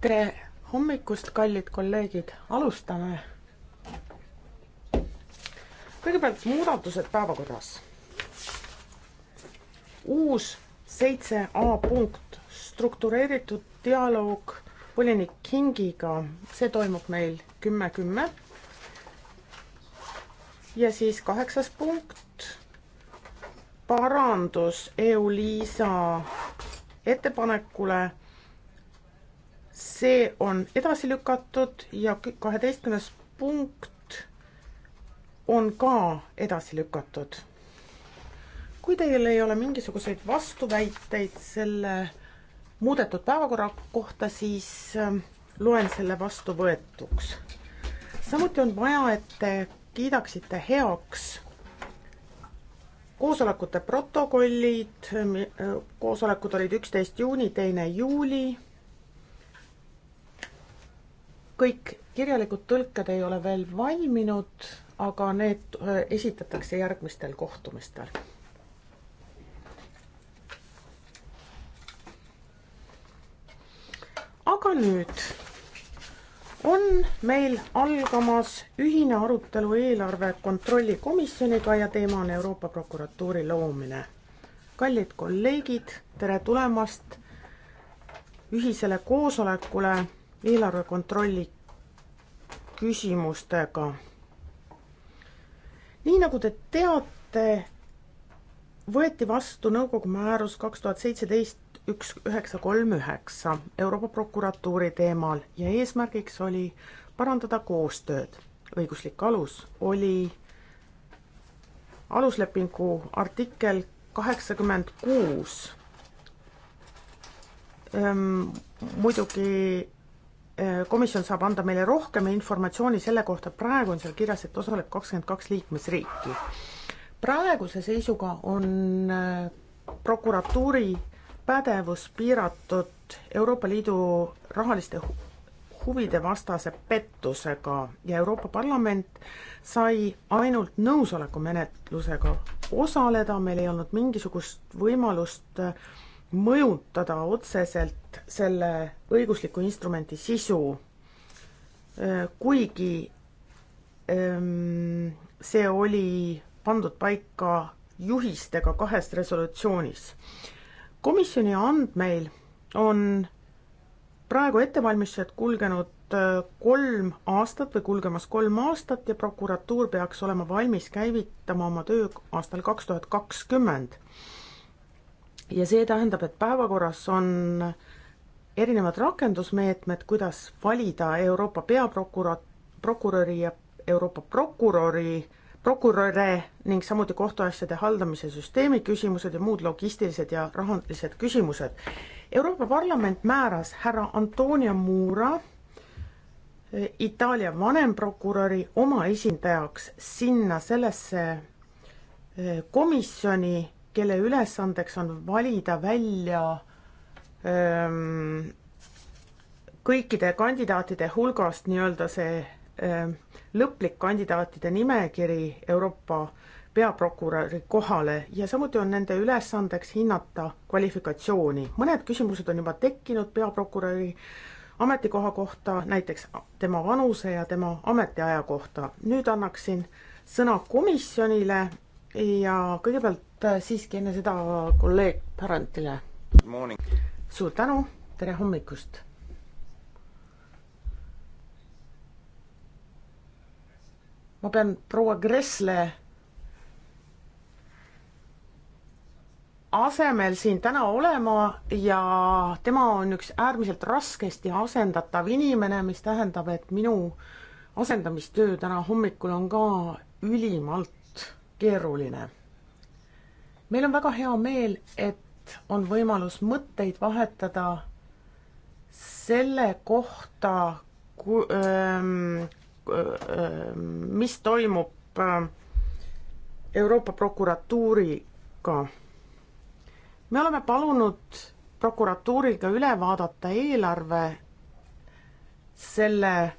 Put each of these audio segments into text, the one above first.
tere hommikust, kallid kolleegid, alustame. kõigepealt muudatused päevakorras. uus seitse A punkt, struktureeritud dialoog volinik Kingiga, see toimub meil kümme, kümme. ja siis kaheksas punkt, parandus EU-Liisa ettepanekule see on edasi lükatud ja kaheteistkümnes punkt on ka edasi lükatud. kui teil ei ole mingisuguseid vastuväiteid selle muudetud päevakorra kohta, siis ähm, loen selle vastuvõetuks. samuti on vaja, et te kiidaksite heaks koosolekute protokollid, äh, koosolekud olid üksteist juuni, teine juuli kõik kirjalikud tõlked ei ole veel valminud, aga need äh, esitatakse järgmistel kohtumistel. aga nüüd on meil algamas ühine arutelu eelarve kontrollikomisjoniga ja teema on Euroopa prokuratuuri loomine. kallid kolleegid, tere tulemast ühisele koosolekule eelarve kontrolli küsimustega. nii nagu te teate, võeti vastu nõukogu määrus kaks tuhat seitseteist üks üheksa kolm üheksa Euroopa prokuratuuri teemal ja eesmärgiks oli parandada koostööd. õiguslik alus oli aluslepingu artikkel kaheksakümmend kuus. Ehm, muidugi Äh, komisjon saab anda meile rohkem informatsiooni selle kohta, praegu on seal kirjas, et osaleb kakskümmend kaks liikmesriiki. praeguse seisuga on äh, prokuratuuri pädevus piiratud Euroopa Liidu rahaliste huvide vastase pettusega ja Euroopa Parlament sai ainult nõusoleku menetlusega osaleda, meil ei olnud mingisugust võimalust äh, mõjutada otseselt selle õigusliku instrumendi sisu, äh, kuigi ähm, see oli pandud paika juhistega kahes resolutsioonis. komisjoni andmeil on praegu ettevalmistused kulgenud äh, kolm aastat või kulgemas kolm aastat ja prokuratuur peaks olema valmis käivitama oma töö aastal kaks tuhat kakskümmend ja see tähendab, et päevakorras on erinevad rakendusmeetmed, kuidas valida Euroopa peaprokurat-, prokuröri ja Euroopa prokuröri, prokuröre ning samuti kohtuasjade haldamise süsteemi küsimused ja muud logistilised ja rahandused küsimused. Euroopa Parlament määras härra Antonio Mura eh, Itaalia vanemprokuröri oma esindajaks sinna sellesse eh, komisjoni kelle ülesandeks on valida välja öö, ähm, kõikide kandidaatide hulgast nii-öelda see öö, ähm, lõplik kandidaatide nimekiri Euroopa peaprokuröri kohale ja samuti on nende ülesandeks hinnata kvalifikatsiooni. mõned küsimused on juba tekkinud peaprokuröri ametikoha kohta, näiteks tema vanuse ja tema ametiaja kohta. nüüd annaksin sõna komisjonile ja kõigepealt äh, siiski enne seda kolleeg Tarantile. suur tänu, tere hommikust ma pean proua Gressle asemel siin täna olema ja tema on üks äärmiselt raskesti asendatav inimene, mis tähendab, et minu asendamistöö täna hommikul on ka ülimalt keeruline. meil on väga hea meel, et on võimalus mõtteid vahetada selle kohta, ähm, ähm, mis toimub äh, Euroopa prokuratuuriga. me oleme palunud prokuratuuriga üle vaadata eelarve selle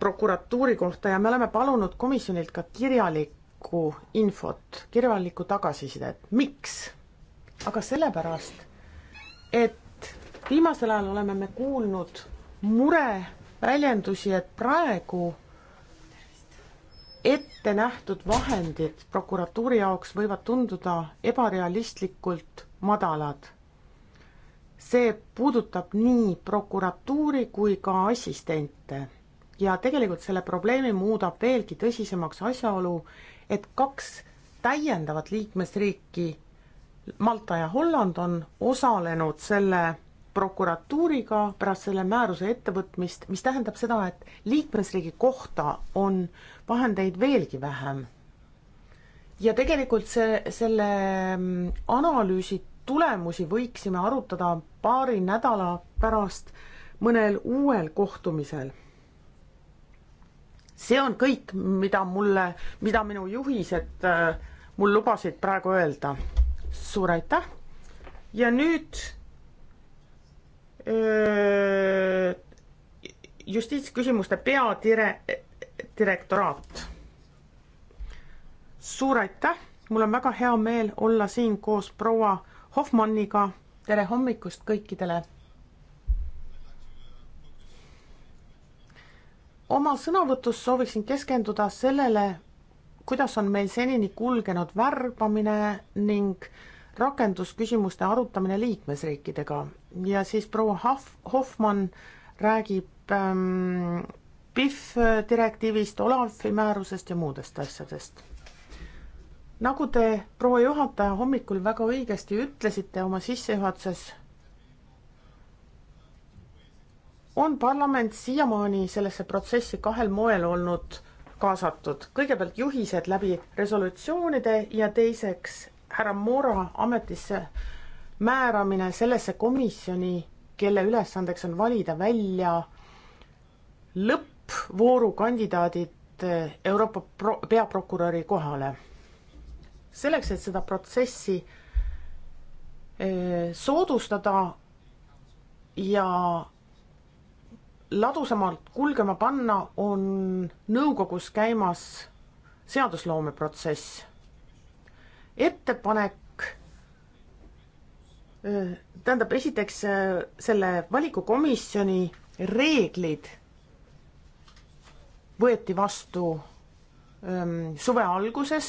prokuratuuri kohta ja me oleme palunud komisjonilt ka kirjalikku infot, kirjalikku tagasisidet, miks? aga sellepärast, et viimasel ajal oleme me kuulnud mureväljendusi, et praegu ette nähtud vahendid prokuratuuri jaoks võivad tunduda ebarealistlikult madalad. see puudutab nii prokuratuuri kui ka assistente ja tegelikult selle probleemi muudab veelgi tõsisemaks asjaolu, et kaks täiendavat liikmesriiki, Malta ja Holland, on osalenud selle prokuratuuriga pärast selle määruse ettevõtmist, mis tähendab seda, et liikmesriigi kohta on vahendeid veelgi vähem. ja tegelikult see, selle mm, analüüsi tulemusi võiksime arutada paari nädala pärast mõnel uuel kohtumisel see on kõik, mida mulle, mida minu juhised äh, mul lubasid praegu öelda. suur aitäh ja nüüd öö, äh, justiitsküsimuste peadire-, direktoraat. suur aitäh, mul on väga hea meel olla siin koos proua Hoffmanniga. tere hommikust kõikidele oma sõnavõtus sooviksin keskenduda sellele, kuidas on meil senini kulgenud värbamine ning rakendusküsimuste arutamine liikmesriikidega ja siis proua Hoff-, Hoffmann räägib ähm, PIF direktiivist, Olavi määrusest ja muudest asjadest. nagu te, proua juhataja, hommikul väga õigesti ütlesite oma sissejuhatuses, on parlament siiamaani sellesse protsessi kahel moel olnud kaasatud. kõigepealt juhised läbi resolutsioonide ja teiseks härra Mora ametisse määramine sellesse komisjoni, kelle ülesandeks on valida välja lõppvooru kandidaadid eh, Euroopa pro-, peaprokuröri kohale. selleks, et seda protsessi eh, soodustada ja ladusamalt kulgema panna, on nõukogus käimas seadusloomeprotsess. ettepanek tähendab, esiteks selle valikukomisjoni reeglid võeti vastu öö, suve alguses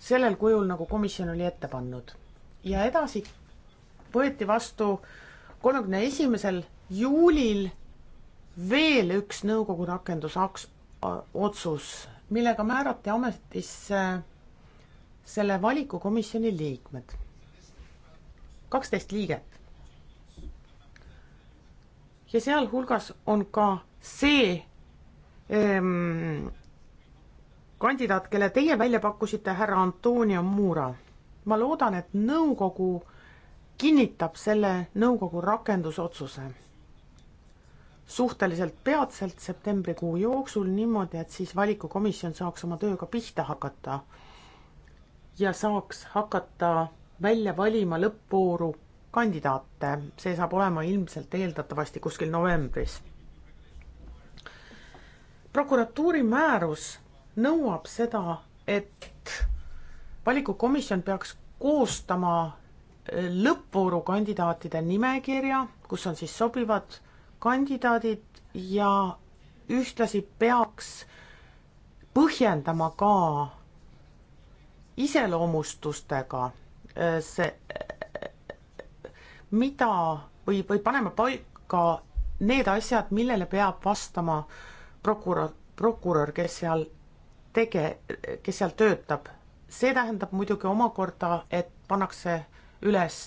sellel kujul, nagu komisjon oli ette pannud. ja edasi võeti vastu kolmekümne esimesel juulil veel üks nõukogu rakendusaks otsus, millega määrati ametisse selle valikukomisjoni liikmed. kaksteist liiget. ja sealhulgas on ka see ähm, kandidaat, kelle teie välja pakkusite, härra Antonio Mura. ma loodan, et nõukogu kinnitab selle nõukogu rakendusotsuse suhteliselt peatselt septembrikuu jooksul niimoodi, et siis valikukomisjon saaks oma tööga pihta hakata ja saaks hakata välja valima lõppvooru kandidaate. see saab olema ilmselt eeldatavasti kuskil novembris. prokuratuuri määrus nõuab seda, et valikukomisjon peaks koostama lõppvooru kandidaatide nimekirja, kus on siis sobivad kandidaadid ja ühtlasi peaks põhjendama ka iseloomustustega äh, see, äh, mida või, või panema paika need asjad, millele peab vastama prokurör, prokurör, kes seal tege-, kes seal töötab. see tähendab muidugi omakorda, et pannakse üles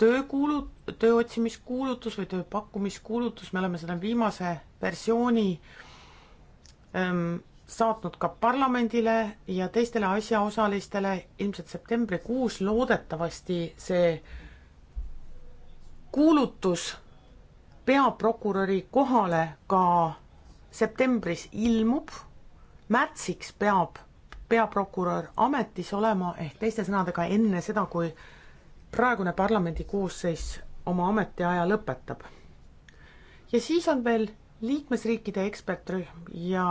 töökuulu-, tööotsimiskuulutus või tööpakkumiskuulutus, me oleme selle viimase versiooni ähm, saatnud ka parlamendile ja teistele asjaosalistele ilmselt septembrikuus, loodetavasti see kuulutus peaprokuröri kohale ka septembris ilmub, märtsiks peab peaprokurör ametis olema ehk teiste sõnadega enne seda, kui praegune parlamendi koosseis oma ametiaja lõpetab. ja siis on veel liikmesriikide ekspertrühm ja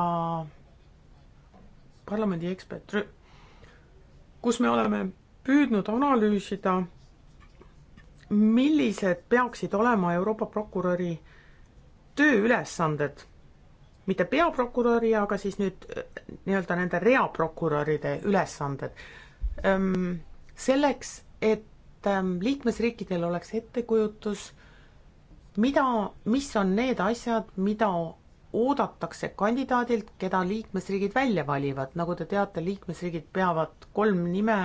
parlamendi ekspertrühm, kus me oleme püüdnud analüüsida, millised peaksid olema Euroopa prokuröri tööülesanded, mitte peaprokuröri, aga siis nüüd äh, nii-öelda nende reaprokuröride ülesanded, selleks, et Ähm, liikmesriikidel oleks ettekujutus, mida, mis on need asjad, mida oodatakse kandidaadilt, keda liikmesriigid välja valivad, nagu te teate, liikmesriigid peavad kolm nime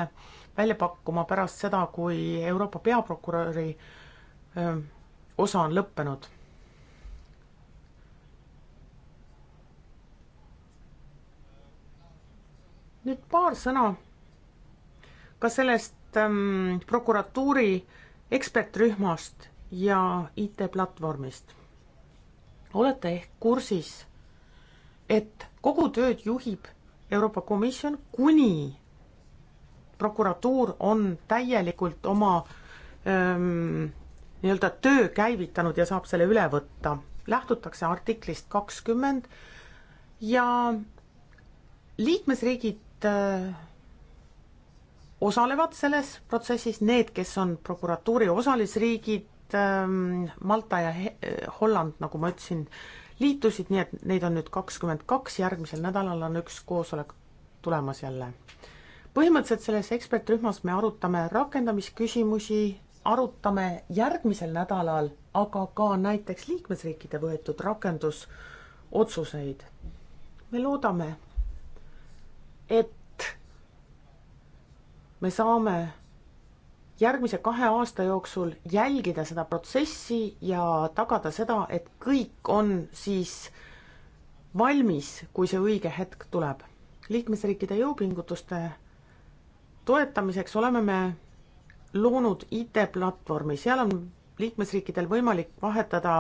välja pakkuma pärast seda, kui Euroopa peaprokuröri öö, ähm, osa on lõppenud. nüüd paar sõna ka sellest ähm, prokuratuuri ekspertrühmast ja IT-platvormist. olete ehk kursis, et kogu tööd juhib Euroopa Komisjon, kuni prokuratuur on täielikult oma ähm, nii-öelda töö käivitanud ja saab selle üle võtta. lähtutakse artiklist kakskümmend ja liikmesriigid äh, osalevad selles protsessis, need, kes on prokuratuuri osalisriigid, ähm, Malta ja äh, Holland, nagu ma ütlesin, liitusid, nii et neid on nüüd kakskümmend kaks, järgmisel nädalal on üks koosolek tulemas jälle. põhimõtteliselt selles ekspertrühmas me arutame rakendamisküsimusi, arutame järgmisel nädalal aga ka näiteks liikmesriikide võetud rakendusotsuseid. me loodame, et me saame järgmise kahe aasta jooksul jälgida seda protsessi ja tagada seda, et kõik on siis valmis, kui see õige hetk tuleb. liikmesriikide jõupingutuste toetamiseks oleme me loonud IT-platvormi, seal on liikmesriikidel võimalik vahetada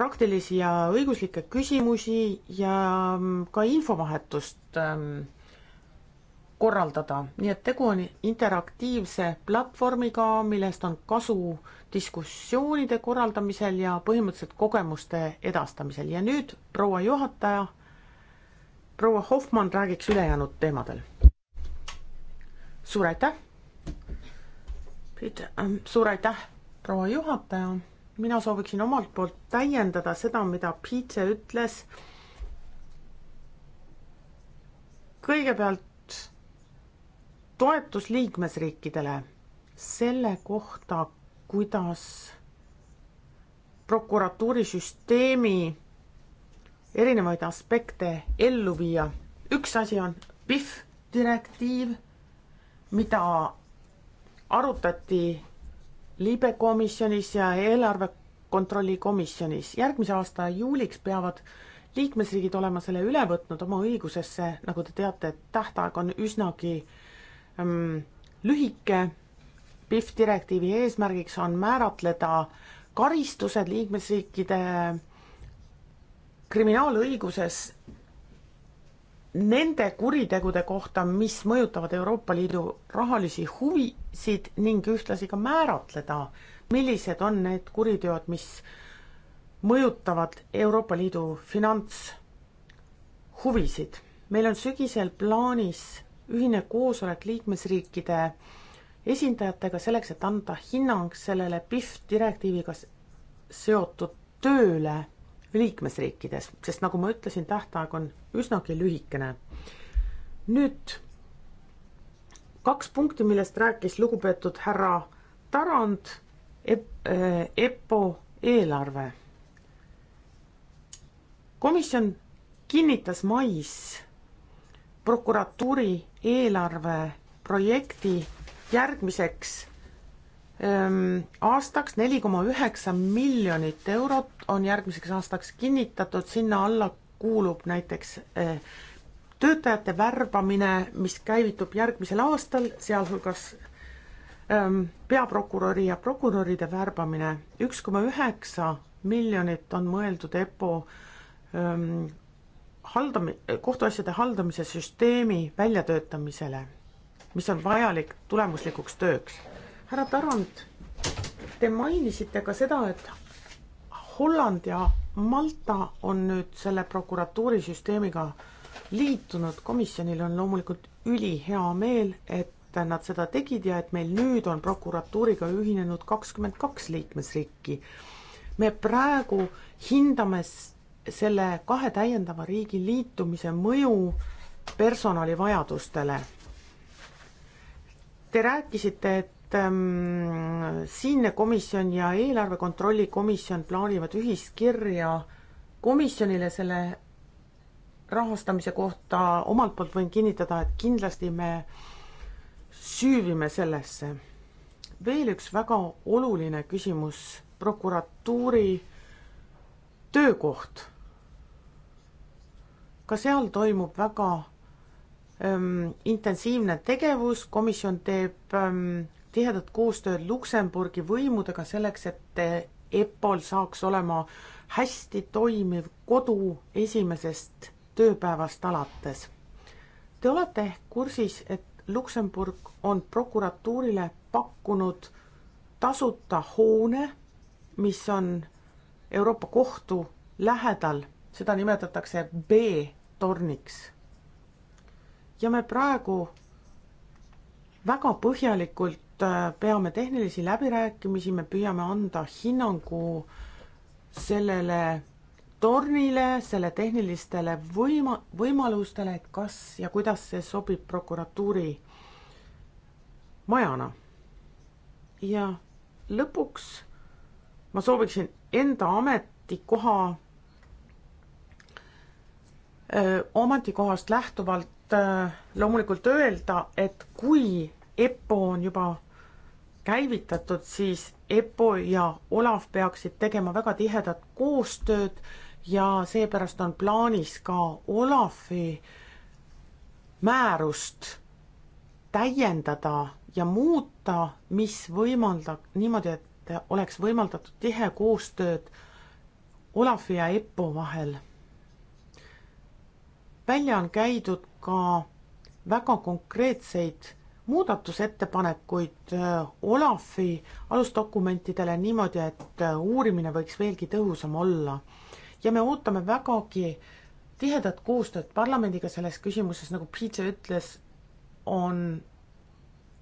praktilisi ja õiguslikke küsimusi ja ka infovahetust ähm, korraldada, nii et tegu on interaktiivse platvormiga, millest on kasu diskussioonide korraldamisel ja põhimõtteliselt kogemuste edastamisel ja nüüd proua juhataja, proua Hoffmann räägiks ülejäänud teemadel. suur aitäh! Ähm, suur aitäh, proua juhataja, mina sooviksin omalt poolt täiendada seda, mida Piitse ütles. kõigepealt toetus liikmesriikidele selle kohta, kuidas prokuratuurisüsteemi erinevaid aspekte ellu viia. üks asi on PIF direktiiv, mida arutati libekomisjonis ja eelarve kontrolli komisjonis. järgmise aasta juuliks peavad liikmesriigid olema selle üle võtnud oma õigusesse, nagu te teate, tähtaeg on üsnagi äh, lühike. PIF direktiivi eesmärgiks on määratleda karistused liikmesriikide kriminaalõiguses nende kuritegude kohta, mis mõjutavad Euroopa Liidu rahalisi huvisid ning ühtlasi ka määratleda, millised on need kuriteod, mis mõjutavad Euroopa Liidu finantshuvisid. meil on sügisel plaanis ühine koosolek liikmesriikide esindajatega selleks, et anda hinnang sellele PIF direktiiviga seotud tööle liikmesriikides, sest nagu ma ütlesin, tähtaeg on üsnagi lühikene. nüüd kaks punkti, millest rääkis lugupeetud härra Tarand e, äh, EPPO eelarve. komisjon kinnitas mais prokuratuuri eelarveprojekti järgmiseks ähm, aastaks neli koma üheksa miljonit eurot on järgmiseks aastaks kinnitatud, sinna alla kuulub näiteks äh, töötajate värbamine, mis käivitub järgmisel aastal, sealhulgas ähm, peaprokuröri ja prokuröride värbamine, üks koma üheksa miljonit on mõeldud EPPO ähm, haldami-, kohtuasjade haldamise süsteemi väljatöötamisele, mis on vajalik tulemuslikuks tööks. härra Tarand, te mainisite ka seda, et Holland ja Malta on nüüd selle prokuratuurisüsteemiga liitunud, komisjonil on loomulikult ülihea meel, et nad seda tegid ja et meil nüüd on prokuratuuriga ühinenud kakskümmend kaks liikmesriiki. me praegu hindame selle kahe täiendava riigi liitumise mõju personalivajadustele. Te rääkisite, et ähm, siinne komisjon ja eelarve kontrolli komisjon plaanivad ühiskirja komisjonile selle rahastamise kohta, omalt poolt võin kinnitada, et kindlasti me süüvime sellesse. veel üks väga oluline küsimus, prokuratuuri töökoht ka seal toimub väga ähm, intensiivne tegevus, komisjon teeb ähm, tihedat koostööd Luksemburgi võimudega selleks, et äh, EPPO-l saaks olema hästi toimiv kodu esimesest tööpäevast alates. Te olete ehk kursis, et Luksemburg on prokuratuurile pakkunud tasuta hoone, mis on Euroopa Kohtu lähedal seda nimetatakse B-torniks. ja me praegu väga põhjalikult äh, peame tehnilisi läbirääkimisi, me püüame anda hinnangu sellele tornile, selle tehnilistele võima-, võimalustele, et kas ja kuidas see sobib prokuratuuri majana. ja lõpuks ma sooviksin enda ametikoha omandikohast lähtuvalt loomulikult öelda, et kui EPPO on juba käivitatud, siis EPPO ja Olav peaksid tegema väga tihedat koostööd ja seepärast on plaanis ka Olavi määrust täiendada ja muuta, mis võimaldab niimoodi, et oleks võimaldatud tihe koostööd Olavi ja EPPO vahel välja on käidud ka väga konkreetseid muudatusettepanekuid äh, Olafi alusdokumentidele niimoodi, et äh, uurimine võiks veelgi tõhusam olla. ja me ootame vägagi tihedat koostööd parlamendiga selles küsimuses, nagu Peter ütles, on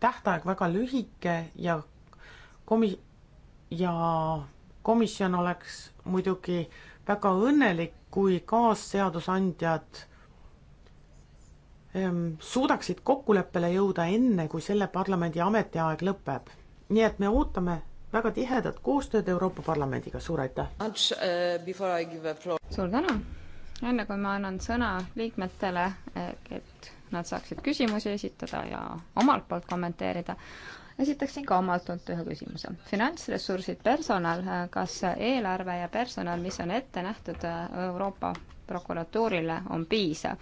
tähtaeg väga lühike ja komi-, ja komisjon oleks muidugi väga õnnelik, kui kaasseadusandjad Ehm, suudaksid kokkuleppele jõuda enne, kui selle parlamendi ametiaeg lõpeb. nii et me ootame väga tihedat koostööd Euroopa Parlamendiga, suur aitäh! Uh, suur tänu! enne kui ma annan sõna liikmetele, eh, et nad saaksid küsimusi esitada ja omalt poolt kommenteerida, esitaksin ka omalt poolt ühe küsimuse. finantsressursid, personal, eh, kas eelarve ja personal, mis on ette nähtud eh, Euroopa prokuratuurile, on piisav?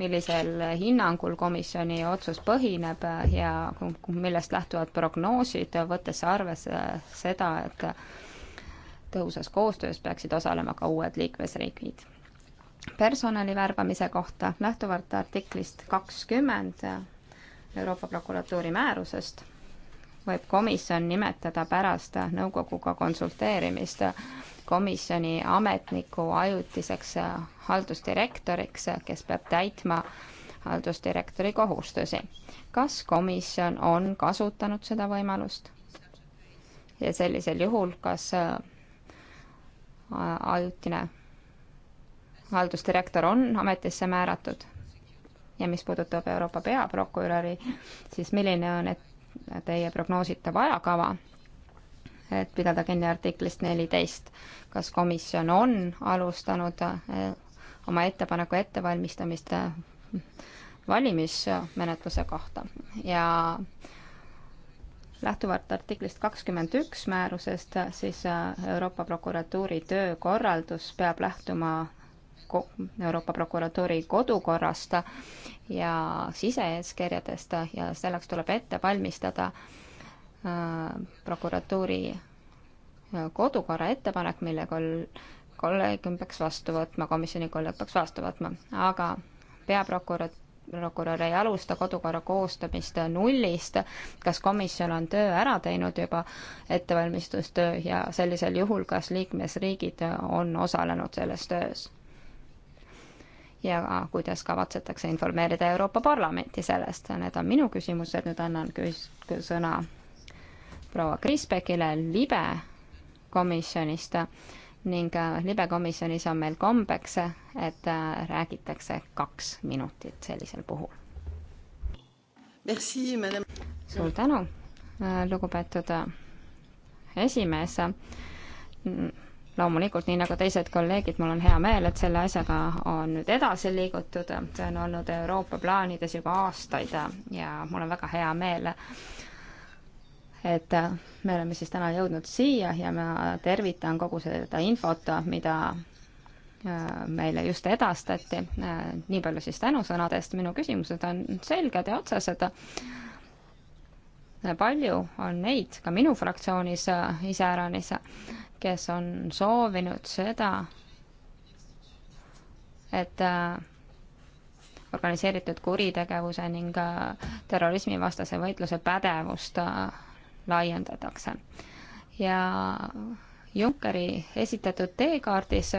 millisel hinnangul komisjoni otsus põhineb ja millest lähtuvad prognoosid, võttes arvesse seda, et tõhusas koostöös peaksid osalema ka uued liikmesriigid. personali värbamise kohta lähtuvalt artiklist kakskümmend Euroopa Prokuratuuri määrusest võib komisjon nimetada pärast nõukoguga konsulteerimist komisjoni ametniku ajutiseks äh, haldusdirektoriks, äh, kes peab täitma haldusdirektori kohustusi. kas komisjon on kasutanud seda võimalust? ja sellisel juhul, kas äh, ajutine haldusdirektor on ametisse määratud ja mis puudutab Euroopa peaprokuröri, siis milline on teie prognoositav ajakava et pidada kinni artiklist neliteist. kas komisjon on alustanud eh, oma ettepaneku ettevalmistamist eh, valimismenetluse kohta ja lähtuvalt artiklist kakskümmend üks määrusest, eh, siis Euroopa Prokuratuuri töökorraldus peab lähtuma Euroopa Prokuratuuri kodukorrast ja sise-eeskirjadest ja selleks tuleb ette valmistada äh, Äh, prokuratuuri äh, kodukorra ettepanek, mille kol-, kolleegium peaks vastu võtma, komisjoni kolleeg peaks vastu võtma, aga peaprokurör, prokurör ei alusta kodukorra koostamist nullist, kas komisjon on töö ära teinud juba, ettevalmistustöö, ja sellisel juhul, kas liikmesriigid on osalenud selles töös? ja kuidas kavatsetakse informeerida Euroopa Parlamenti sellest, need on minu küsimused, nüüd annan küs-, sõna proua Krispekile libe komisjonist ning äh, libe komisjonis on meil kombeks, et äh, räägitakse kaks minutit sellisel puhul. suur tänu, äh, lugupeetud esimees mm, loomulikult, nii nagu teised kolleegid, mul on hea meel, et selle asjaga on nüüd edasi liigutud, see on olnud Euroopa plaanides juba aastaid ja mul on väga hea meel et me oleme siis täna jõudnud siia ja ma tervitan kogu seda infot, mida äh, meile just edastati. Äh, nii palju siis tänusõnadest, minu küsimused on selged ja otsesed. palju on neid ka minu fraktsioonis äh, iseäranis, kes on soovinud seda, et organiseeritud kuritegevuse ning terrorismivastase võitluse pädevust laiendatakse. ja Junckeri esitatud teekaardis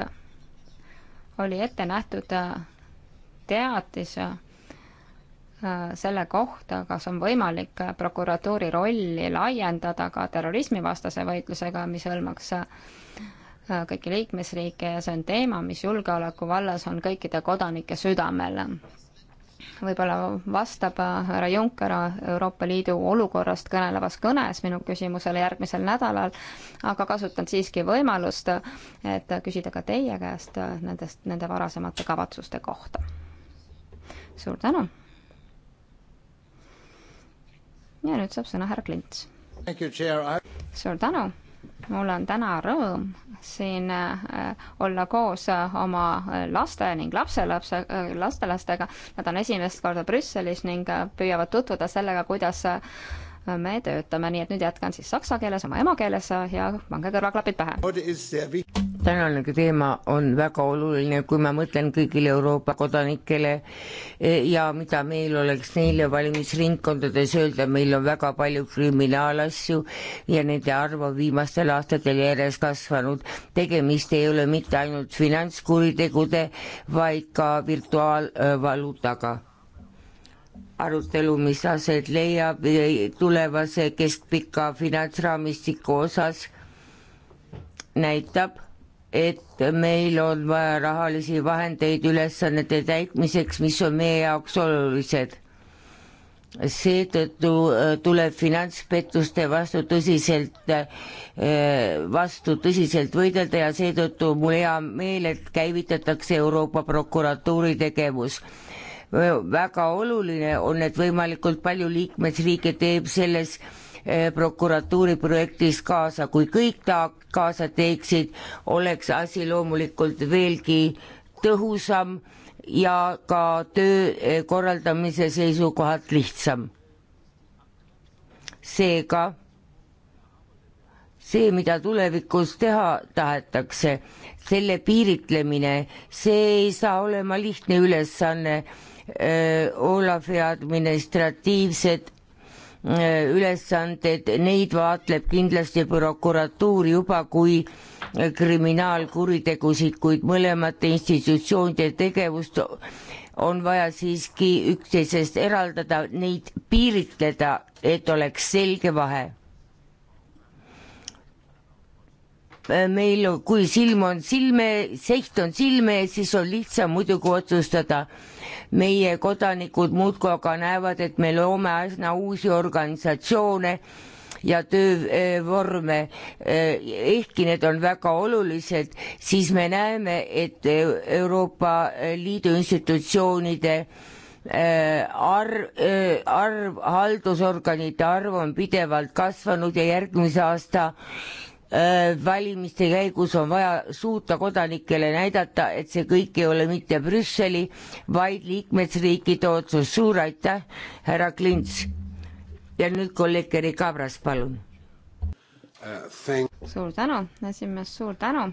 oli ette nähtud äh, teatis äh, selle kohta, kas on võimalik äh, prokuratuuri rolli laiendada ka terrorismivastase võitlusega, mis hõlmaks kõiki liikmesriike ja see on teema, mis julgeoleku vallas on kõikide kodanike südamel võib-olla vastab äh, härra Juncker äh, Euroopa Liidu olukorrast kõnelevas kõnes minu küsimusele järgmisel nädalal, aga kasutan siiski võimalust, äh, et küsida ka teie käest nendest, nende varasemate kavatsuste kohta. suur tänu! ja nüüd saab sõna härra Klints. suur tänu! mul on täna rõõm siin äh, olla koos äh, oma äh, laste ning lapselapse, lastelastega. Nad on esimest korda Brüsselis ning püüavad tutvuda sellega, kuidas me töötame, nii et nüüd jätkan siis saksa keeles, oma emakeeles ja pange kõrvaklapid pähe. tänane teema on väga oluline, kui ma mõtlen kõigile Euroopa kodanikele e, ja mida meil oleks neile valimisringkondades öelda, meil on väga palju kriminaalasju ja nende arv on viimastel aastatel järjest kasvanud. tegemist ei ole mitte ainult finantskuritegude, vaid ka virtuaalvaluutaga arutelu, mis aset leiab eh, tulevase keskpika finantsraamistiku osas, näitab, et meil on vaja rahalisi vahendeid ülesannete täitmiseks, mis on meie jaoks olulised. seetõttu eh, tuleb finantspettuste vastu tõsiselt, eh, vastu tõsiselt võidelda ja seetõttu mul hea meel, et käivitatakse Euroopa prokuratuuri tegevus väga oluline on, et võimalikult palju liikmesriike teeb selles eh, prokuratuuri projektis kaasa, kui kõik ta kaasa teeksid, oleks asi loomulikult veelgi tõhusam ja ka töö eh, korraldamise seisukohalt lihtsam. seega see, mida tulevikus teha tahetakse, selle piiritlemine, see ei saa olema lihtne ülesanne Äh, Olavi administratiivsed äh, ülesanded, neid vaatleb kindlasti prokuratuur juba kui äh, kriminaalkuritegusid, kuid mõlemate institutsioonide tegevust on vaja siiski üksteisest eraldada, neid piiritleda, et oleks selge vahe. meil, kui silm on silme, seht on silme ees, siis on lihtsam muidugi otsustada meie kodanikud muudkui aga näevad, et me loome aina uusi organisatsioone ja töövorme, ehkki need on väga olulised, siis me näeme, et Euroopa Liidu institutsioonide äh, arv, äh, arv, haldusorganite arv on pidevalt kasvanud ja järgmise aasta Äh, valimiste käigus on vaja suuta kodanikele näidata, et see kõik ei ole mitte Brüsseli, vaid liikmesriikide otsus. suur aitäh, härra Klints. ja nüüd kolleeg Eri Kabras, palun uh,. suur tänu, esimees, suur tänu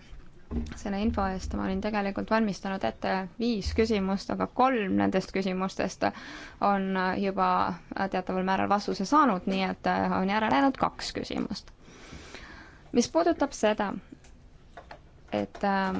selle info eest. ma olin tegelikult valmistanud ette viis küsimust, aga kolm nendest küsimustest on juba teataval määral vastuse saanud, nii et äh, on järele jäänud kaks küsimust mis puudutab seda, et ähm,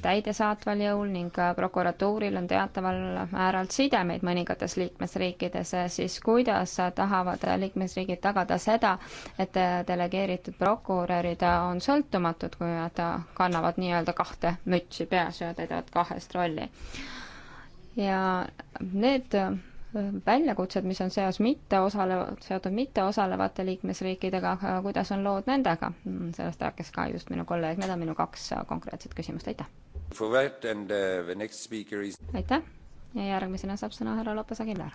täidesaatval jõul ning äh, prokuratuuril on teataval määral sidemeid mõningates liikmesriikides, äh, siis kuidas tahavad liikmesriigid tagada seda, et äh, delegeeritud prokurörid on sõltumatud, kui nad kannavad nii-öelda kahte mütsi peas ja täidavad kahest rolli? ja need väljakutsed, mis on seos mitteosaleva, seotud mitteosalevate liikmesriikidega, kuidas on lood nendega? sellest rääkis ka just minu kolleeg, need on minu kaks konkreetset küsimust, aitäh! Uh, is... aitäh ja järgmisena saab sõna härra Lopes Aguilar.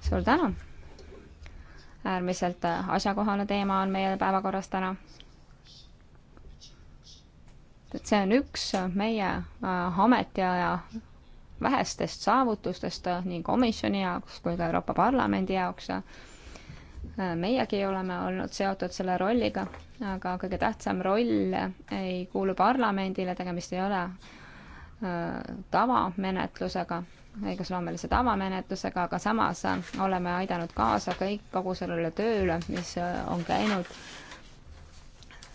suur tänu! äärmiselt äh, asjakohane teema on meie päevakorras täna et see on üks meie äh, ametiaja vähestest saavutustest äh, nii komisjoni jaoks kui ka Euroopa Parlamendi jaoks. Äh, meiegi oleme olnud seotud selle rolliga, aga kõige tähtsam roll ei kuulu parlamendile, tegemist ei ole äh, tavamenetlusega, õigusloomelise tavamenetlusega, aga samas oleme aidanud kaasa kõik kogu sellele tööle, mis on käinud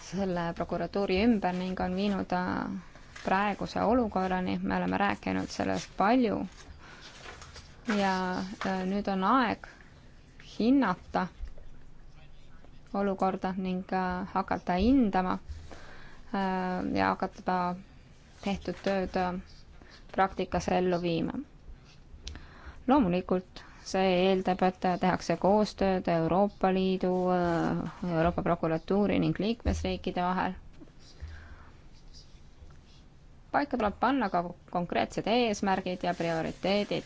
selle prokuratuuri ümber ning on viinud praeguse olukorrani, me oleme rääkinud sellest palju ja äh, nüüd on aeg hinnata olukorda ning äh, hakata hindama äh, ja hakata tehtud tööd praktikas ellu viima. loomulikult see eeldab, et tehakse koostööd Euroopa Liidu, Euroopa prokuratuuri ning liikmesriikide vahel paika tuleb panna ka konkreetsed eesmärgid ja prioriteedid.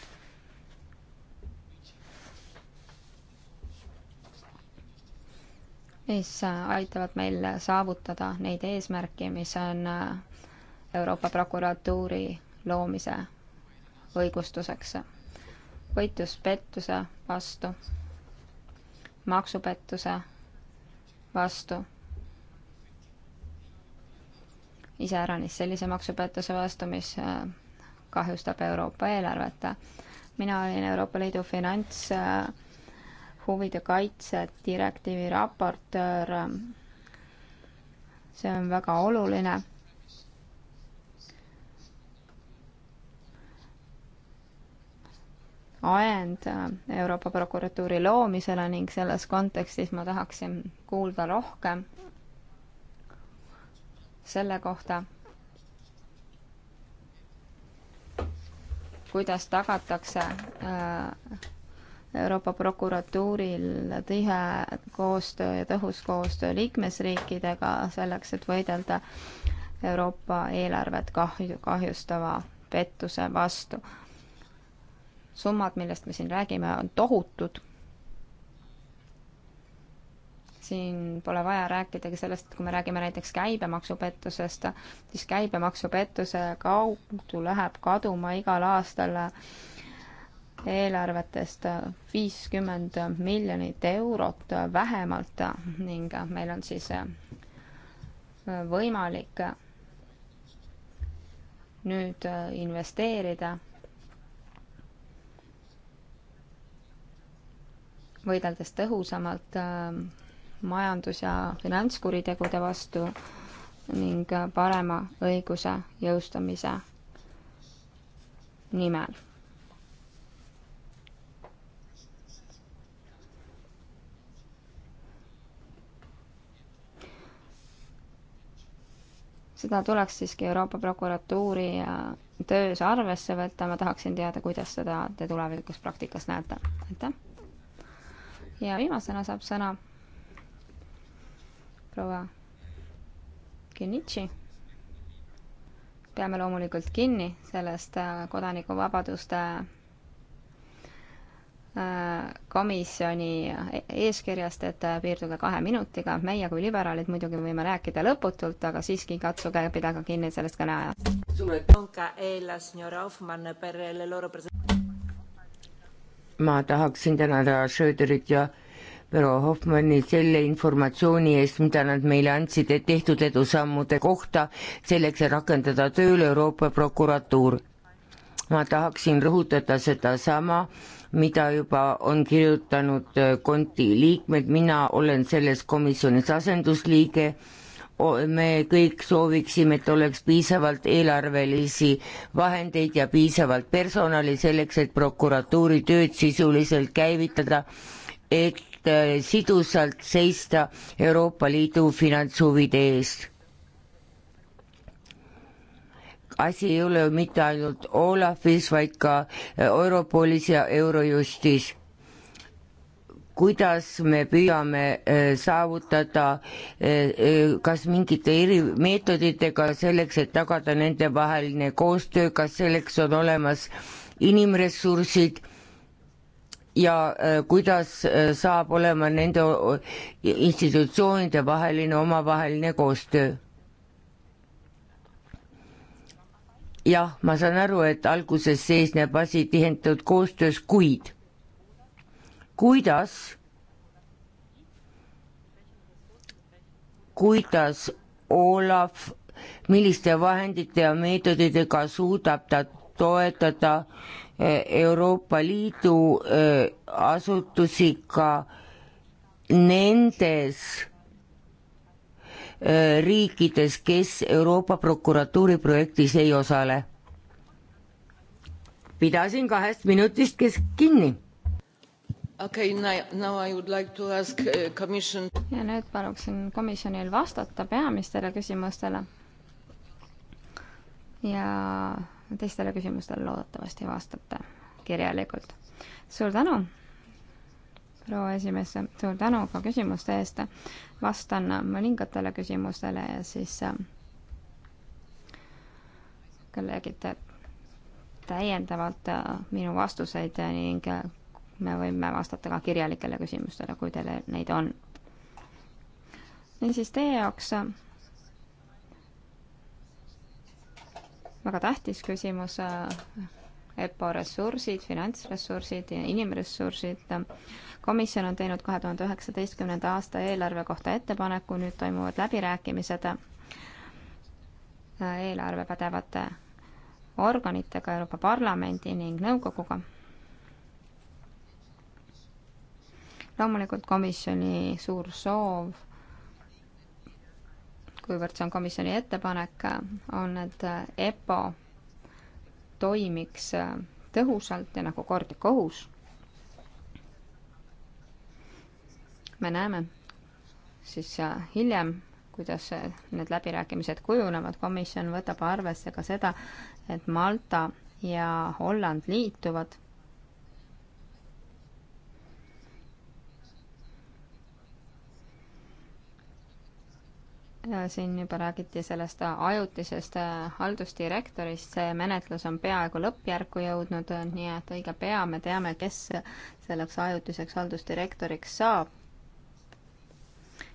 mis aitavad meil saavutada neid eesmärke, mis on Euroopa prokuratuuri loomise õigustuseks. võitlus pettuse vastu, maksupettuse vastu iseäranis sellise maksupettuse vastu, mis äh, kahjustab Euroopa eelarvet. mina olin Euroopa Liidu finantshuvide äh, kaitse direktiivi raportöör. see on väga oluline. ajend äh, Euroopa prokuratuuri loomisele ning selles kontekstis ma tahaksin kuulda rohkem selle kohta, kuidas tagatakse äh, Euroopa prokuratuuril tihe koostöö ja tõhus koostöö liikmesriikidega selleks, et võidelda Euroopa eelarvet kahju, kahjustava pettuse vastu. summad, millest me siin räägime, on tohutud siin pole vaja rääkidagi sellest, et kui me räägime näiteks käibemaksupettusest, siis käibemaksupettuse kaudu läheb kaduma igal aastal eelarvetest viiskümmend miljonit eurot vähemalt ning meil on siis võimalik nüüd investeerida võideldes tõhusamalt äh, majandus- ja finantskuritegude vastu ning parema õiguse jõustamise nimel. seda tuleks siiski Euroopa prokuratuuri töös arvesse võtta, ma tahaksin teada, kuidas seda te tulevikus praktikas näete, aitäh. ja viimasena saab sõna proua Kinnitši. peame loomulikult kinni sellest äh, kodanikuvabaduste äh, komisjoni eeskirjast, et äh, piirduge kahe minutiga. meie kui liberaalid muidugi võime rääkida lõputult, aga siiski katsuge pidada kinni sellest kõneajast. ma tahaksin tänada Schröderit ja proua Hoffmanni selle informatsiooni eest, mida nad meile andsid, et tehtud edusammude kohta selleks, et rakendada tööle Euroopa prokuratuur. ma tahaksin rõhutada sedasama, mida juba on kirjutanud äh, Konti liikmed, mina olen selles komisjonis asendusliige me kõik sooviksime, et oleks piisavalt eelarvelisi vahendeid ja piisavalt personali selleks, et prokuratuuri tööd sisuliselt käivitada, et et äh, sidusalt seista Euroopa Liidu finantshuvide eest. asi ei ole ju mitte ainult Olafis, vaid ka äh, Europolis ja Eurojustis kuidas me püüame äh, saavutada, kas mingite erimeetoditega selleks, et tagada nendevaheline koostöö, kas selleks on olemas inimressursid ja äh, kuidas äh, saab olema nende äh, institutsioonide vaheline omavaheline koostöö. jah, ma saan aru, et alguses seisneb asi tihendatud koostöös, kuid kuidas, kuidas Olav, milliste vahendite ja meetoditega suudab ta toetada äh, Euroopa Liidu äh, asutusi ka nendes äh, riikides, kes Euroopa prokuratuuri projektis ei osale. pidasin kahest minutist kes-, kinni. Okay, now I would like to ask uh, commission. ja nüüd paluksin komisjonil vastata peamistele küsimustele. ja teistele küsimustele loodetavasti vastate kirjalikult. suur tänu, proua esimees, suur tänu ka küsimuste eest. vastan mõningatele küsimustele ja siis äh, kolleegid täiendavalt äh, minu vastuseid ning äh, me võime vastata ka kirjalikele küsimustele, kui teil neid on. niisiis, teie jaoks väga tähtis küsimus, äh, EPPO ressursid, finantsressursid ja inimressursid. komisjon on teinud kahe tuhande üheksateistkümnenda aasta eelarve kohta ettepaneku, nüüd toimuvad läbirääkimised äh, eelarve pädevate organitega, Euroopa Parlamendi ning nõukoguga. loomulikult komisjoni suur soov kuivõrd see on komisjoni ettepanek, on, et EPPO toimiks tõhusalt ja nagu kord ja kohus. me näeme siis hiljem, kuidas need läbirääkimised kujunevad, komisjon võtab arvesse ka seda, et Malta ja Holland liituvad siin juba räägiti sellest äh, ajutisest äh, haldusdirektorist, see menetlus on peaaegu lõppjärku jõudnud, äh, nii et õige pea me teame, kes selleks ajutiseks haldusdirektoriks saab.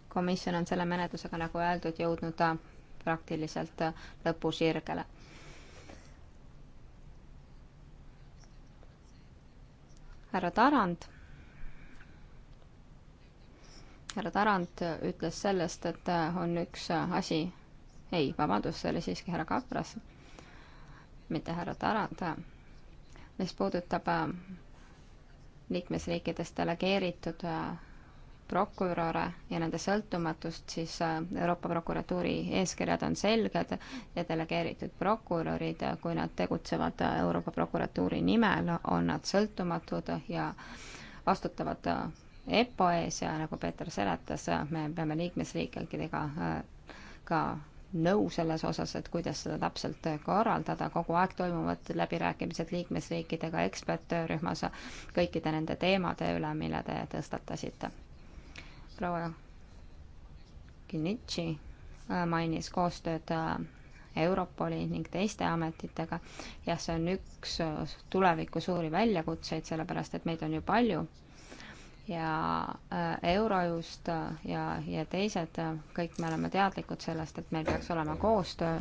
komisjon on selle menetlusega, nagu öeldud, jõudnud praktiliselt lõpusirgele. härra Tarand härra Tarand ütles sellest, et äh, on üks äh, asi, ei, vabandust, see oli siiski härra Kapras, mitte härra Tarand, mis puudutab äh, liikmesriikides delegeeritud prokuröre ja nende sõltumatust, siis Euroopa prokuratuuri eeskirjad on selged ja delegeeritud prokurörid, kui nad tegutsevad Euroopa prokuratuuri nimel, on nad sõltumatud ja vastutavad EPPO ees ja nagu Peeter seletas, me peame liikmesriikidega äh, ka nõu selles osas, et kuidas seda täpselt korraldada, kogu aeg toimuvad läbirääkimised liikmesriikidega eksperttöörühmas kõikide nende teemade üle, mille te tõstatasite. proua Kinnitši äh, mainis koostööd äh, Europoli ning teiste ametitega. jah, see on üks tuleviku suuri väljakutseid, sellepärast et meid on ju palju ja äh, Eurojust äh, ja, ja teised, äh, kõik me oleme teadlikud sellest, et meil peaks olema koostöö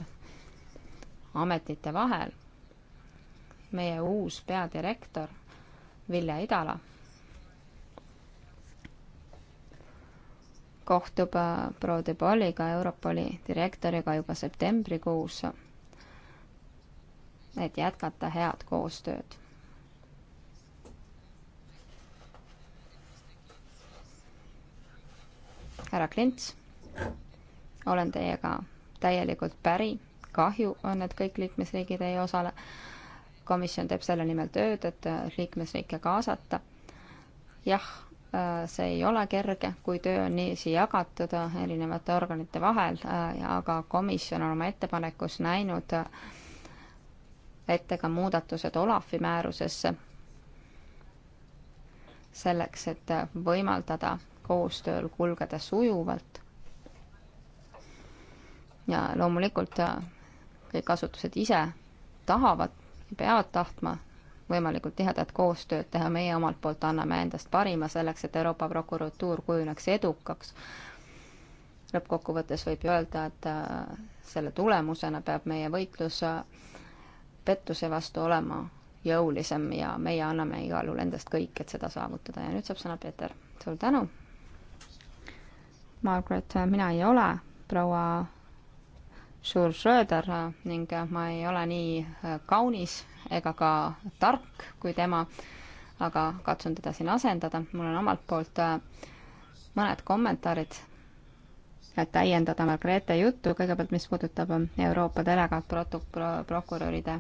ametite vahel. meie uus peadirektor Vilja Idala kohtub proua De Poliga, Europoli direktoriga juba septembrikuus, et jätkata head koostööd härra Klints, olen teiega täielikult päri, kahju on, et kõik liikmesriigid ei osale. komisjon teeb selle nimel tööd, et liikmesriike kaasata. jah, äh, see ei ole kerge, kui töö on niiviisi jagatud äh, erinevate organite vahel, äh, aga komisjon on oma ettepanekus näinud ette ka muudatused Olafi määrusesse, selleks, et võimaldada koostööl kulgeda sujuvalt. ja loomulikult äh, kõik asutused ise tahavad ja peavad tahtma võimalikult tihedat koostööd teha, meie omalt poolt anname endast parima selleks, et Euroopa prokuratuur kujuneks edukaks. lõppkokkuvõttes võib ju öelda, et äh, selle tulemusena peab meie võitlus äh, pettuse vastu olema jõulisem ja meie anname igal juhul endast kõik, et seda saavutada ja nüüd saab sõna Peeter. suur tänu! Margaret, mina ei ole proua Schur-Schröder ning ma ei ole nii äh, kaunis ega ka tark kui tema, aga katsun teda siin asendada. mul on omalt poolt äh, mõned kommentaarid, et täiendada Margrethe juttu, kõigepealt mis puudutab äh, Euroopa delegaatprokuröride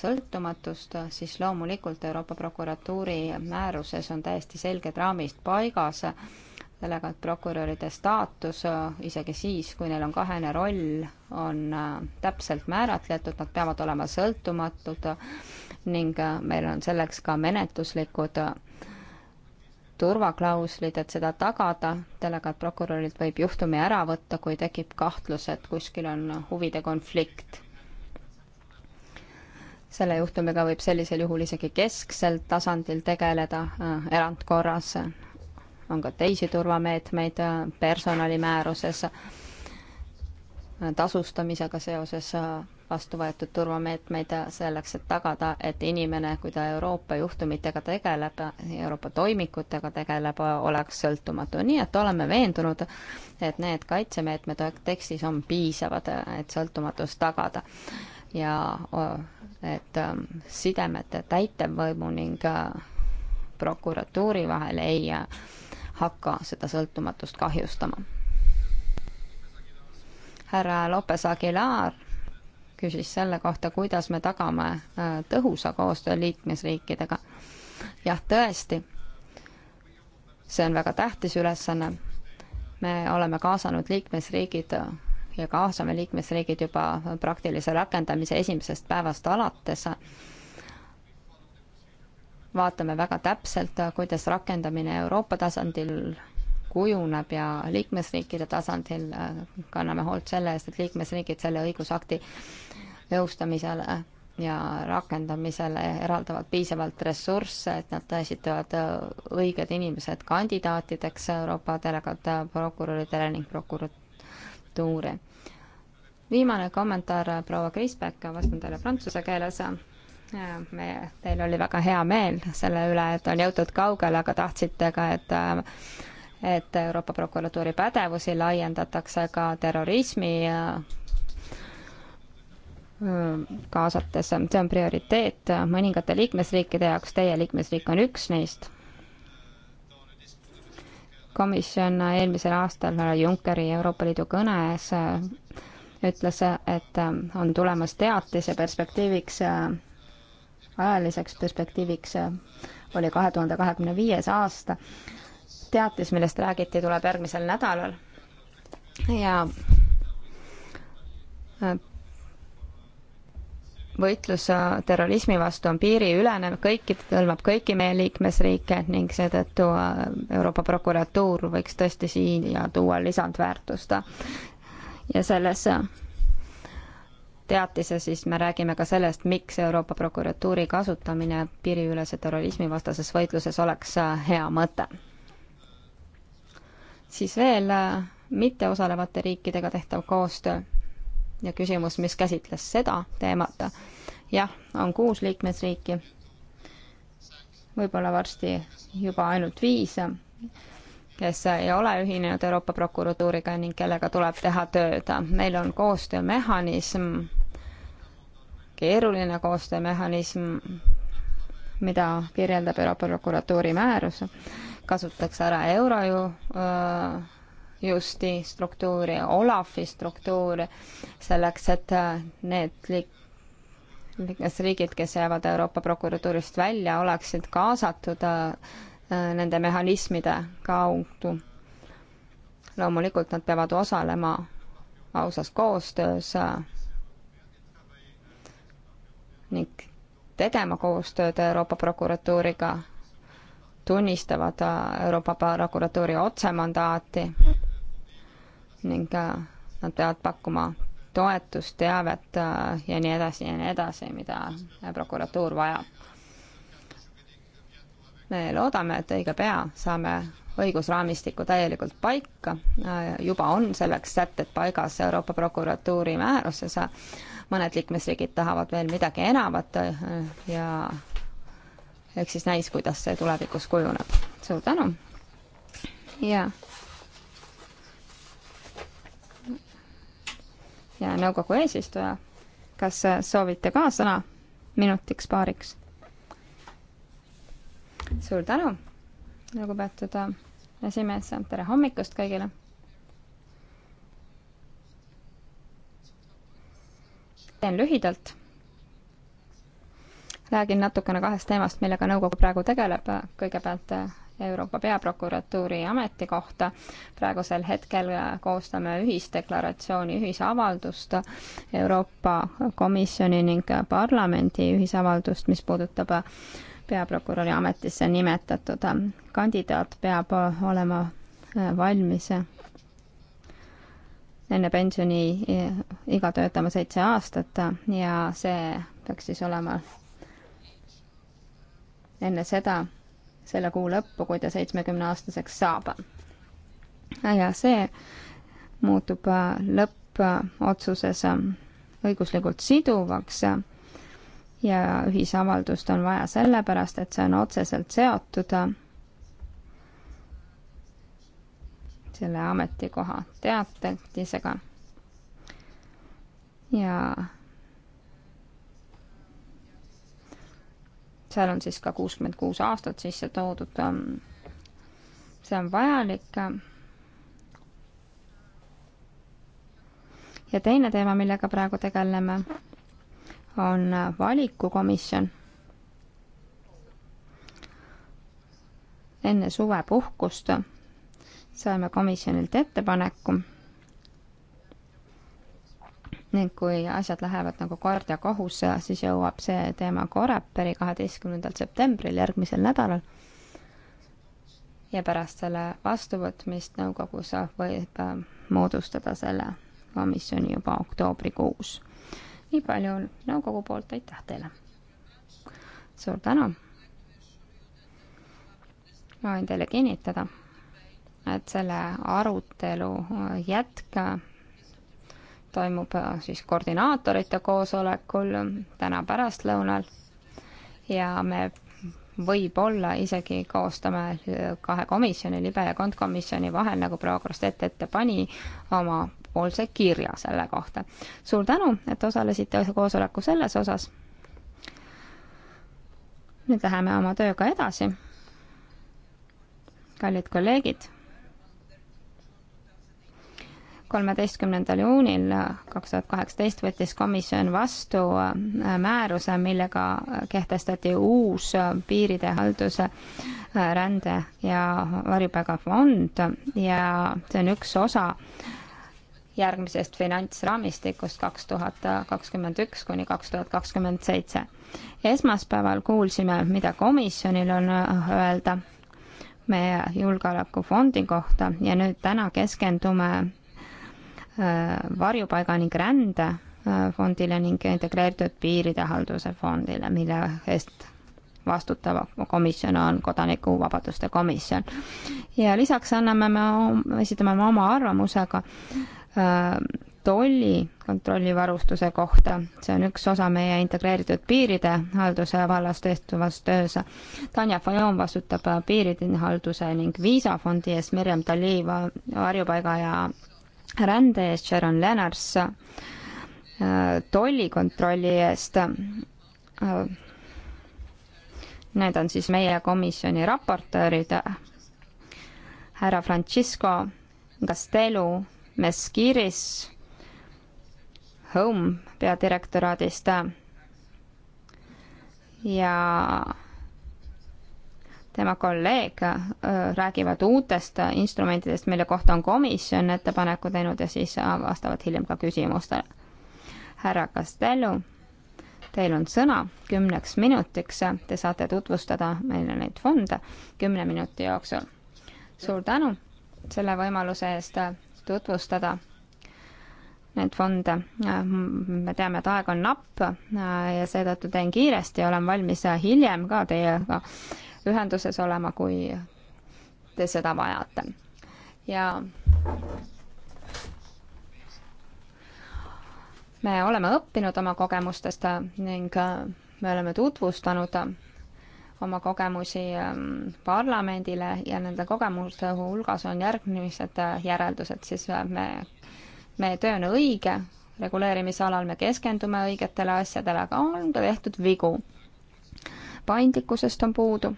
sõltumatust, siis loomulikult Euroopa prokuratuuri määruses on täiesti selged raamid paigas delegaatprokuröride staatus, äh, isegi siis, kui neil on kahene roll, on äh, täpselt määratletud, nad peavad olema sõltumatud äh, ning meil on selleks ka menetluslikud turvaklauslid, et seda tagada, delegaatprokurörilt võib juhtumi ära võtta, kui tekib kahtlus, et kuskil on huvide konflikt selle juhtumiga võib sellisel juhul isegi kesksel tasandil tegeleda erandkorras on ka teisi turvameetmeid äh, personalimääruses, äh, tasustamisega seoses äh, vastu võetud turvameetmeid selleks, et tagada, et inimene, kui ta Euroopa juhtumitega tegeleb, Euroopa toimikutega tegeleb, oleks sõltumatu. nii et oleme veendunud, et need kaitsemeetmed tekstis on piisavad, et sõltumatus tagada. ja et ähm, sidemete täitevvõimu ning prokuratuuri vahel ei hakka seda sõltumatust kahjustama. härra Lopes Aguilar küsis selle kohta, kuidas me tagame äh, tõhusa koostöö liikmesriikidega. jah, tõesti, see on väga tähtis ülesanne. me oleme kaasanud liikmesriigid ja kaasame liikmesriigid juba praktilise rakendamise esimesest päevast alates vaatame väga täpselt, kuidas rakendamine Euroopa tasandil kujuneb ja liikmesriikide tasandil äh, kanname hoolt selle eest, et liikmesriigid selle õigusakti jõustamisele ja rakendamisele eraldavad piisavalt ressursse, et nad esitavad äh, õiged inimesed kandidaatideks Euroopa delegaatprokuröridele äh, ning prokuratuuri. viimane kommentaar proua Kriisbek, vastan teile prantsuse keeles me, teil oli väga hea meel selle üle, et on jõutud kaugele, aga tahtsite ka, et äh, et Euroopa prokuratuuri pädevusi laiendatakse ka terrorismi äh, äh, kaasates, see on prioriteet mõningate liikmesriikide jaoks, teie liikmesriik on üks neist. komisjon eelmisel aastal Junckeri Euroopa Liidu kõnes ütles, et on tulemas teatise perspektiiviks ajaliseks perspektiiviks oli kahe tuhande kahekümne viies aasta. teatis, millest räägiti, tuleb järgmisel nädalal ja äh, võitlus äh, terrorismi vastu on piiriülene, kõiki, hõlmab kõiki meie liikmesriike ning seetõttu äh, Euroopa prokuratuur võiks tõesti siia tuua lisandväärtust. ja selles teatise, siis me räägime ka sellest, miks Euroopa prokuratuuri kasutamine piiriülese terrorismi vastases võitluses oleks äh, hea mõte. siis veel äh, mitteosalevate riikidega tehtav koostöö ja küsimus, mis käsitles seda teemat. jah, on kuus liikmesriiki, võib-olla varsti juba ainult viis kes ei ole ühinenud Euroopa prokuratuuriga ning kellega tuleb teha tööd. meil on koostöömehhanism, keeruline koostöömehhanism, mida kirjeldab Euroopa prokuratuuri määrus, kasutatakse ära Eurojusti struktuuri, Olafi struktuuri, selleks et need liik-, kas riigid, kes jäävad Euroopa prokuratuurist välja, oleksid kaasatud Äh, nende mehhanismide kaudu. loomulikult nad peavad osalema ausas koostöös äh, ning tegema koostööd Euroopa prokuratuuriga, tunnistavad äh, Euroopa prokuratuuri otsemandaati ning nad peavad pakkuma toetust, teavet ja nii edasi ja nii edasi, mida prokuratuur vajab me loodame, et õige pea saame õigusraamistiku täielikult paika, juba on selleks sätted paigas Euroopa prokuratuuri määruses, mõned liikmesriigid tahavad veel midagi enamat ja eks siis näis, kuidas see tulevikus kujuneb. suur tänu ja ja nõukogu eesistuja, kas soovite ka sõna minutiks-paariks? suur tänu, lugupeetud äh, esimees, tere hommikust kõigile. teen lühidalt. räägin natukene kahest teemast, millega nõukogu praegu tegeleb, kõigepealt äh, Euroopa Peaprokuratuuri ametikohta. praegusel hetkel äh, koostame ühisdeklaratsiooni, ühisavaldust Euroopa Komisjoni ning parlamendi ühisavaldust, mis puudutab peaprokuröri ametisse nimetatud. kandidaat peab olema äh, valmis äh, enne pensioniiga äh, töötama seitse aastat ja see peaks siis olema enne seda, selle kuu lõppu, kui ta seitsmekümneaastaseks saab. ja see muutub lõppotsuses õiguslikult siduvaks ja ühisavaldust on vaja sellepärast, et see on otseselt seotud selle ametikoha teatisega ja seal on siis ka kuuskümmend kuus aastat sisse toodud. see on vajalik. ja teine teema, millega praegu tegeleme, on valikukomisjon. enne suvepuhkust saime komisjonilt ettepaneku ning kui asjad lähevad nagu kord ja kohus, siis jõuab see teema Coreperi kaheteistkümnendal septembril järgmisel nädalal. ja pärast selle vastuvõtmist nõukogus võib moodustada selle komisjoni juba oktoobrikuus nii palju on nõukogu poolt, aitäh teile! suur tänu! ma võin teile kinnitada, et selle arutelu jätk toimub siis koordinaatorite koosolekul täna pärastlõunal ja me võib-olla isegi koostame kahe komisjoni, libe ja kontkomisjoni vahel, nagu proua Krossett ette pani, oma omapoolse kirja selle kohta. suur tänu, et osalesite koosoleku selles osas. nüüd läheme oma tööga edasi. kallid kolleegid, kolmeteistkümnendal juunil kaks tuhat kaheksateist võttis komisjon vastu äh, määruse, millega kehtestati uus äh, piiride halduse äh, rände ja varjupaigafond ja see on üks osa järgmisest finantsraamistikust kaks tuhat kakskümmend üks kuni kaks tuhat kakskümmend seitse. esmaspäeval kuulsime, mida komisjonil on äh, öelda meie julgeolekufondi kohta ja nüüd täna keskendume äh, varjupaiga ning rände äh, fondile ning integreeritud piiride halduse fondile, mille eest vastutav komisjon on kodanikuvabaduste komisjon. ja lisaks anname me, esitame me oma arvamusega äh, Äh, tolli kontrollivarustuse kohta, see on üks osa meie integreeritud piiride halduse vallas tehtavas töös. Tanja Fajon vastutab äh, piirihalduse ning viisafondi eest, Mirjam Tali varjupaiga ja rände eest, Sharon Lennars äh, tollikontrolli eest. Need on siis meie komisjoni raportöörid, härra Francisco Castelo Meskiris Home peadirektoraadist ja tema kolleeg äh, räägivad uutest instrumentidest, mille kohta on komisjon ettepaneku teinud ja siis äh, vastavad hiljem ka küsimustele. härra Castello, teil on sõna kümneks minutiks, te saate tutvustada meile neid fonde kümne minuti jooksul. suur tänu selle võimaluse eest tutvustada neid fonde. me teame, et aeg on napp äh, ja seetõttu teen kiiresti ja olen valmis äh, hiljem ka teiega ühenduses olema, kui te seda vajate. ja me oleme õppinud oma kogemustest äh, ning me oleme tutvustanud oma kogemusi ähm, parlamendile ja nende kogemuste hulgas on järgmised äh, järeldused, siis äh, me, meie töö on õige, reguleerimisalal me keskendume õigetele asjadele, aga on ka tehtud vigu. paindlikkusest on puudu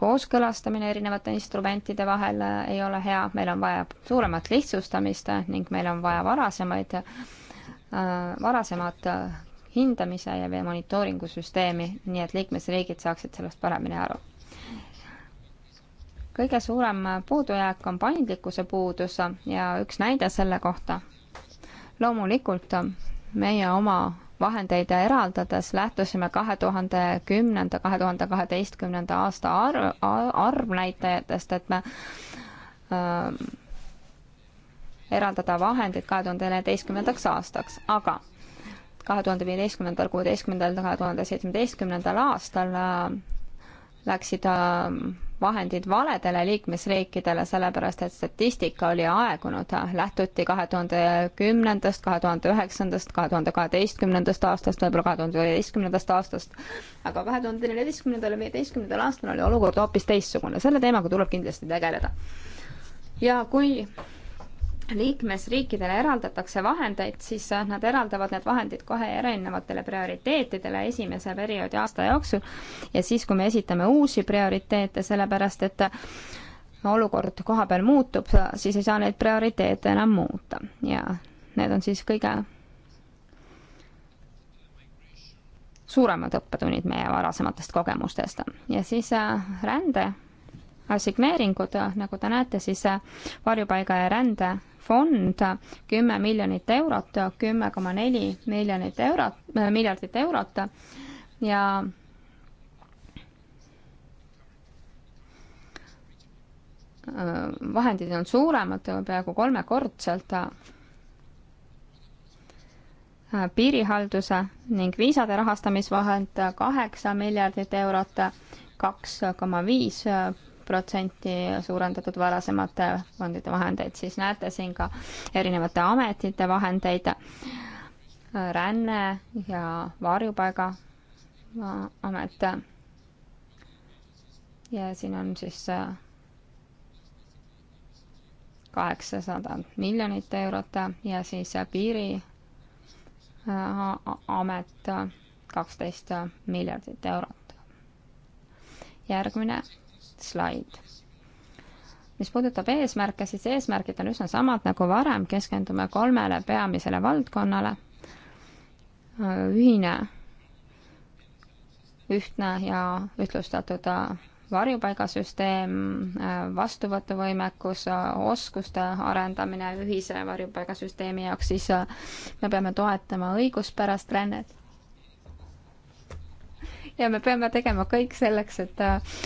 kooskõlastamine erinevate instrumentide vahel äh, ei ole hea, meil on vaja suuremat lihtsustamist ning meil on vaja varasemaid äh,, varasemat hindamise ja veel monitooringusüsteemi, nii et liikmesriigid saaksid sellest paremini aru. kõige suurem puudujääk on paindlikkuse puudus ja üks näide selle kohta. loomulikult meie oma vahendeid eraldades lähtusime kahe tuhande kümnenda, kahe tuhande kaheteistkümnenda aasta arv, arvnäitajatest, et me äh, eraldada vahendeid kahe tuhande neljateistkümnendaks aastaks, aga kahe tuhande viieteistkümnendal, kuueteistkümnendal, kahe tuhande seitsmeteistkümnendal aastal äh, läksid äh, vahendid valedele liikmesriikidele, sellepärast et statistika oli aegunud, lähtuti kahe tuhande kümnendast, kahe tuhande üheksandast, kahe tuhande kaheteistkümnendast aastast, võib-olla kahe tuhande üheteistkümnendast aastast, aga kahe tuhande neljateistkümnendal ja viieteistkümnendal aastal oli olukord hoopis teistsugune, selle teemaga tuleb kindlasti tegeleda. ja kui liikmesriikidele eraldatakse vahendeid, siis äh, nad eraldavad need vahendid kohe erinevatele prioriteetidele esimese perioodi aasta jooksul ja siis, kui me esitame uusi prioriteete, sellepärast et äh, olukord koha peal muutub, äh, siis ei saa neid prioriteete enam muuta ja need on siis kõige suuremad õppetunnid meie varasematest kogemustest. ja siis rände assigneeringud, nagu te näete, siis varjupaiga ja rände fond kümme miljonit eurot, kümme koma neli miljonit eurot, äh, miljardit eurot ja äh, vahendid on suuremad peaaegu kolmekordselt äh, piirihalduse ning viisade rahastamisvahend kaheksa miljardit eurot, kaks koma viis protsenti suurendatud varasemate fondide vahendeid, siis näete siin ka erinevate ametite vahendeid, ränne ja varjupaiga amet. ja siin on siis äh, kaheksasada miljonit eurot ja siis äh, piiri äh, amet kaksteist miljardit eurot. järgmine slaid. mis puudutab eesmärke, siis eesmärgid on üsna samad nagu varem, keskendume kolmele peamisele valdkonnale. ühine, ühtne ja ühtlustatud äh, varjupaigasüsteem, äh, vastuvõtuvõimekus, äh, oskuste arendamine ühise varjupaigasüsteemi jaoks, siis me peame toetama õiguspärast rännet ja me peame tegema kõik selleks, et, äh,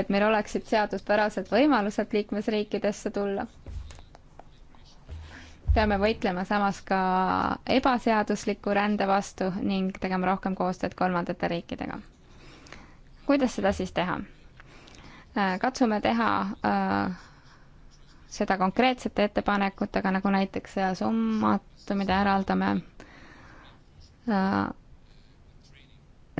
et meil oleksid seaduspärased võimalused liikmesriikidesse tulla. peame võitlema samas ka ebaseadusliku rände vastu ning tegema rohkem koostööd kolmandate riikidega. kuidas seda siis teha? Äh, katsume teha äh, seda konkreetsete ettepanekutega, nagu näiteks äh, summad, mida eraldame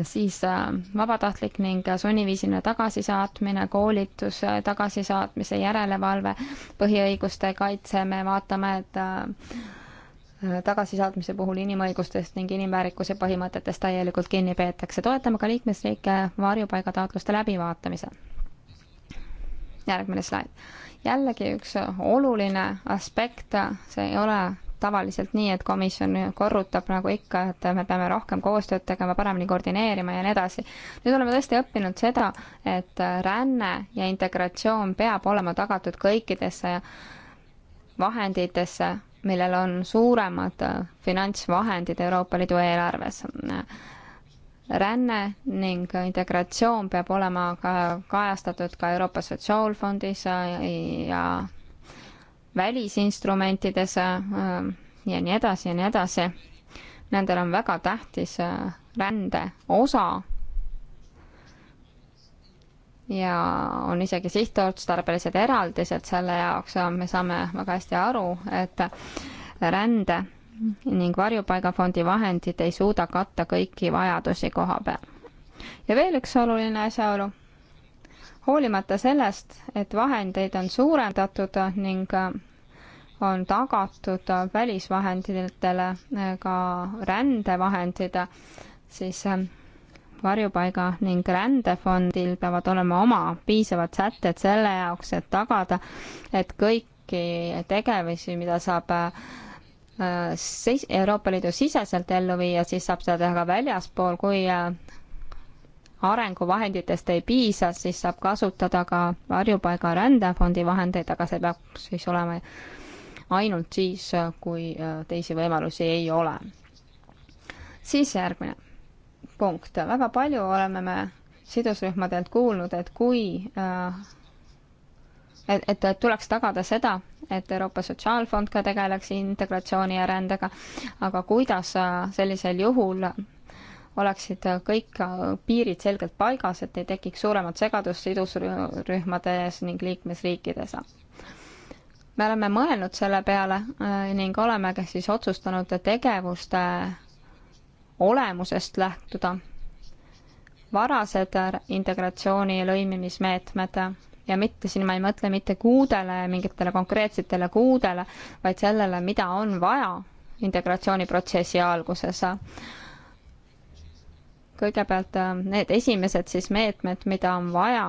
siis äh, vabatahtlik ning äh, sunniviisiline tagasisaatmine, koolitus, äh, tagasisaatmise järelevalve, põhiõiguste kaitse, me vaatame, et tagasisaatmise puhul inimõigustest ning inimväärikuse põhimõtetest täielikult kinni peetakse. toetame ka liikmesriike varjupaigataotluste läbivaatamisel. järgmine slaid. jällegi üks oluline aspekt, see ei ole tavaliselt nii, et komisjon korrutab nagu ikka, et me peame rohkem koostööd tegema, paremini koordineerima ja nii edasi. nüüd oleme tõesti õppinud seda, et ränne ja integratsioon peab olema tagatud kõikidesse vahenditesse, millel on suuremad finantsvahendid Euroopa Liidu eelarves. ränne ning integratsioon peab olema ka kajastatud ka Euroopa Sotsiaalfondis ja, ja välisinstrumentides äh, ja nii edasi ja nii edasi. Nendel on väga tähtis äh, rände osa. ja on isegi sihtotstarbelised eraldised selle jaoks, me saame väga hästi aru, et rände ning varjupaigafondi vahendid ei suuda katta kõiki vajadusi koha peal. ja veel üks oluline asjaolu hoolimata sellest, et vahendeid on suurendatud ning on tagatud välisvahenditele ka rändevahendid, siis varjupaiga ning rändefondil peavad olema oma piisavad sätted selle jaoks, et tagada, et kõiki tegevusi, mida saab äh, Euroopa Liidu siseselt ellu viia, siis saab seda teha ka väljaspool, kui äh, arenguvahenditest ei piisa, siis saab kasutada ka varjupaiga rändefondi vahendeid, aga see peab siis olema ainult siis, kui äh, teisi võimalusi ei ole. siis järgmine punkt, väga palju oleme me sidusrühmadelt kuulnud, et kui äh, et, et tuleks tagada seda, et Euroopa Sotsiaalfond ka tegeleks integratsiooni ja rändega, aga kuidas äh, sellisel juhul oleksid äh, kõik äh, piirid selgelt paigas, et ei tekiks suuremat segadust sidusrühmades ning liikmesriikides. me oleme mõelnud selle peale äh, ning oleme ka siis otsustanud tegevuste olemusest lähtuda. varased integratsiooni ja lõimimismeetmed ja mitte siin ma ei mõtle mitte kuudele, mingitele konkreetsetele kuudele, vaid sellele, mida on vaja integratsiooniprotsessi alguses kõigepealt äh, need esimesed siis meetmed, mida on vaja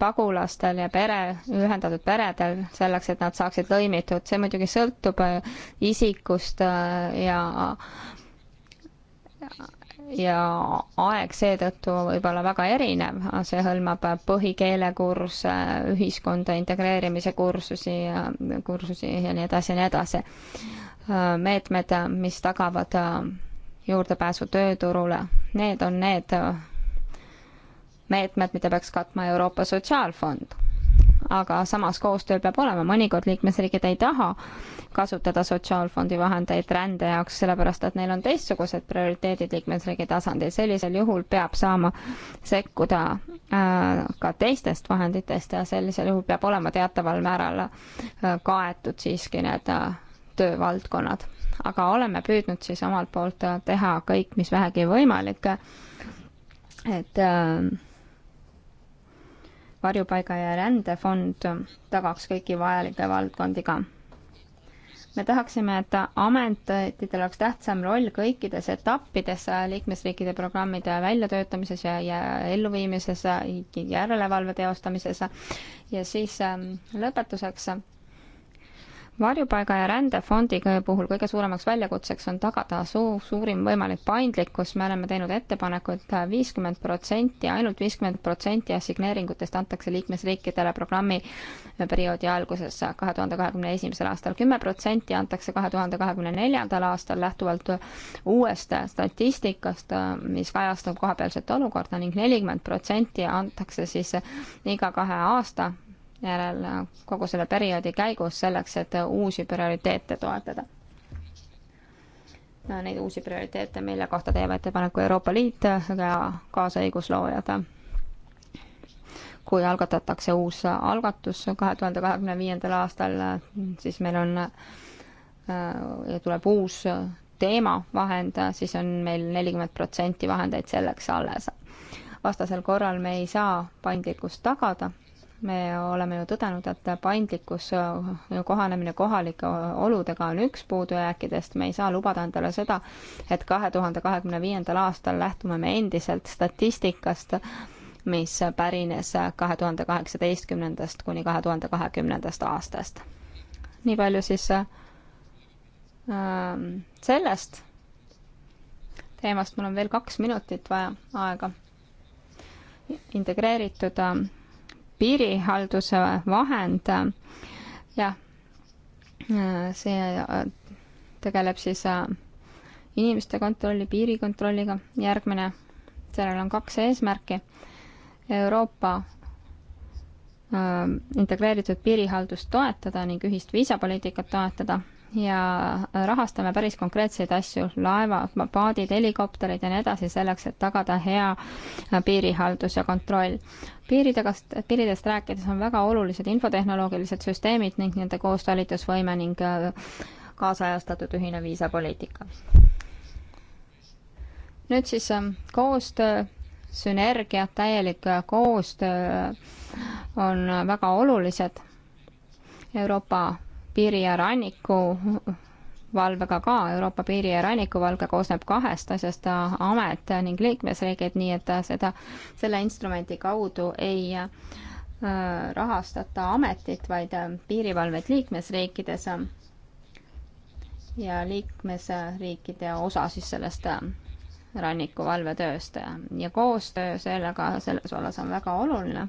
pagulastel ja pere, ühendatud peredel selleks, et nad saaksid lõimitud, see muidugi sõltub äh, isikust äh, ja ja aeg seetõttu võib-olla väga erinev, see hõlmab põhikeelekurse, ühiskonda integreerimise kursusi ja kursusi ja nii edasi ja nii edasi. meetmed, mis tagavad juurdepääsu tööturule. Need on need äh, meetmed, mida peaks katma Euroopa Sotsiaalfond. aga samas koostöö peab olema, mõnikord liikmesriigid ei taha kasutada Sotsiaalfondi vahendeid rände jaoks, sellepärast et neil on teistsugused prioriteedid liikmesriigi tasandil, sellisel juhul peab saama sekkuda äh, ka teistest vahenditest ja sellisel juhul peab olema teataval määral äh, kaetud siiski need äh, töövaldkonnad aga oleme püüdnud siis omalt poolt äh, teha kõik, mis vähegi võimalik, et äh, varjupaiga ja rändefond tagaks kõiki vajalikke valdkondi ka. me tahaksime, et ametitel oleks tähtsam roll kõikides etappides liikmesriikide programmide väljatöötamises ja, ja elluviimises, järelevalve teostamises ja siis äh, lõpetuseks varjupaiga ja rändefondi puhul kõige suuremaks väljakutseks on tagada suu-, suurim võimalik paindlikkus, me oleme teinud ettepaneku et, et viiskümmend protsenti, ainult viiskümmend protsenti assigneeringutest antakse liikmesriikidele programmi perioodi alguses kahe tuhande kahekümne esimesel aastal, kümme protsenti antakse kahe tuhande kahekümne neljandal aastal lähtuvalt uuest statistikast, mis kajastab kohapealset olukorda ning nelikümmend protsenti antakse siis iga kahe aasta järel kogu selle perioodi käigus selleks, et uusi prioriteete toetada no,. Neid uusi prioriteete, mille kohta teeb ettepaneku Euroopa Liit ja kaasõigusloojad. kui algatatakse uus algatus kahe tuhande kahekümne viiendal aastal, siis meil on ja tuleb uus teemavahend, siis on meil nelikümmend protsenti vahendeid selleks alles. vastasel korral me ei saa paindlikkust tagada me oleme ju tõdenud, et paindlikkus, kohanemine kohalike oludega on üks puudujääkidest, me ei saa lubada endale seda, et kahe tuhande kahekümne viiendal aastal lähtume me endiselt statistikast, mis pärines kahe tuhande kaheksateistkümnendast kuni kahe tuhande kahekümnendast aastast. nii palju siis äh, sellest teemast, mul on veel kaks minutit vaja aega. integreeritud äh, piirihalduse vahend. jah, see äh, tegeleb siis äh, inimeste kontrolli, piirikontrolliga. järgmine, sellel on kaks eesmärki. Euroopa äh, integreeritud piirihaldust toetada ning ühist viisapoliitikat toetada ja rahastame päris konkreetseid asju, laevad, paadid, helikopterid ja nii edasi, selleks, et tagada hea äh, piirihaldus ja kontroll. piiridest, piiridest rääkides on väga olulised infotehnoloogilised süsteemid ning nende koostalitusvõime ning äh, kaasajastatud ühine viisapoliitika. nüüd siis äh, koostöö, sünergia, täielik koostöö on väga olulised Euroopa piiri ja ranniku valvega ka, Euroopa piiri ja rannikuvalve koosneb kahest asjast, amet ning liikmesriigid, nii et seda, selle instrumendi kaudu ei äh, rahastata ametit, vaid äh, piirivalvet liikmesriikides äh, ja liikmesriikide osa siis sellest äh, rannikuvalvetööst ja koostöö sellega selles vallas on väga oluline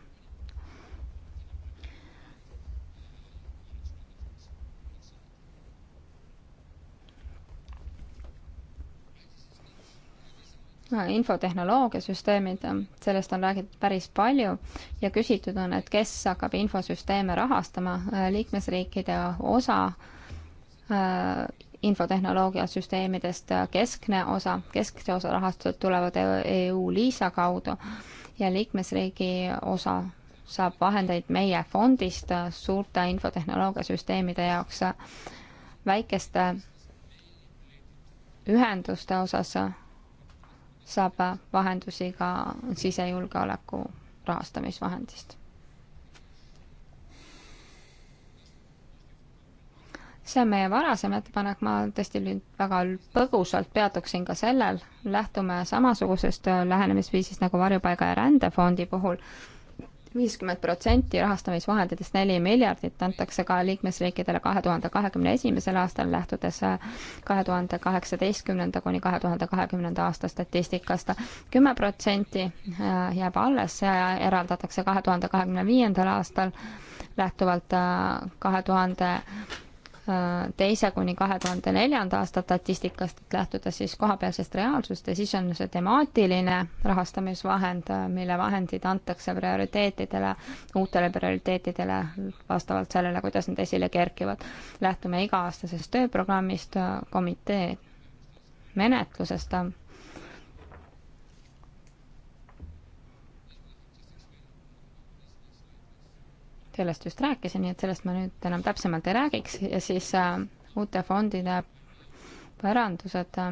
infotehnoloogiasüsteemid, sellest on räägitud päris palju ja küsitud on, et kes hakkab infosüsteeme rahastama, liikmesriikide osa äh, infotehnoloogiasüsteemidest äh, keskne osa, keskse osa rahastused tulevad EU e liisa kaudu ja liikmesriigi osa saab vahendeid meie fondist äh, suurte infotehnoloogiasüsteemide jaoks väikeste ühenduste osas saab vahendusi ka sisejulgeoleku rahastamisvahendist. see on meie varasem ettepanek, ma tõesti nüüd väga põgusalt peatuksin ka sellel, lähtume samasugusest lähenemisviisist nagu varjupaiga ja rändefondi puhul viiskümmend protsenti rahastamisvahenditest, neli miljardit, antakse ka liikmesriikidele kahe tuhande kahekümne esimesel aastal, lähtudes kahe tuhande kaheksateistkümnenda kuni kahe tuhande kahekümnenda aasta statistikast. kümme protsenti äh, jääb alles, see eraldatakse kahe tuhande kahekümne viiendal aastal lähtuvalt äh, kahe tuhande Äh, teise kuni kahe tuhande neljanda aasta statistikast, et lähtuda siis kohapealsest reaalsust ja siis on see temaatiline rahastamisvahend, äh, mille vahendid antakse prioriteetidele, uutele prioriteetidele vastavalt sellele, kuidas need esile kerkivad. lähtume iga-aastasest tööprogrammist, äh, komitee menetlusest sellest just rääkisin, nii et sellest ma nüüd enam täpsemalt ei räägiks ja siis äh, uute fondide pärandused äh,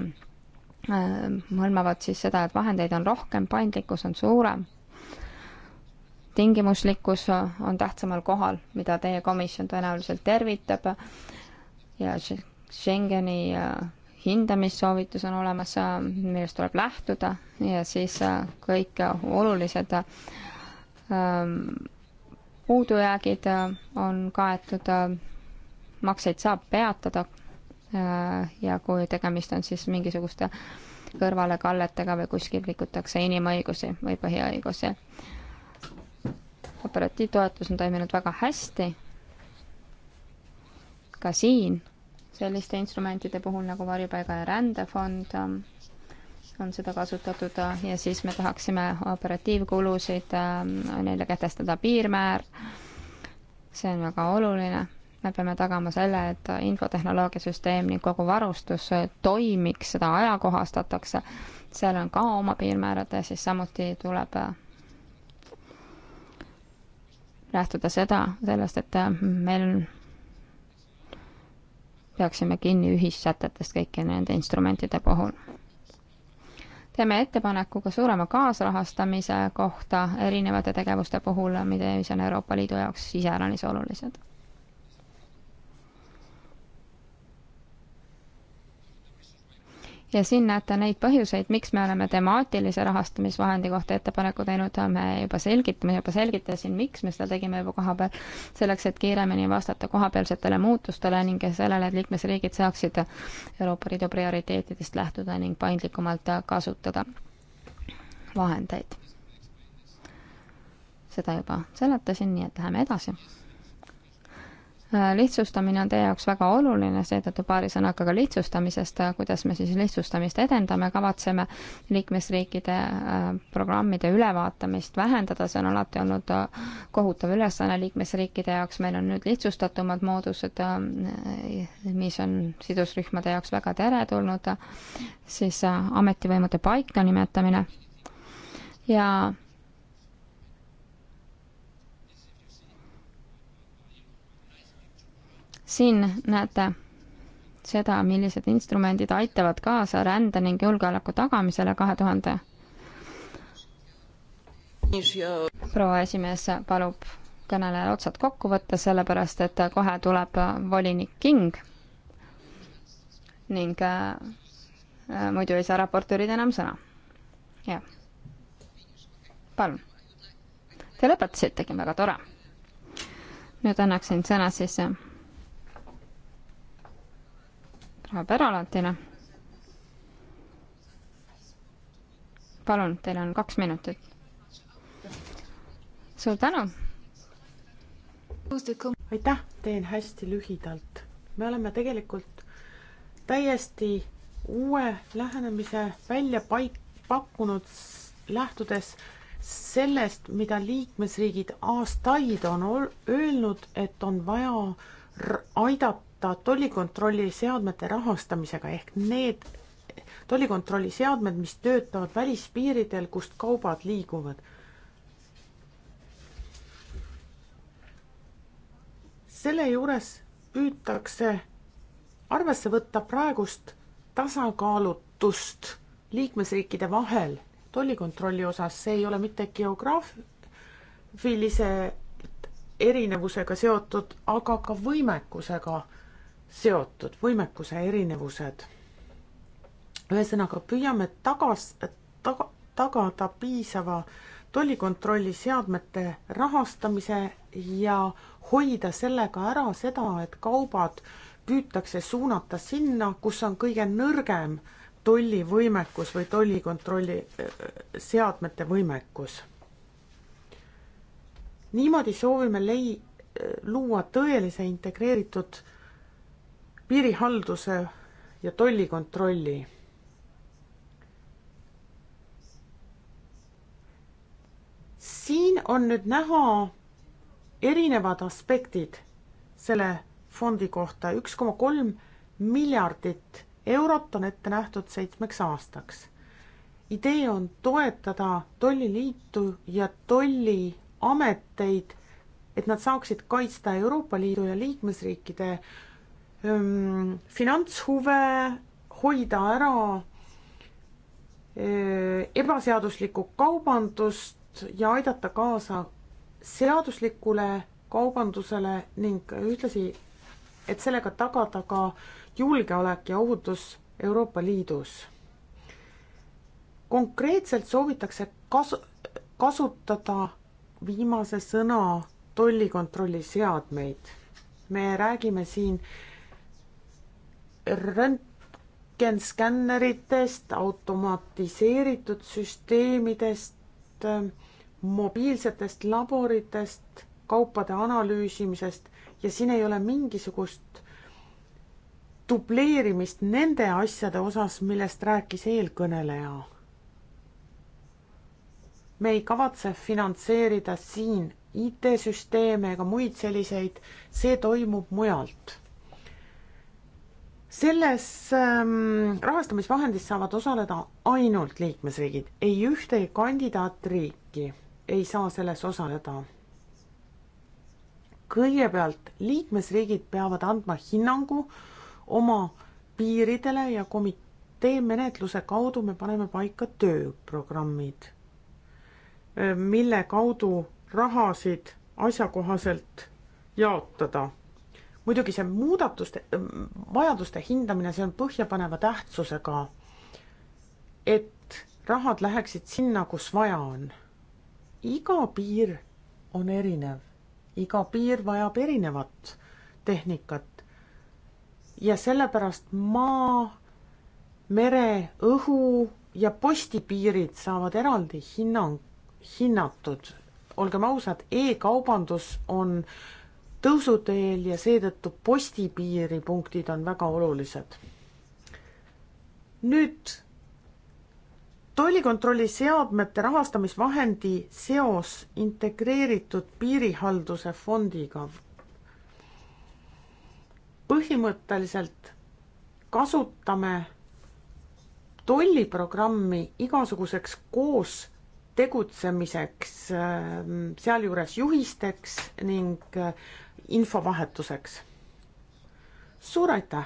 äh hõlmavad siis seda, et vahendeid on rohkem, paindlikkus on suurem, tingimuslikkus äh, on tähtsamal kohal, mida teie komisjon tõenäoliselt tervitab ja Schengeni äh, hindamissoovitus on olemas, millest tuleb lähtuda ja siis kõik olulised ähm, puudujäägid äh, on kaetud, äh, makseid saab peatada äh, ja kui tegemist on siis mingisuguste kõrvalekalletega või kuskil rikutakse inimõigusi või põhiõigusi. operatiivtoetus on toiminud väga hästi. ka siin selliste instrumentide puhul nagu varjupaiga ja rändefond ähm, on seda kasutatud äh, ja siis me tahaksime operatiivkulusid äh, neile kehtestada piirmäär. see on väga oluline. me peame tagama selle, et infotehnoloogiasüsteem ning kogu varustus äh, toimiks, seda ajakohastatakse. seal on ka oma piirmäärad ja siis samuti tuleb lähtuda seda, sellest, et meil peaksime kinni ühissätetest kõikide nende instrumentide puhul teeme ettepaneku ka suurema kaasrahastamise kohta erinevate tegevuste puhul, mis on Euroopa Liidu jaoks iseäranis olulised. ja siin näete neid põhjuseid, miks me oleme temaatilise rahastamisvahendi kohta ettepaneku teinud, me juba selgitame, juba selgitasin, miks me seda tegime juba koha peal, selleks, et kiiremini vastata kohapealsetele muutustele ning sellele, et liikmesriigid saaksid Euroopa Liidu prioriteetidest lähtuda ning paindlikumalt kasutada vahendeid. seda juba seletasin, nii et läheme edasi Äh, lihtsustamine on teie jaoks väga oluline, seetõttu paari sõnaga ka lihtsustamisest, äh, kuidas me siis lihtsustamist edendame, kavatseme liikmesriikide äh, programmide ülevaatamist vähendada, see on alati olnud kohutav ülesanne liikmesriikide jaoks, meil on nüüd lihtsustatumad moodused, mis on sidusrühmade jaoks väga teretulnud, siis ametivõimude paika nimetamine ja siin näete seda, millised instrumendid aitavad kaasa rände ning julgeoleku tagamisele kahe tuhande. proua esimees palub kõnelejal otsad kokku võtta, sellepärast et kohe tuleb volinik King ning äh, muidu ei saa raportöörid enam sõna. jah. palun. Te lõpetasitegi, väga tore. nüüd annaksin sõna siis äh, proua Päralantile. palun, teil on kaks minutit. suur tänu. aitäh, teen hästi lühidalt. me oleme tegelikult täiesti uue lähenemise välja paik-, pakkunud, lähtudes sellest, mida liikmesriigid aastaid on öelnud, et on vaja aidata ta tollikontrolli seadmete rahastamisega ehk need tollikontrolli seadmed, mis töötavad välispiiridel, kust kaubad liiguvad. selle juures püütakse arvesse võtta praegust tasakaalutust liikmesriikide vahel tollikontrolli osas, see ei ole mitte geograafilise erinevusega seotud, aga ka võimekusega seotud, võimekuse erinevused. ühesõnaga, püüame tagas, taga, tagada piisava tollikontrolli seadmete rahastamise ja hoida sellega ära seda, et kaubad püütakse suunata sinna, kus on kõige nõrgem tollivõimekus või tollikontrolli äh, seadmete võimekus. niimoodi soovime lei-, luua tõelise integreeritud piirihalduse ja tollikontrolli. siin on nüüd näha erinevad aspektid selle fondi kohta, üks koma kolm miljardit eurot on ette nähtud seitsmeks aastaks. idee on toetada tolliliitu ja tolliameteid, et nad saaksid kaitsta Euroopa Liidu ja liikmesriikide finantshuve, hoida ära ebaseaduslikku kaubandust ja aidata kaasa seaduslikule kaubandusele ning ühtlasi, et sellega tagada ka julgeolek ja ohutus Euroopa Liidus. konkreetselt soovitakse kasu, kasutada viimase sõna tollikontrolli seadmeid. me räägime siin äh, röntgenskänneritest, automatiseeritud süsteemidest, mobiilsetest laboritest, kaupade analüüsimisest ja siin ei ole mingisugust dubleerimist nende asjade osas, millest rääkis eelkõneleja. me ei kavatse finantseerida siin IT-süsteeme ega muid selliseid, see toimub mujalt selles ähm, rahastamisvahendis saavad osaleda ainult liikmesriigid, ei ühtegi kandidaatriiki ei saa selles osaleda. kõigepealt liikmesriigid peavad andma hinnangu oma piiridele ja komitee menetluse kaudu me paneme paika tööprogrammid, äh, mille kaudu rahasid asjakohaselt jaotada muidugi see muudatuste, vajaduste hindamine, see on põhjapaneva tähtsusega, et rahad läheksid sinna, kus vaja on. iga piir on erinev, iga piir vajab erinevat tehnikat. ja sellepärast maa, mere, õhu ja postipiirid saavad eraldi hinnang, hinnatud. olgem ausad e, e-kaubandus on äh, tõusuteel ja seetõttu postipiiripunktid on väga olulised. nüüd tollikontrolli seadmete rahastamisvahendi seos integreeritud piirihalduse fondiga. põhimõtteliselt kasutame tolliprogrammi igasuguseks koos tegutsemiseks, ähm, sealjuures juhisteks ning äh, infovahetuseks. suur aitäh!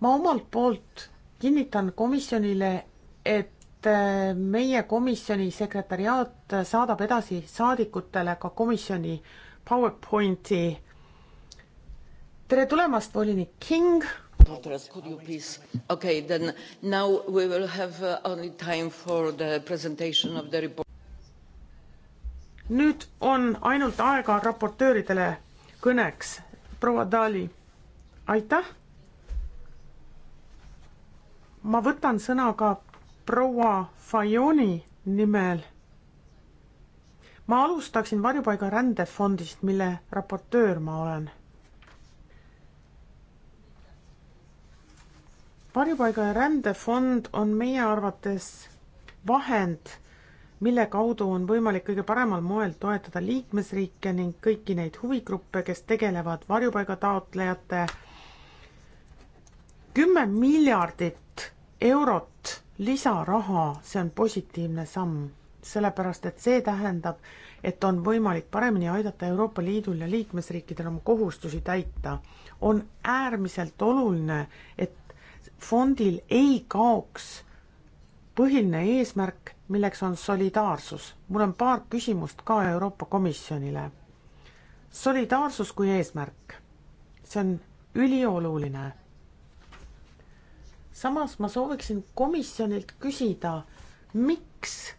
ma omalt poolt kinnitan komisjonile, et äh, meie komisjoni sekretäriaat saadab edasi saadikutele ka komisjoni PowerPointi. tere tulemast, volinik King. Could you please? Okay, then now we will have uh, only time for the presentation of the report nüüd on ainult aega raportööridele kõneks. proua Dali, aitäh. ma võtan sõna ka proua Fajoni nimel. ma alustaksin varjupaiga rändefondist, mille raportöör ma olen. varjupaiga ja rändefond on meie arvates vahend mille kaudu on võimalik kõige paremal moel toetada liikmesriike ning kõiki neid huvigruppe, kes tegelevad varjupaigataotlejate kümme miljardit eurot lisaraha, see on positiivne samm, sellepärast et see tähendab, et on võimalik paremini aidata Euroopa Liidul ja liikmesriikidel oma kohustusi täita. on äärmiselt oluline, et fondil ei kaoks põhiline eesmärk, milleks on solidaarsus. mul on paar küsimust ka Euroopa Komisjonile. solidaarsus kui eesmärk, see on ülioluline. samas ma sooviksin komisjonilt küsida, miks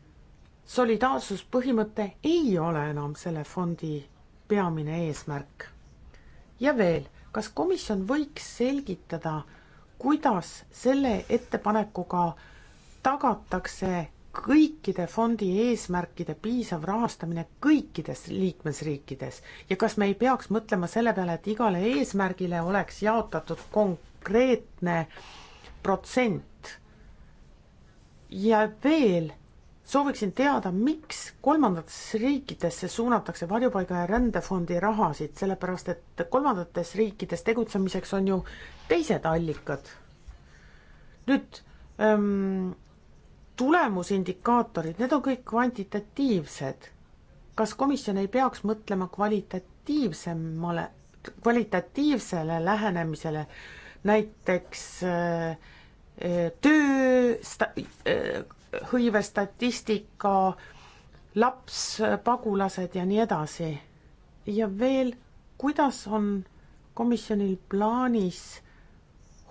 solidaarsuspõhimõte ei ole enam selle fondi peamine eesmärk? ja veel, kas komisjon võiks selgitada, kuidas selle ettepanekuga äh, tagatakse kõikide fondi eesmärkide piisav rahastamine kõikides liikmesriikides ja kas me ei peaks mõtlema selle peale, et igale eesmärgile oleks jaotatud konkreetne protsent? ja veel sooviksin teada, miks kolmandatesse riikidesse suunatakse varjupaiga ja rändefondi rahasid, sellepärast et kolmandates riikides tegutsemiseks on ju teised allikad. nüüd öö, ähm, tulemusindikaatorid, need on kõik kvantitatiivsed. kas komisjon ei peaks mõtlema kvalitatiivsemale, kvalitatiivsele lähenemisele, näiteks äh, äh, töö sta,, äh, hõivestatistika, laps, pagulased ja nii edasi. ja veel, kuidas on komisjonil plaanis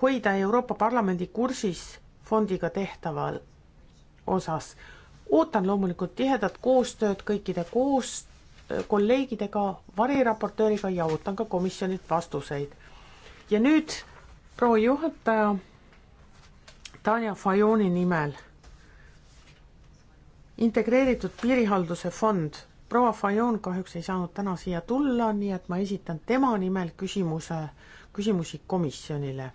hoida Euroopa Parlamendi kursis fondiga tehtaval osas. ootan loomulikult tihedat koostööd kõikide koos kolleegidega, variraportööriga ja ootan ka komisjonilt vastuseid. ja nüüd proua juhataja Tanja Fajoni nimel. integreeritud piirihalduse fond, proua Fajon kahjuks ei saanud täna siia tulla, nii et ma esitan tema nimel küsimuse, küsimusi komisjonile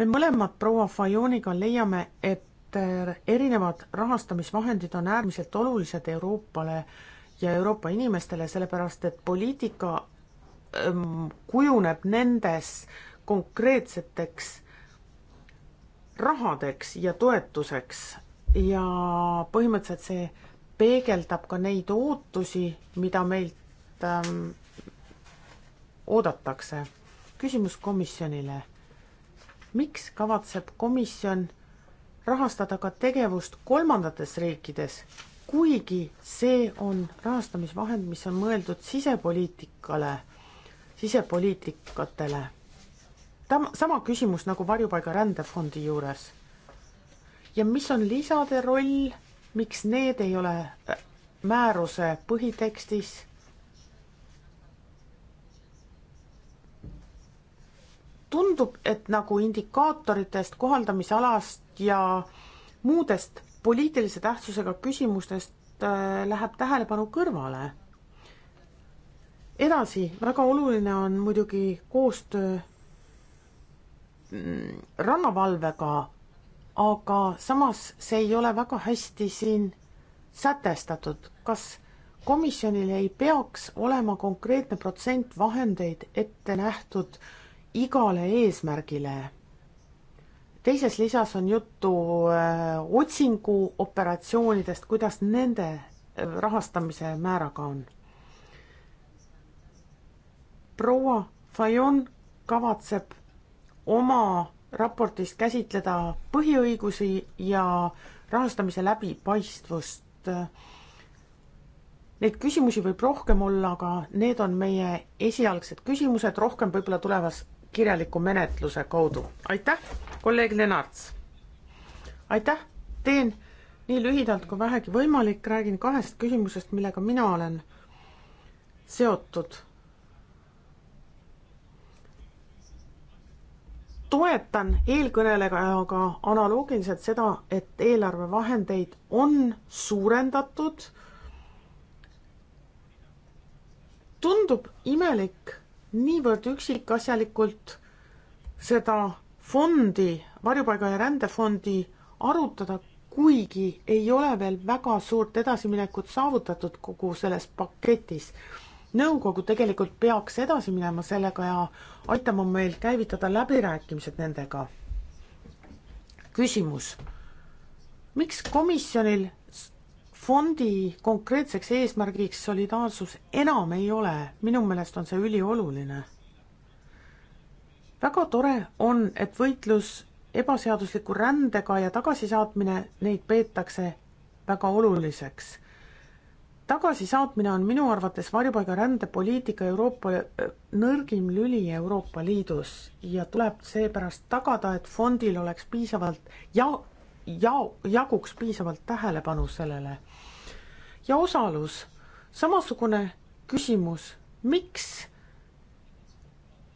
me mõlemad proua Fajoniga leiame, et äh, erinevad rahastamisvahendid on äärmiselt olulised Euroopale ja Euroopa inimestele, sellepärast et poliitika ähm, kujuneb nendes konkreetseteks rahadeks ja toetuseks ja põhimõtteliselt see peegeldab ka neid ootusi, mida meilt ähm, oodatakse. küsimus komisjonile miks kavatseb komisjon rahastada ka tegevust kolmandates riikides, kuigi see on rahastamisvahend, mis on mõeldud sisepoliitikale, sisepoliitikatele. Tam-, sama küsimus nagu varjupaiga rändefondi juures. ja mis on lisade roll, miks need ei ole äh, määruse põhitekstis tundub, et nagu indikaatoritest, kohaldamisalast ja muudest poliitilise tähtsusega küsimustest äh, läheb tähelepanu kõrvale. edasi, väga oluline on muidugi koostöö mm, rannavalvega, aga samas see ei ole väga hästi siin sätestatud, kas komisjonil ei peaks olema konkreetne protsent vahendeid ette nähtud äh, igale eesmärgile. teises lisas on juttu äh, otsinguoperatsioonidest, kuidas nende äh, rahastamise määraga on. proua Fajon kavatseb oma raportis käsitleda põhiõigusi ja rahastamise läbipaistvust. Neid küsimusi võib rohkem olla, aga need on meie esialgsed küsimused, rohkem võib-olla tulevas kirjaliku menetluse kaudu. aitäh, kolleeg Lennarts! aitäh, teen nii lühidalt kui vähegi võimalik, räägin kahest küsimusest, millega mina olen seotud. toetan eelkõnelejaga analoogiliselt seda, et eelarvevahendeid on suurendatud. tundub imelik niivõrd üksikasjalikult seda fondi, varjupaiga ja rändefondi arutada, kuigi ei ole veel väga suurt edasiminekut saavutatud kogu selles paketis. nõukogu tegelikult peaks edasi minema sellega ja aitama meil käivitada läbirääkimised nendega. küsimus, miks komisjonil fondi konkreetseks eesmärgiks solidaarsus enam ei ole, minu meelest on see ülioluline. väga tore on, et võitlus ebaseadusliku rändega ja tagasisaatmine, neid peetakse väga oluliseks. tagasisaatmine on minu arvates varjupaigarände poliitika Euroopa, äh, nõrgim lüli Euroopa Liidus ja tuleb seepärast tagada, et fondil oleks piisavalt ja jao-, jaguks piisavalt tähelepanu sellele. ja osalus, samasugune küsimus, miks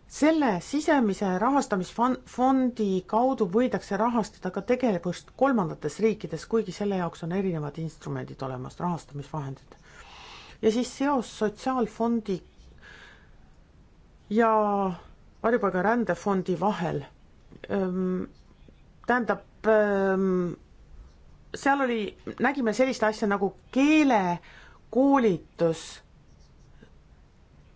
selle sisemise rahastamisfondi kaudu võidakse rahastada ka tegevust kolmandates riikides, kuigi selle jaoks on erinevad instrumendid olemas, rahastamisvahendid. ja siis seos sotsiaalfondi ja varjupaiga rändefondi vahel. tähendab, Ehm, seal oli, nägime sellist asja nagu keelekoolitus.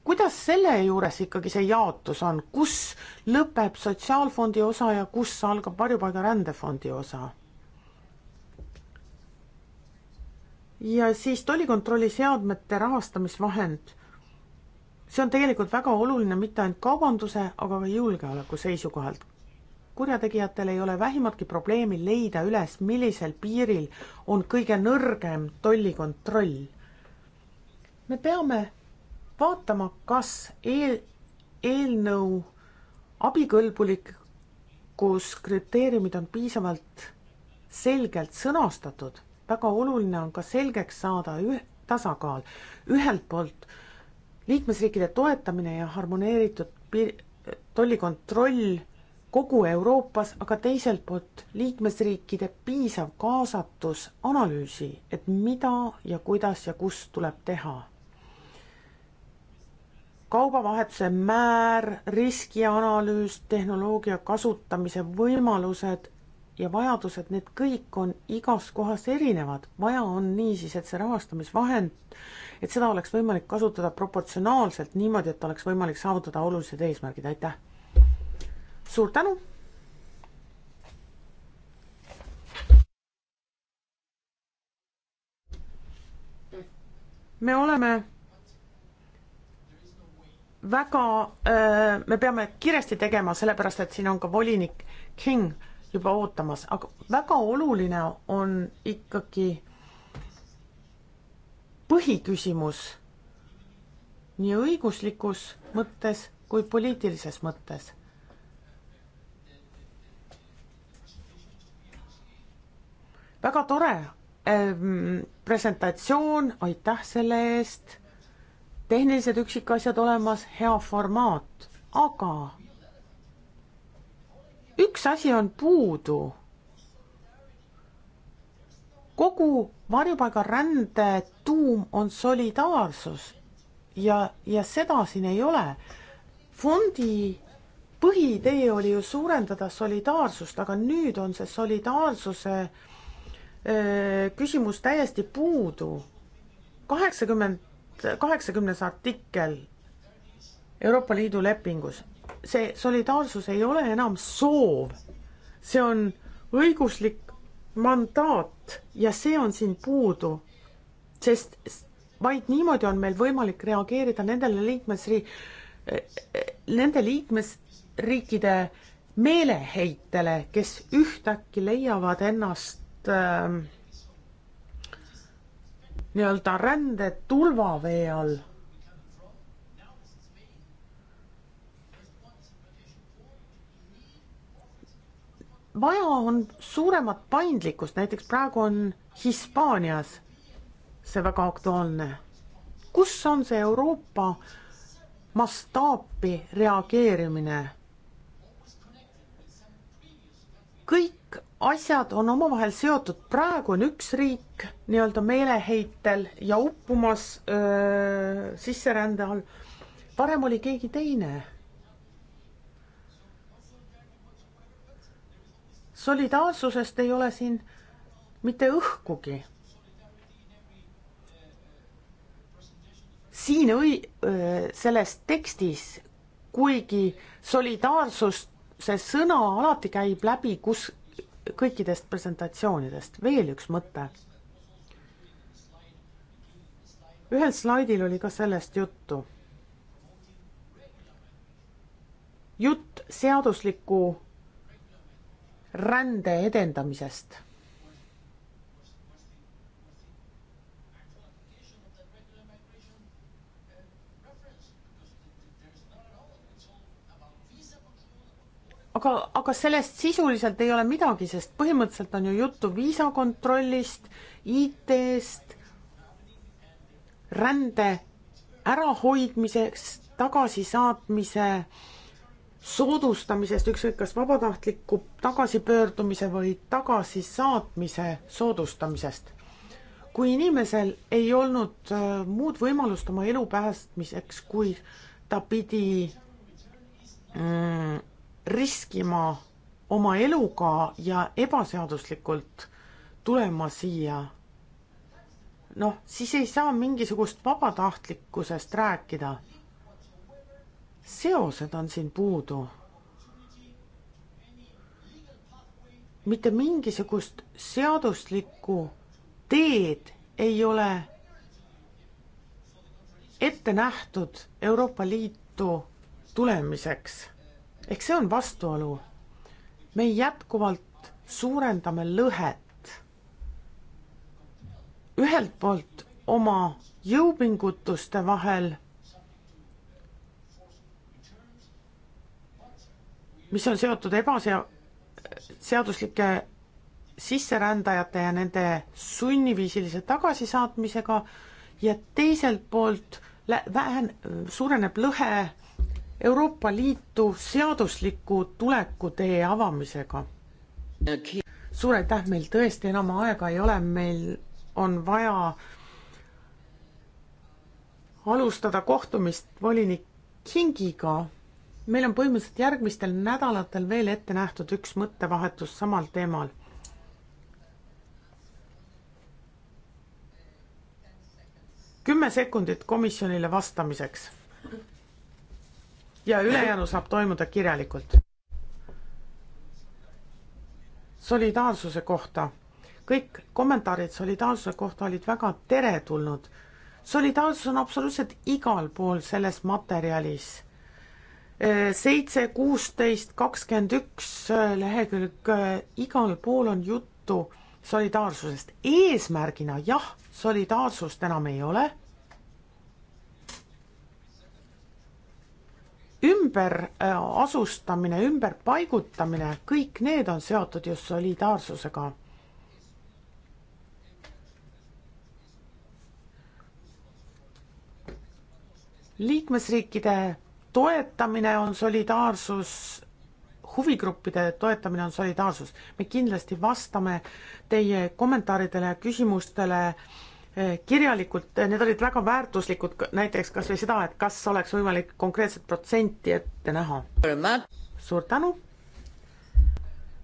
kuidas selle juures ikkagi see jaotus on, kus lõpeb sotsiaalfondi osa ja kus algab varjupaiga rändefondi osa? ja siis tollikontrolli seadmete rahastamisvahend. see on tegelikult väga oluline mitte ainult kaubanduse, aga ka julgeoleku seisukohalt kurjategijatel ei ole vähimatki probleemi leida üles, millisel piiril on kõige nõrgem tollikontroll. me peame vaatama, kas eel, eelnõu abikõlbulikkus kriteeriumid on piisavalt selgelt sõnastatud. väga oluline on ka selgeks saada üh-, tasakaal. ühelt poolt liikmesriikide toetamine ja harmoneeritud piir-, tollikontroll kogu Euroopas, aga teiselt poolt liikmesriikide piisav kaasatus analüüsi, et mida ja kuidas ja kus tuleb teha. kaubavahetuse määr, riskianalüüs, tehnoloogia kasutamise võimalused ja vajadused, need kõik on igas kohas erinevad. vaja on niisiis, et see rahastamisvahend, et seda oleks võimalik kasutada proportsionaalselt niimoodi, et oleks võimalik saavutada olulised eesmärgid, aitäh! suur tänu. me oleme väga, äh, me peame kiiresti tegema, sellepärast et siin on ka volinik King juba ootamas, aga väga oluline on ikkagi põhiküsimus nii õiguslikus mõttes kui poliitilises mõttes väga tore ähm, presentatsioon, aitäh selle eest. tehnilised üksikasjad olemas, hea formaat, aga üks asi on puudu. kogu varjupaigarände tuum on solidaarsus ja, ja seda siin ei ole. fondi põhiidee oli ju suurendada solidaarsust, aga nüüd on see solidaarsuse äh, küsimus täiesti puudu. kaheksakümmend, kaheksakümnes artikkel Euroopa Liidu lepingus, see solidaarsus ei ole enam soov, see on õiguslik mandaat ja see on siin puudu, sest vaid niimoodi on meil võimalik reageerida nendele liikmesriik, nende liikmesriikide meeleheitele, kes ühtäkki leiavad ennast et äh, nii-öelda rände tulvavee all. vaja on suuremat paindlikkust, näiteks praegu on Hispaanias see väga aktuaalne. kus on see Euroopa mastaapi reageerimine? kõik asjad on omavahel seotud, praegu on üks riik nii-öelda meeleheitel ja uppumas öö, sisserände all. varem oli keegi teine. solidaarsusest ei ole siin mitte õhkugi. siin õi-, selles tekstis, kuigi solidaarsus see sõna alati käib läbi kus kõikidest presentatsioonidest. veel üks mõte. ühel slaidil oli ka sellest juttu. jutt seadusliku rände edendamisest aga, aga sellest sisuliselt ei ole midagi, sest põhimõtteliselt on ju juttu viisakontrollist, IT-st, rände ärahoidmiseks, tagasisaatmise soodustamisest, ükskõik kas vabatahtliku tagasipöördumise või tagasisaatmise soodustamisest. kui inimesel ei olnud äh, muud võimalust oma elu päästmiseks, kui ta pidi mm, riskima oma eluga ja ebaseaduslikult tulema siia, noh, siis ei saa mingisugust vabatahtlikkusest rääkida. seosed on siin puudu. mitte mingisugust seaduslikku teed ei ole ette nähtud Euroopa Liitu tulemiseks ehk see on vastuolu. me jätkuvalt suurendame lõhet. ühelt poolt oma jõupingutuste vahel, mis on seotud ebaseaduslike sisserändajate ja nende sunniviisilise tagasisaatmisega ja teiselt poolt vähen-, suureneb lõhe Euroopa Liitu seadusliku tulekutee avamisega. suur aitäh, meil tõesti enam aega ei ole, meil on vaja alustada kohtumist volinik Kingiga. meil on põhimõtteliselt järgmistel nädalatel veel ette nähtud üks mõttevahetus samal teemal. kümme sekundit komisjonile vastamiseks ja ülejäänu saab toimuda kirjalikult. solidaarsuse kohta. kõik kommentaarid solidaarsuse kohta olid väga teretulnud. solidaarsus on absoluutselt igal pool selles materjalis. seitse, kuusteist, kakskümmend üks lehekülg, igal pool on juttu solidaarsusest. eesmärgina jah, solidaarsust enam ei ole ümberasustamine, äh, ümberpaigutamine, kõik need on seotud just solidaarsusega. liikmesriikide toetamine on solidaarsus, huvigruppide toetamine on solidaarsus. me kindlasti vastame teie kommentaaridele ja küsimustele äh, kirjalikult, need olid väga väärtuslikud, näiteks kas või seda, et kas oleks võimalik konkreetset protsenti ette näha. suur tänu!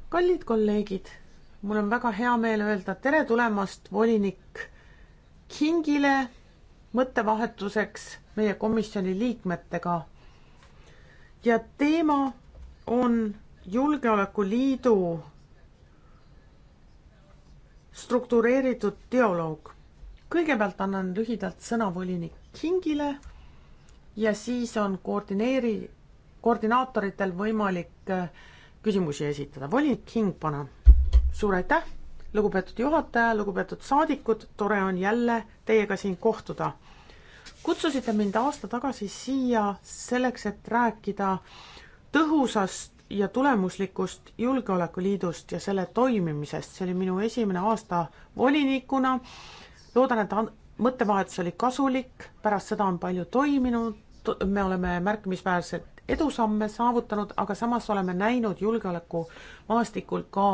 kallid kolleegid, mul on väga hea meel öelda tere tulemast volinik Kingile mõttevahetuseks meie komisjoni liikmetega. ja teema on Julgeolekuliidu struktureeritud dialoog kõigepealt annan lühidalt sõna volinik Kingile ja siis on koordineeri, koordinaatoritel võimalik äh, küsimusi esitada. volinik King, palun. suur aitäh, lugupeetud juhataja, lugupeetud saadikud, tore on jälle teiega siin kohtuda. kutsusite mind aasta tagasi siia selleks, et rääkida tõhusast ja tulemuslikust Julgeolekuliidust ja selle toimimisest, see oli minu esimene aasta volinikuna loodan, et mõttevahetus oli kasulik, pärast seda on palju toiminud, me oleme märkimisväärset edusamme saavutanud, aga samas oleme näinud julgeolekumaastikul ka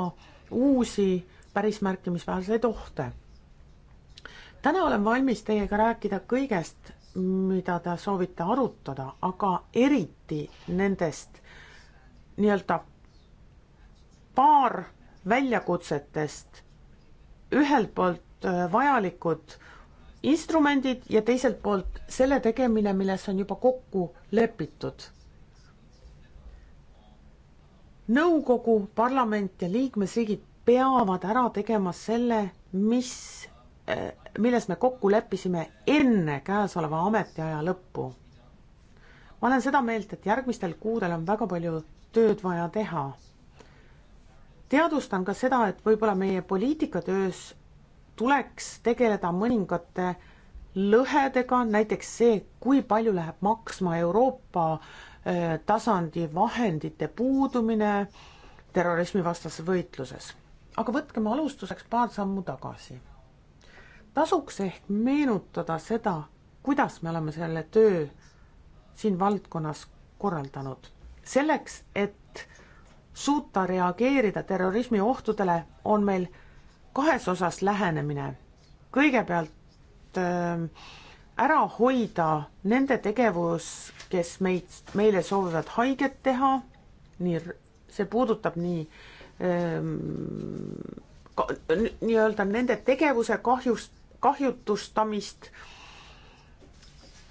uusi päris märkimisväärseid ohte. täna olen valmis teiega rääkida kõigest, mida te soovite arutada, aga eriti nendest nii-öelda paar väljakutsetest. ühelt poolt Äh, vajalikud instrumendid ja teiselt poolt selle tegemine, milles on juba kokku lepitud. nõukogu, parlament ja liikmesriigid peavad ära tegema selle, mis, äh, milles me kokku leppisime enne käesoleva ametiaja lõppu. ma olen seda meelt, et järgmistel kuudel on väga palju tööd vaja teha. teadvustan ka seda, et võib-olla meie poliitikatöös tuleks tegeleda mõningate lõhedega, näiteks see, kui palju läheb maksma Euroopa äh, tasandi vahendite puudumine terrorismivastases võitluses. aga võtkem alustuseks paar sammu tagasi. tasuks ehk meenutada seda, kuidas me oleme selle töö siin valdkonnas korraldanud. selleks, et suuta reageerida terrorismiohtudele, on meil kahes osas lähenemine. kõigepealt ähm, ära hoida nende tegevus, kes meid, meile soovivad haiget teha, nii, see puudutab nii ähm, nii-öelda nende tegevuse kahjust, kahjutustamist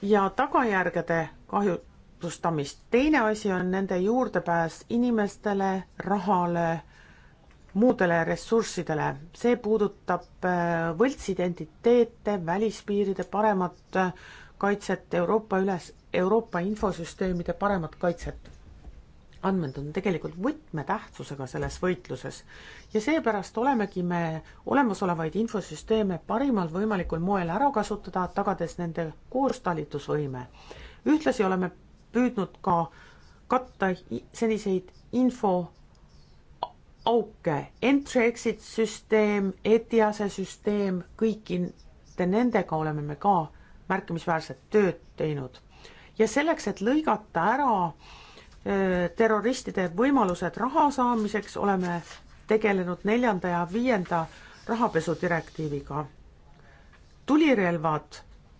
ja tagajärgede kahjutustamist. teine asi on nende juurdepääs inimestele, rahale muudele ressurssidele. see puudutab äh, võltsidentiteete, välispiiride paremat äh, kaitset, Euroopa üles, Euroopa infosüsteemide paremat kaitset. andmed on tegelikult võtmetähtsusega selles võitluses ja seepärast olemegi me olemasolevaid infosüsteeme parimal võimalikul moel ära kasutada, tagades nende koostalitusvõime. ühtlasi oleme püüdnud ka katta seniseid info auke, entry-exit süsteem, ETIAS-e e süsteem, kõikide nendega oleme me ka märkimisväärset tööd teinud. ja selleks, et lõigata ära terroristide võimalused raha saamiseks, oleme tegelenud neljanda ja viienda rahapesudirektiiviga. tulirelvad,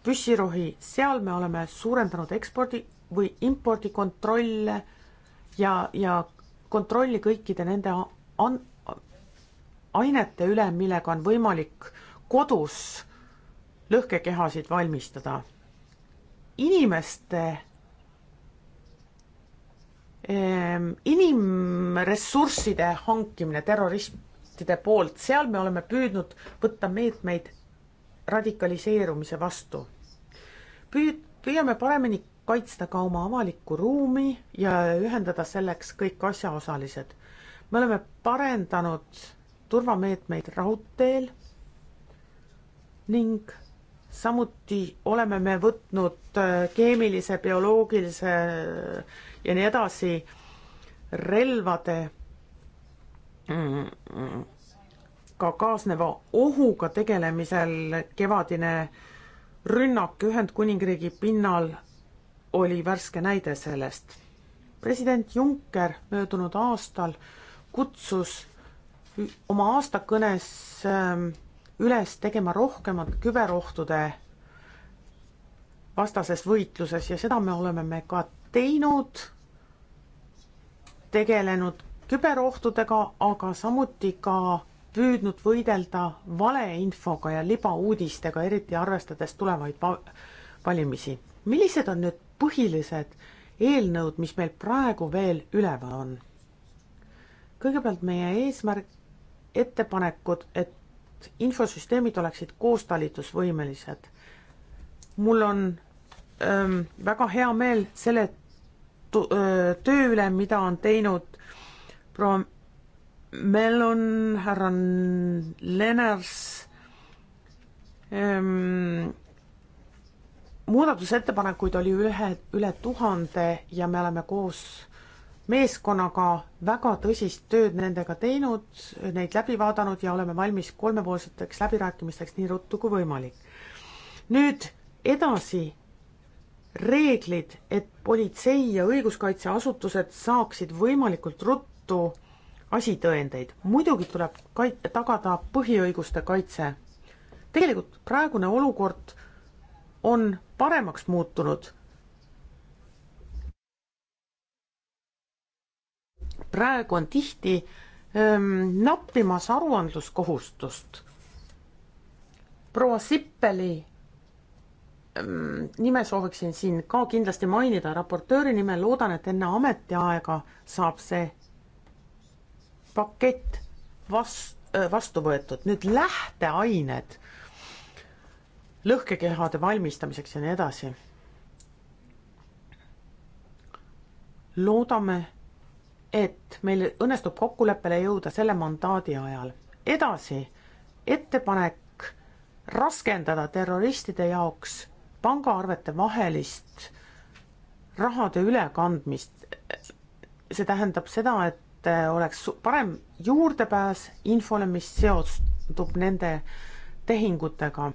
püssirohi, seal me oleme suurendanud ekspordi või impordikontrolle ja, ja kontrolli kõikide nende an-, ainete üle, millega on võimalik kodus lõhkekehasid valmistada. inimeste ehm, inimressursside hankimine terroristide poolt, seal me oleme püüdnud võtta meetmeid radikaliseerumise vastu. püüd-, püüame paremini kaitsta ka oma avalikku ruumi ja ühendada selleks kõik asjaosalised me oleme parendanud turvameetmeid raudteel ning samuti oleme me võtnud äh, keemilise, bioloogilise äh, ja nii edasi relvade mm, ka kaasneva ohuga tegelemisel kevadine rünnak Ühendkuningriigi pinnal oli värske näide sellest. president Juncker möödunud aastal kutsus oma aastakõnes ähm, üles tegema rohkemat küberohtude vastases võitluses ja seda me oleme me ka teinud, tegelenud küberohtudega, aga samuti ka püüdnud võidelda valeinfoga ja libauudistega, eriti arvestades tulevaid valimisi. millised on nüüd põhilised eelnõud, mis meil praegu veel üleval on? kõigepealt meie eesmärk, ettepanekud, et infosüsteemid oleksid koostalitusvõimelised. mul on öö, ähm, väga hea meel selle äh, töö üle, mida on teinud proua Mellon, härra Lenners ähm,. muudatusettepanekuid oli ühe, üle tuhande ja me oleme koos meeskonnaga väga tõsist tööd nendega teinud, neid läbi vaadanud ja oleme valmis kolmepoolseteks läbirääkimisteks nii ruttu kui võimalik. nüüd edasi reeglid, et politsei ja õiguskaitseasutused saaksid võimalikult ruttu asitõendeid. muidugi tuleb kait-, tagada põhiõiguste kaitse. tegelikult praegune olukord on paremaks muutunud praegu on tihti ähm, nappimas aruandluskohustust. proua Sippeli ähm, nime sooviksin siin ka kindlasti mainida, raportööri nimel loodan, et enne ametiaega saab see pakett vastu äh, vastu võetud, nüüd lähteained lõhkekehade valmistamiseks ja nii edasi. loodame, et meil õnnestub kokkuleppele jõuda selle mandaadi ajal. edasi, ettepanek raskendada terroristide jaoks pangaarvete vahelist rahade ülekandmist. see tähendab seda, et oleks parem juurdepääs infole, mis seostub nende tehingutega.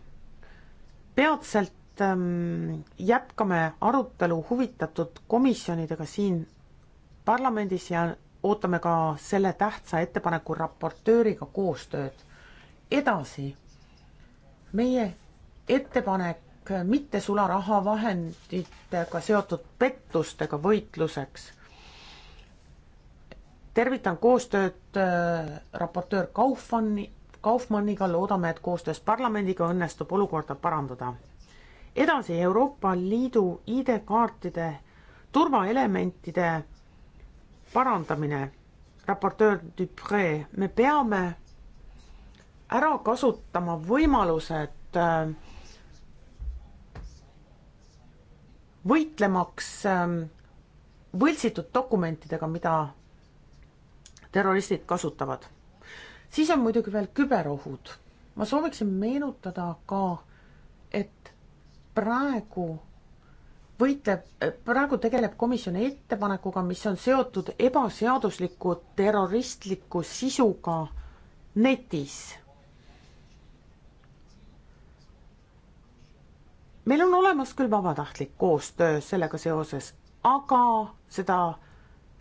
peatselt ähm, jätkame arutelu huvitatud komisjonidega siin parlamendis ja ootame ka selle tähtsa ettepaneku raportööriga koostööd. edasi, meie ettepanek mitte sularahavahenditega seotud pettustega võitluseks. tervitan koostööd äh, raportöör Kaufmanni, Kaufmanniga, loodame, et koostöös parlamendiga õnnestub olukorda parandada. edasi Euroopa Liidu ID-kaartide turvaelementide parandamine, raportöör Dupree, me peame ära kasutama võimalused äh, võitlemaks äh, võltsitud dokumentidega, mida terroristid kasutavad. siis on muidugi veel küberohud. ma sooviksin meenutada ka, et praegu võitleb, praegu tegeleb komisjoni ettepanekuga, mis on seotud ebaseadusliku terroristliku sisuga netis. meil on olemas küll vabatahtlik koostöö sellega seoses, aga seda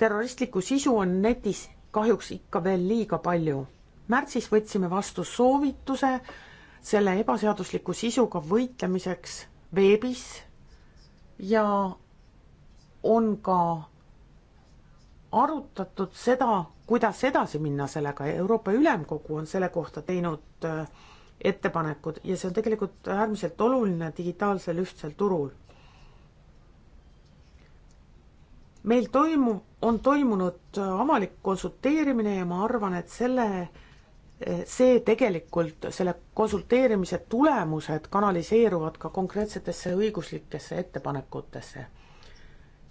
terroristlikku sisu on netis kahjuks ikka veel liiga palju. märtsis võtsime vastu soovituse selle ebaseadusliku sisuga võitlemiseks veebis ja on ka arutatud seda, kuidas edasi minna sellega ja Euroopa Ülemkogu on selle kohta teinud äh, ettepanekud ja see on tegelikult äärmiselt oluline digitaalsel ühtsel turul. meil toimub, on toimunud äh, avalik konsulteerimine ja ma arvan, et selle see tegelikult, selle konsulteerimise tulemused kanaliseeruvad ka konkreetsetesse õiguslikesse ettepanekutesse.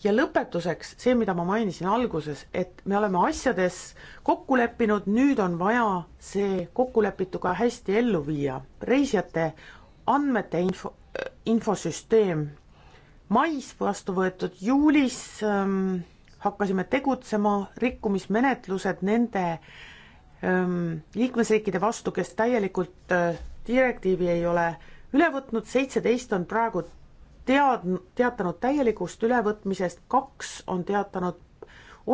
ja lõpetuseks see, mida ma mainisin alguses, et me oleme asjades kokku leppinud, nüüd on vaja see kokkulepitu ka hästi ellu viia. reisijate andmete info, infosüsteem mais vastu võetud, juulis ähm, hakkasime tegutsema, rikkumismenetlused nende äh, Ehm, liikmesriikide vastu, kes täielikult äh, direktiivi ei ole üle võtnud, seitseteist on praegu tead-, teatanud täielikust ülevõtmisest, kaks on teatanud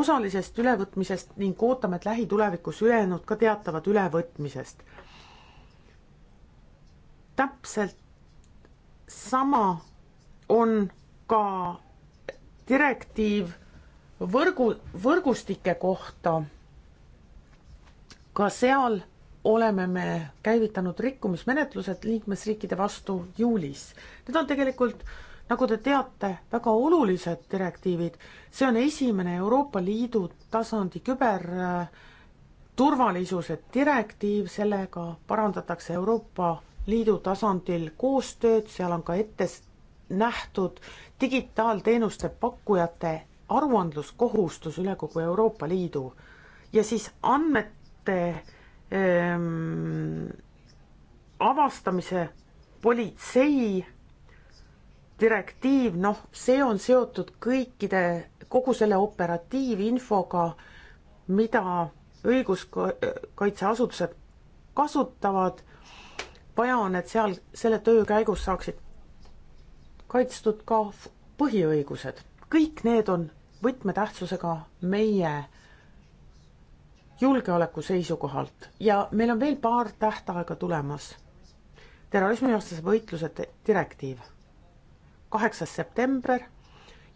osalisest ülevõtmisest ning ootame, et lähitulevikus ülejäänud ka teatavad ülevõtmisest. täpselt sama on ka direktiiv võrgu, võrgustike kohta ka seal oleme me käivitanud rikkumismenetlused liikmesriikide vastu juulis. Need on tegelikult, nagu te teate, väga olulised direktiivid. see on esimene Euroopa Liidu tasandi küberturvalisuse äh, direktiiv, sellega parandatakse Euroopa Liidu tasandil koostööd, seal on ka ette nähtud digitaalteenuste pakkujate aruandluskohustus üle kogu Euroopa Liidu ja siis andmed rikkumiste ähm, avastamise politsei direktiiv, noh, see on seotud kõikide, kogu selle operatiivinfoga, mida õiguskaitseasutused kasutavad. vaja on, et seal selle töö käigus saaksid kaitstud ka põhiõigused. kõik need on võtmetähtsusega meie julgeoleku seisukohalt ja meil on veel paar tähtaega tulemas. terrorismivastase võitluse direktiiv, kaheksas september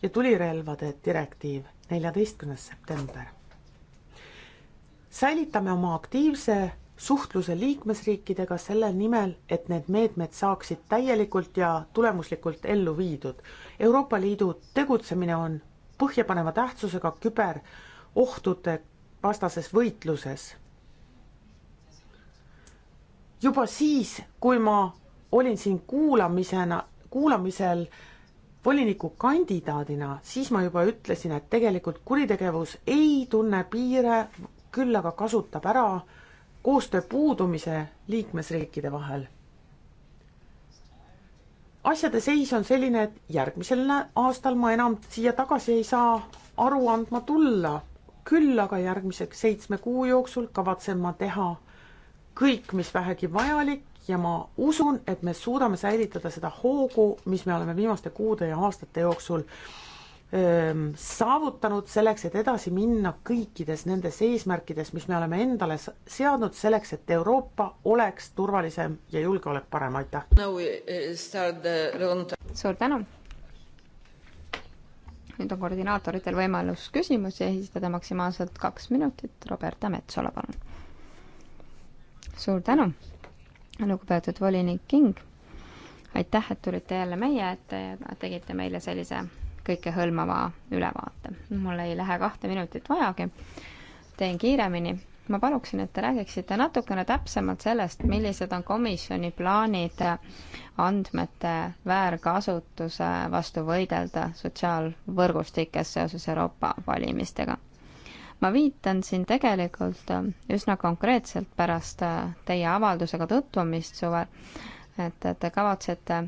ja tulirelvade direktiiv, neljateistkümnes september. säilitame oma aktiivse suhtluse liikmesriikidega selle nimel, et need meetmed saaksid täielikult ja tulemuslikult ellu viidud. Euroopa Liidu tegutsemine on põhjapaneva tähtsusega küberohtude vastases võitluses. juba siis, kui ma olin siin kuulamisena, kuulamisel volinikukandidaadina, siis ma juba ütlesin, et tegelikult kuritegevus ei tunne piire, küll aga kasutab ära koostöö puudumise liikmesriikide vahel. asjade seis on selline, et järgmisel aastal ma enam siia tagasi ei saa aru andma tulla küll aga järgmiseks seitsme kuu jooksul kavatsen ma teha kõik, mis vähegi vajalik ja ma usun, et me suudame säilitada seda hoogu, mis me oleme viimaste kuude ja aastate jooksul öö, ehm, saavutanud selleks, et edasi minna kõikides nendes eesmärkides, mis me oleme endale seadnud selleks, et Euroopa oleks turvalisem ja julgeolek parem, aitäh! Eh, suur tänu! nüüd on koordinaatoritel võimalus küsimusi esitada maksimaalselt kaks minutit. Roberta Metsola, palun. suur tänu, lugupeetud volinik King. aitäh, et tulite jälle meie ette ja tegite meile sellise kõikehõlmava ülevaate. mul ei lähe kahte minutit vajagi. teen kiiremini ma paluksin, et te räägiksite natukene täpsemalt sellest, millised on komisjoni plaanid andmete väärkasutuse vastu võidelda sotsiaalvõrgustikes seoses Euroopa valimistega. ma viitan siin tegelikult üsna konkreetselt pärast teie avaldusega tutvumist suvel, et te kavatsete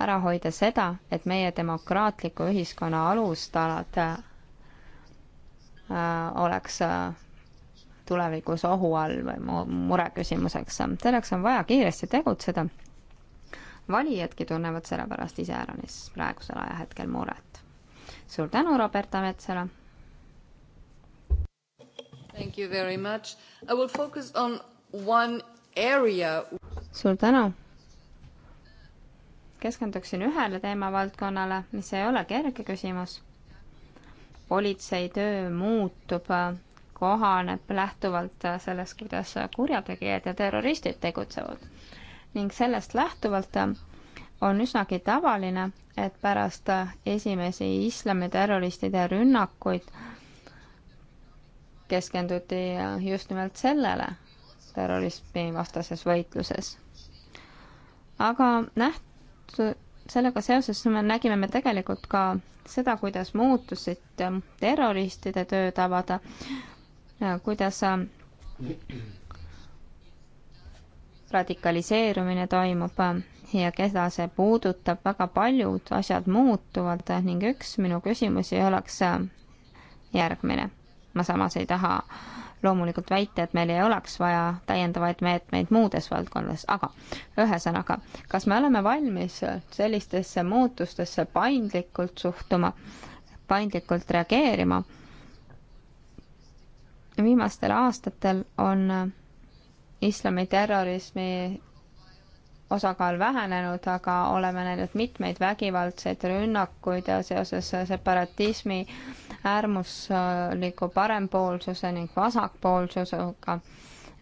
ära hoida seda, et meie demokraatliku ühiskonna alustalad Äh, oleks äh, tulevikus ohu all või mureküsimuseks. selleks on vaja kiiresti tegutseda. valijadki tunnevad selle pärast iseäranis praegusel ajahetkel muret. suur tänu, Roberta Metsala! Thank you very much. I will focus on one area. suur tänu! keskenduksin ühele teemavaldkonnale, mis ei ole kerge küsimus politsei töö muutub, kohaneb lähtuvalt sellest, kuidas kurjategijad ja terroristid tegutsevad. ning sellest lähtuvalt on üsnagi tavaline, et pärast esimesi islamiterroristide rünnakuid keskenduti just nimelt sellele terrorismivastases võitluses. aga näht-, sellega seoses me nägime me tegelikult ka seda, kuidas muutusid ähm, terroristide töötavad, äh, kuidas äh, radikaliseerumine toimub äh, ja keda see puudutab, väga paljud asjad muutuvad ning üks minu küsimusi oleks järgmine. ma samas ei taha äh, loomulikult väita, et meil ei oleks vaja täiendavaid meetmeid muudes valdkondades, aga ühesõnaga, kas me oleme valmis sellistesse muutustesse paindlikult suhtuma, paindlikult reageerima? viimastel aastatel on islamiterrorismi osakaal vähenenud, aga oleme näinud mitmeid vägivaldseid rünnakuid ja seoses separatismi äh, äärmusliku parempoolsuse ning vasakpoolsusega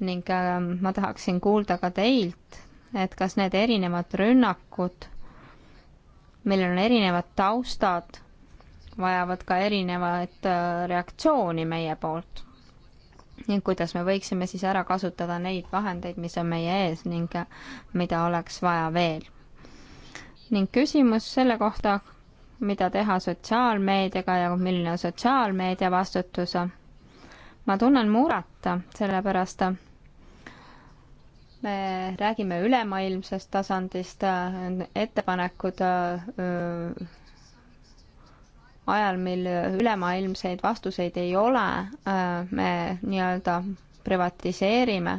ning äh, ma tahaksin kuulda ka teilt, et kas need erinevad rünnakud, millel on erinevad taustad, vajavad ka erinevaid äh, reaktsiooni meie poolt ning kuidas me võiksime siis ära kasutada neid vahendeid, mis on meie ees ning äh, mida oleks vaja veel. ning küsimus selle kohta, mida teha sotsiaalmeediaga ja milline on sotsiaalmeedia vastutus. ma tunnen muret, sellepärast me räägime ülemaailmsest tasandist, ettepanekud öö, ajal, mil ülemaailmseid vastuseid ei ole, me nii-öelda privatiseerime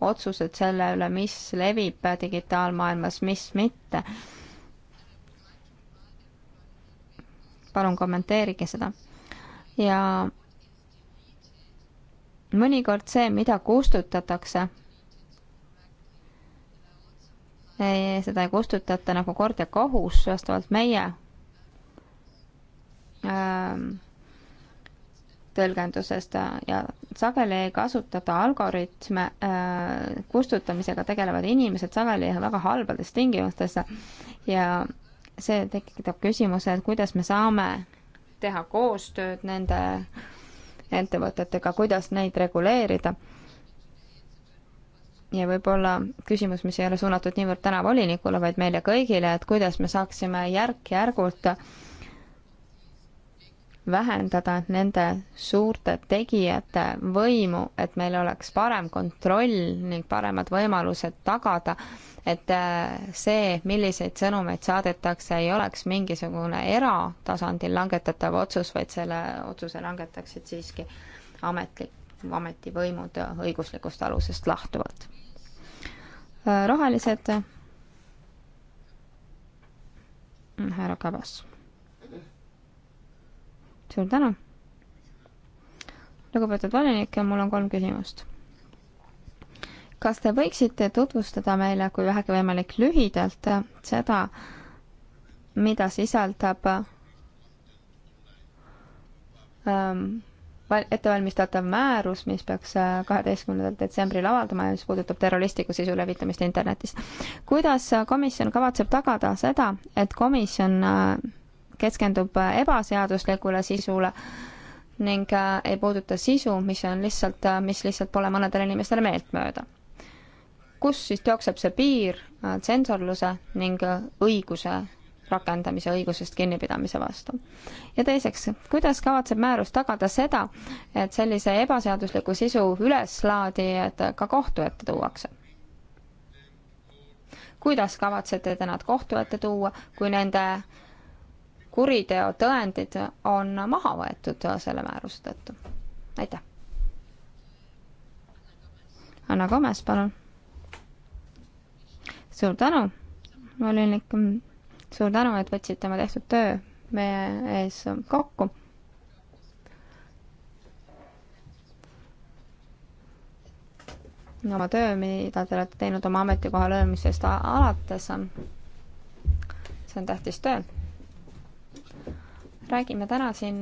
otsused selle üle, mis levib digitaalmaailmas, mis mitte palun kommenteerige seda. ja mõnikord see, mida kustutatakse, seda ei kustutata nagu kord ja kohus vastavalt meie ähm, tõlgendusest ja sageli ei kasutata algoritme äh, kustutamisega tegelevad inimesed sageli väga halbades tingimustes ja see tekitab küsimuse, et kuidas me saame teha koostööd nende ettevõtetega, kuidas neid reguleerida. ja võib-olla küsimus, mis ei ole suunatud niivõrd täna volinikule, vaid meile kõigile, et kuidas me saaksime järk-järgult vähendada nende suurte tegijate võimu, et meil oleks parem kontroll ning paremad võimalused tagada, et äh, see, milliseid sõnumeid saadetakse, ei oleks mingisugune eratasandil langetatav otsus, vaid selle otsuse langetaksid siiski ametlik, ametivõimud õiguslikust alusest lahtuvalt. Äh, rohelised, mm, härra Kabas suur tänu. lugupeetud volinik ja mul on kolm küsimust. kas te võiksite tutvustada meile, kui vähegi võimalik, lühidalt seda, mida sisaldab ähm, ettevalmistatav määrus, mis peaks äh, kaheteistkümnendal detsembril avaldama ja mis puudutab terroristliku sisu levitamist internetis. kuidas komisjon kavatseb tagada seda, et komisjon äh, keskendub äh, ebaseaduslikule sisule ning äh, ei puuduta sisu, mis on lihtsalt, äh, mis lihtsalt pole mõnedele inimestele meeltmööda. kus siis jookseb see piir tsensorluse ning õiguse rakendamise õigusest kinnipidamise vastu. ja teiseks, kuidas kavatseb määrus tagada seda, et sellise ebaseadusliku sisu üleslaadijad ka kohtu ette tuuakse? kuidas kavatsete te nad kohtu ette tuua, kui nende kuriteo tõendid on maha võetud selle määruse tõttu. aitäh. Anna Komes, palun. suur tänu, volinik. suur tänu, et võtsite oma tehtud töö meie ees kokku. oma töö, mida te olete teinud oma ametikoha löömisest alates. see on tähtis töö räägime täna siin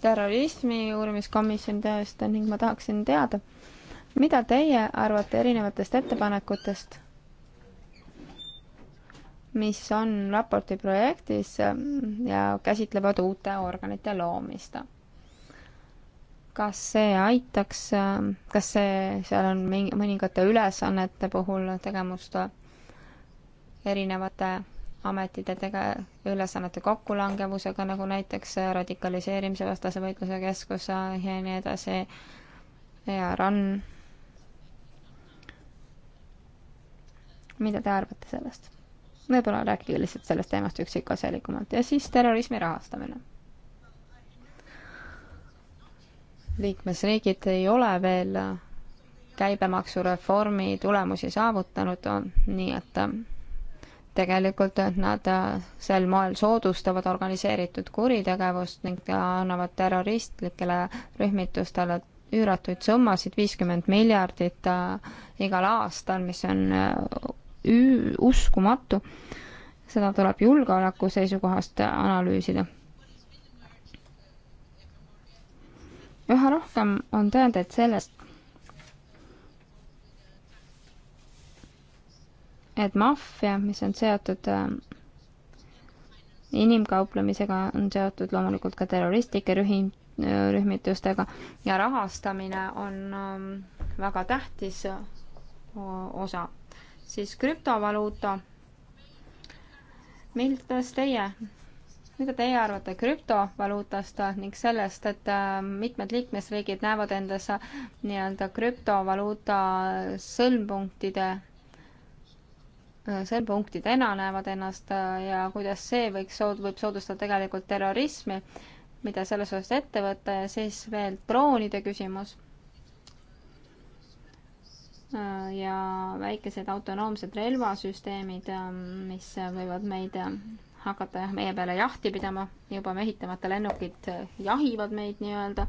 terrorismi uurimiskomisjoni tööst ning ma tahaksin teada, mida teie arvate erinevatest ettepanekutest, mis on raporti projektis ja käsitlevad uute organite loomist? kas see aitaks, kas see, seal on mingi, mõningate ülesannete puhul tegemust erinevate ametite tege-, ülesannete kokkulangevusega, nagu näiteks radikaliseerimise vastase võitluse keskus ja nii edasi, ja RAN. mida te arvate sellest? võib-olla rääkige lihtsalt sellest teemast üksikasjalikumalt ja siis terrorismi rahastamine. liikmesriigid ei ole veel käibemaksureformi tulemusi saavutanud, nii et tegelikult nad äh, sel moel soodustavad organiseeritud kuritegevust ning äh, annavad terroristlikele rühmitustele üüratuid summasid, viiskümmend miljardit äh, igal aastal, mis on uskumatu. seda tuleb julgeoleku seisukohast analüüsida. üha rohkem on tõendeid sellest, et maffia, mis on seotud äh, inimkauplemisega, on seotud loomulikult ka terroristlike rühm-, rühmitustega ja rahastamine on ähm, väga tähtis äh, osa. siis krüptovaluuta. millest teie, mida teie arvate krüptovaluutast ning sellest, et äh, mitmed liikmesriigid näevad endas nii-öelda krüptovaluuta sõlmpunktide Äh, sõlmpunktidena näevad ennast äh, ja kuidas see võiks sood-, võib soodustada tegelikult terrorismi, mida selles osas ette võtta ja siis veel droonide küsimus. Äh, ja väikesed autonoomsed relvasüsteemid, mis võivad meid hakata jah, meie peale jahti pidama, juba mehitamata lennukid jahivad meid nii-öelda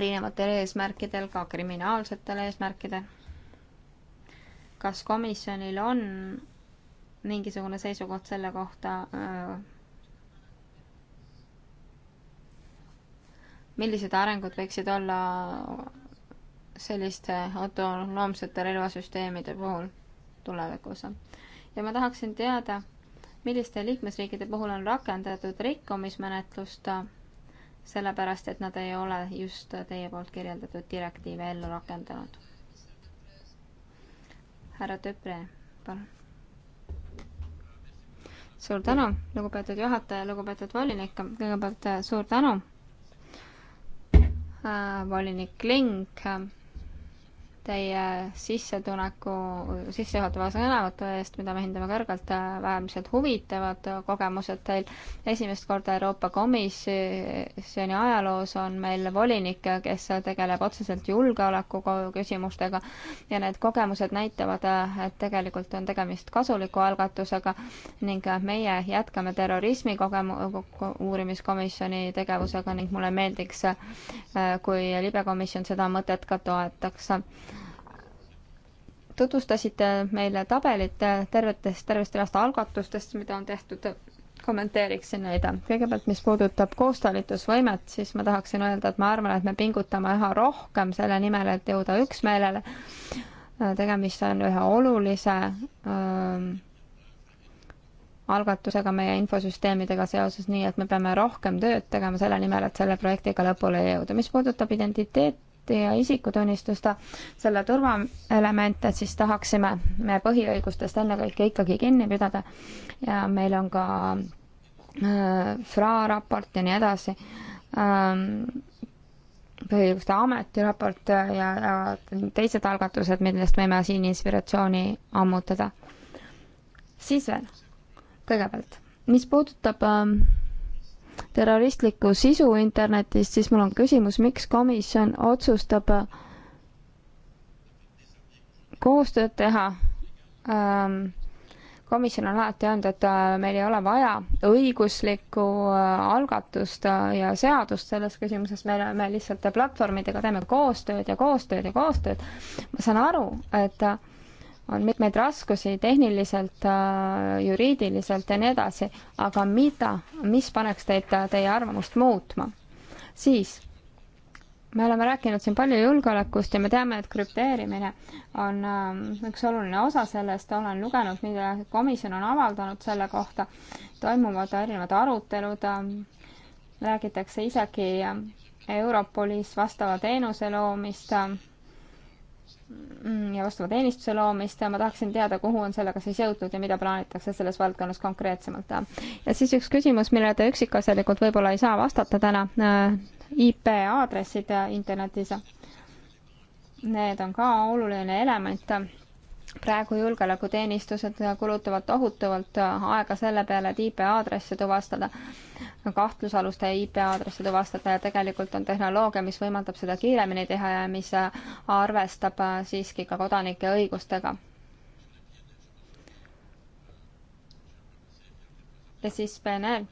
erinevatel eesmärkidel, ka kriminaalsetel eesmärkidel kas komisjonil on mingisugune seisukoht selle kohta, äh, millised arengud võiksid olla selliste autonoomsete relvasüsteemide puhul tulevikus. ja ma tahaksin teada, milliste liikmesriikide puhul on rakendatud rikkumismenetlust, sellepärast et nad ei ole just teie poolt kirjeldatud direktiive ellu rakendanud härra Töpre, palun. suur tänu, lugupeetud juhataja, lugupeetud volinik, kõigepealt äh, suur tänu äh,, volinik Link äh, teie sissetuleku, sissejuhatava sõnavõtu eest, mida me hindame kõrgelt, äh, äärmiselt huvitavad kogemused teil. esimest korda Euroopa Komisjoni ajaloos on meil volinik, kes tegeleb otseselt julgeoleku küsimustega ja need kogemused näitavad, äh, et tegelikult on tegemist kasuliku algatusega ning äh, meie jätkame terrorismi kogemu-, uurimiskomisjoni tegevusega ning mulle meeldiks, kui libekomisjon seda mõtet ka toetaks tutvustasite meile tabelit tervetest, tervest reast algatustest, mida on tehtud. kommenteeriksin neid. kõigepealt, mis puudutab koostalitusvõimet, siis ma tahaksin öelda, et ma arvan, et me pingutame üha rohkem selle nimel, et jõuda üksmeelele. tegemist on ühe olulise öö, ähm, algatusega meie infosüsteemidega seoses, nii et me peame rohkem tööd tegema selle nimel, et selle projektiga lõpule jõuda. mis puudutab identiteet, identiteeti ja isikutunnistust, selle turvaelemente, siis tahaksime me põhiõigustest ennekõike ikkagi kinni pidada ja meil on ka äh, FRA raport ja nii edasi ähm,, põhiõiguste ameti raport ja, ja teised algatused, millest võime siin inspiratsiooni ammutada. siis veel, kõigepealt, mis puudutab äh, terroristlikku sisu internetist, siis mul on küsimus, miks komisjon otsustab äh, koostööd teha ähm, komisjon on alati öelnud, et äh, meil ei ole vaja õiguslikku äh, algatust ja seadust selles küsimuses, me oleme lihtsalt platvormidega teeme koostööd ja koostööd ja koostööd. ma saan aru, et on mitmeid raskusi tehniliselt, äh, juriidiliselt ja nii edasi, aga mida, mis paneks teid, äh, teie arvamust muutma? siis me oleme rääkinud siin palju julgeolekust ja me teame, et krüpteerimine on äh, üks oluline osa sellest, olen lugenud, mida komisjon on avaldanud selle kohta, toimuvad erinevad arutelud, räägitakse isegi Europolis vastava teenuse loomist Mm, ja vastava teenistuse loomist ja ma tahaksin teada, kuhu on sellega siis jõutud ja mida plaanitakse selles valdkonnas konkreetsemalt. ja siis üks küsimus, millele te üksikasjalikult võib-olla ei saa vastata täna, äh, IP aadressid internetis. Need on ka oluline element praegu julgeolekuteenistused kulutavad tohutavalt äh, aega selle peale, et IP aadresse tuvastada, kahtlusaluste IP aadresse tuvastada ja tegelikult on tehnoloogia, mis võimaldab seda kiiremini teha ja mis äh, arvestab äh, siiski ka kodanike õigustega. ja siis PNL.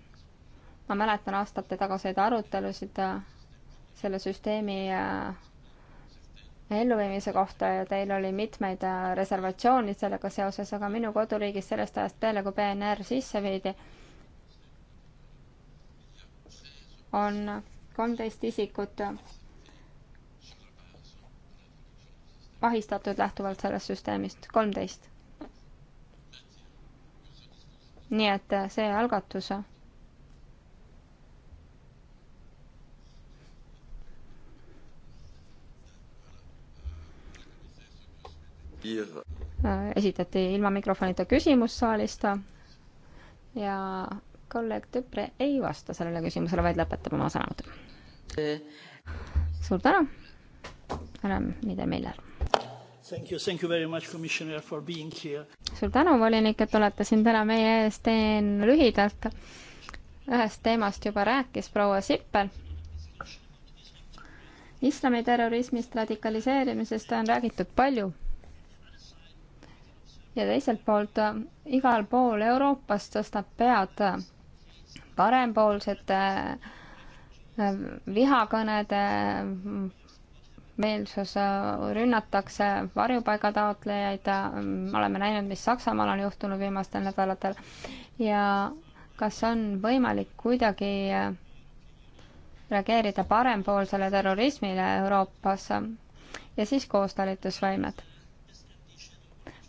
ma mäletan aastate tagaseid arutelusid selle süsteemi elluviimise kohta ja teil oli mitmeid äh, reservatsioone sellega seoses, aga minu koduriigis sellest ajast peale, kui PNR sisse viidi, on kolmteist isikut vahistatud lähtuvalt sellest süsteemist, kolmteist. nii et äh, see algatus Äh, esitati ilma mikrofonita küsimus saalist ja kolleeg Tüpre ei vasta sellele küsimusele, vaid lõpetab oma sõnavõtu. suur tänu, härra Mide Miller. Thank you, thank you very much, commissioner, for being here. suur tänu, volinik, et olete siin täna meie ees, teen lühidalt. ühest teemast juba rääkis proua Sippel. islamiterrorismist, radikaliseerimisest on räägitud palju ja teiselt poolt äh, igal pool Euroopas tõstab pead äh, parempoolsete äh, vihakõnede mm, meelsus, rünnatakse varjupaigataotlejaid, mm, oleme näinud, mis Saksamaal on juhtunud viimastel nädalatel ja kas on võimalik kuidagi reageerida parempoolsele terrorismile Euroopas ja siis koostalitusvõimed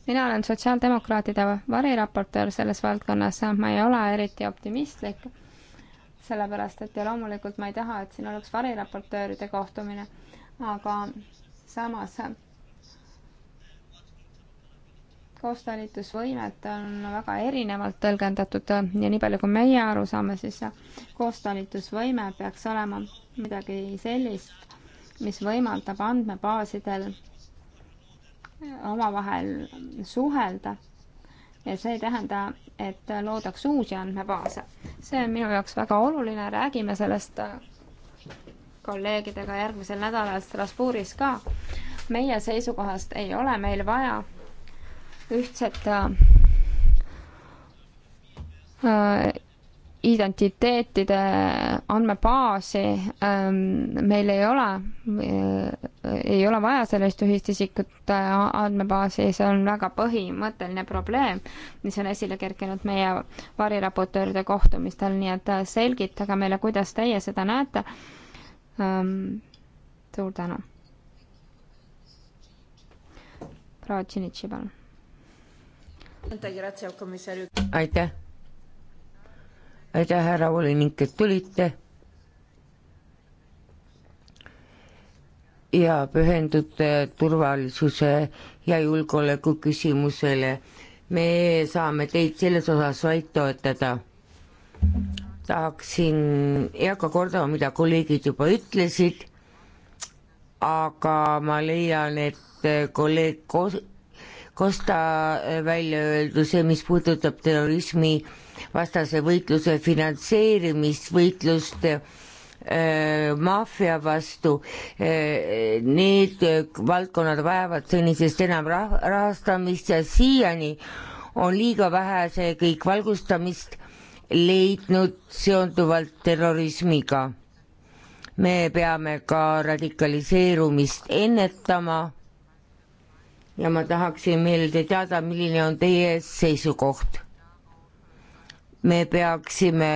mina olen sotsiaaldemokraatide variraportöör selles valdkonnas, ma ei ole eriti optimistlik, sellepärast et ja loomulikult ma ei taha, et siin oleks variraportööride kohtumine, aga samas koostalitusvõimet on väga erinevalt tõlgendatud ja nii palju, kui meie aru saame, siis koostalitusvõime peaks olema midagi sellist, mis võimaldab andmebaasidel omavahel suhelda ja see ei tähenda, et loodaks uusi andmebaase. see on minu jaoks väga oluline, räägime sellest äh, kolleegidega järgmisel nädalal Strasbourgis ka. meie seisukohast ei ole meil vaja ühtset äh, äh identiteetide andmebaasi ähm, meil ei ole, äh, ei ole vaja sellist ühist isikut andmebaasi, see on väga põhimõtteline probleem, mis on esile kerkinud meie variraportööride kohtumistel, nii et äh, selgitage meile, kuidas teie seda näete. Ähm, suur tänu. proua Tšinitši, palun. aitäh aitäh, härra volinik, et tulite ja pühendute turvalisuse ja julgeoleku küsimusele. me saame teid selles osas vaid toetada. tahaksin, ei hakka kordama, mida kolleegid juba ütlesid, aga ma leian, et kolleeg Kosta välja öeldu, see, mis puudutab terrorismi vastase võitluse finantseerimist, võitlust äh, maffia vastu, äh, need valdkonnad vajavad senisest enam rah-, rahastamist ja siiani on liiga vähe see kõik valgustamist leidnud seonduvalt terrorismiga. me peame ka radikaliseerumist ennetama ja ma tahaksin meelde teada, milline on teie seisukoht me peaksime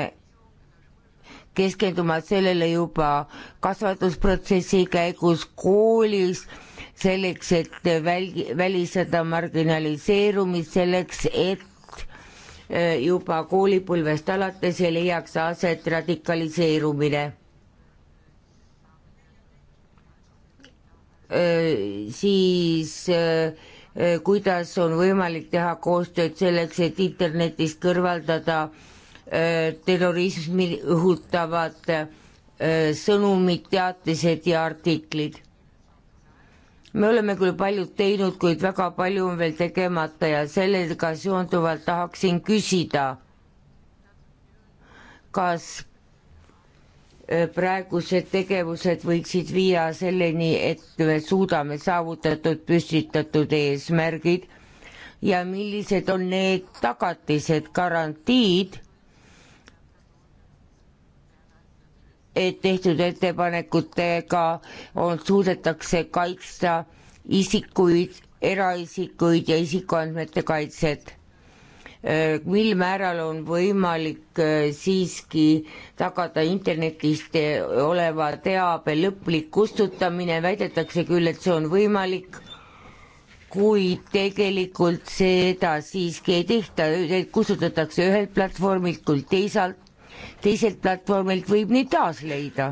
keskenduma sellele juba kasvatusprotsessi käigus koolis, selleks, et välgi, välistada marginaliseerumist, selleks, et eh, juba koolipõlvest alates ei leiaks aset radikaliseerumine. Eh, siis öö, eh, Eh, kuidas on võimalik teha koostööd selleks, et internetis kõrvaldada eh, terrorismi õhutavad eh, sõnumid, teatised ja artiklid. me oleme küll paljud teinud, kuid väga palju on veel tegemata ja sellega seonduvalt tahaksin küsida, kas praegused tegevused võiksid viia selleni, et me suudame saavutatud püstitatud eesmärgid ja millised on need tagatised, garantiid, et tehtud ettepanekutega on, suudetakse kaitsta isikuid, eraisikuid ja isikuandmete kaitset Äh, mil määral on võimalik äh, siiski tagada internetist äh, oleva teabe lõplik kustutamine, väidetakse küll, et see on võimalik, kuid tegelikult seda siiski ei tehta, kustutatakse ühelt platvormilt, kuid teisalt, teiselt platvormilt võib neid taas leida.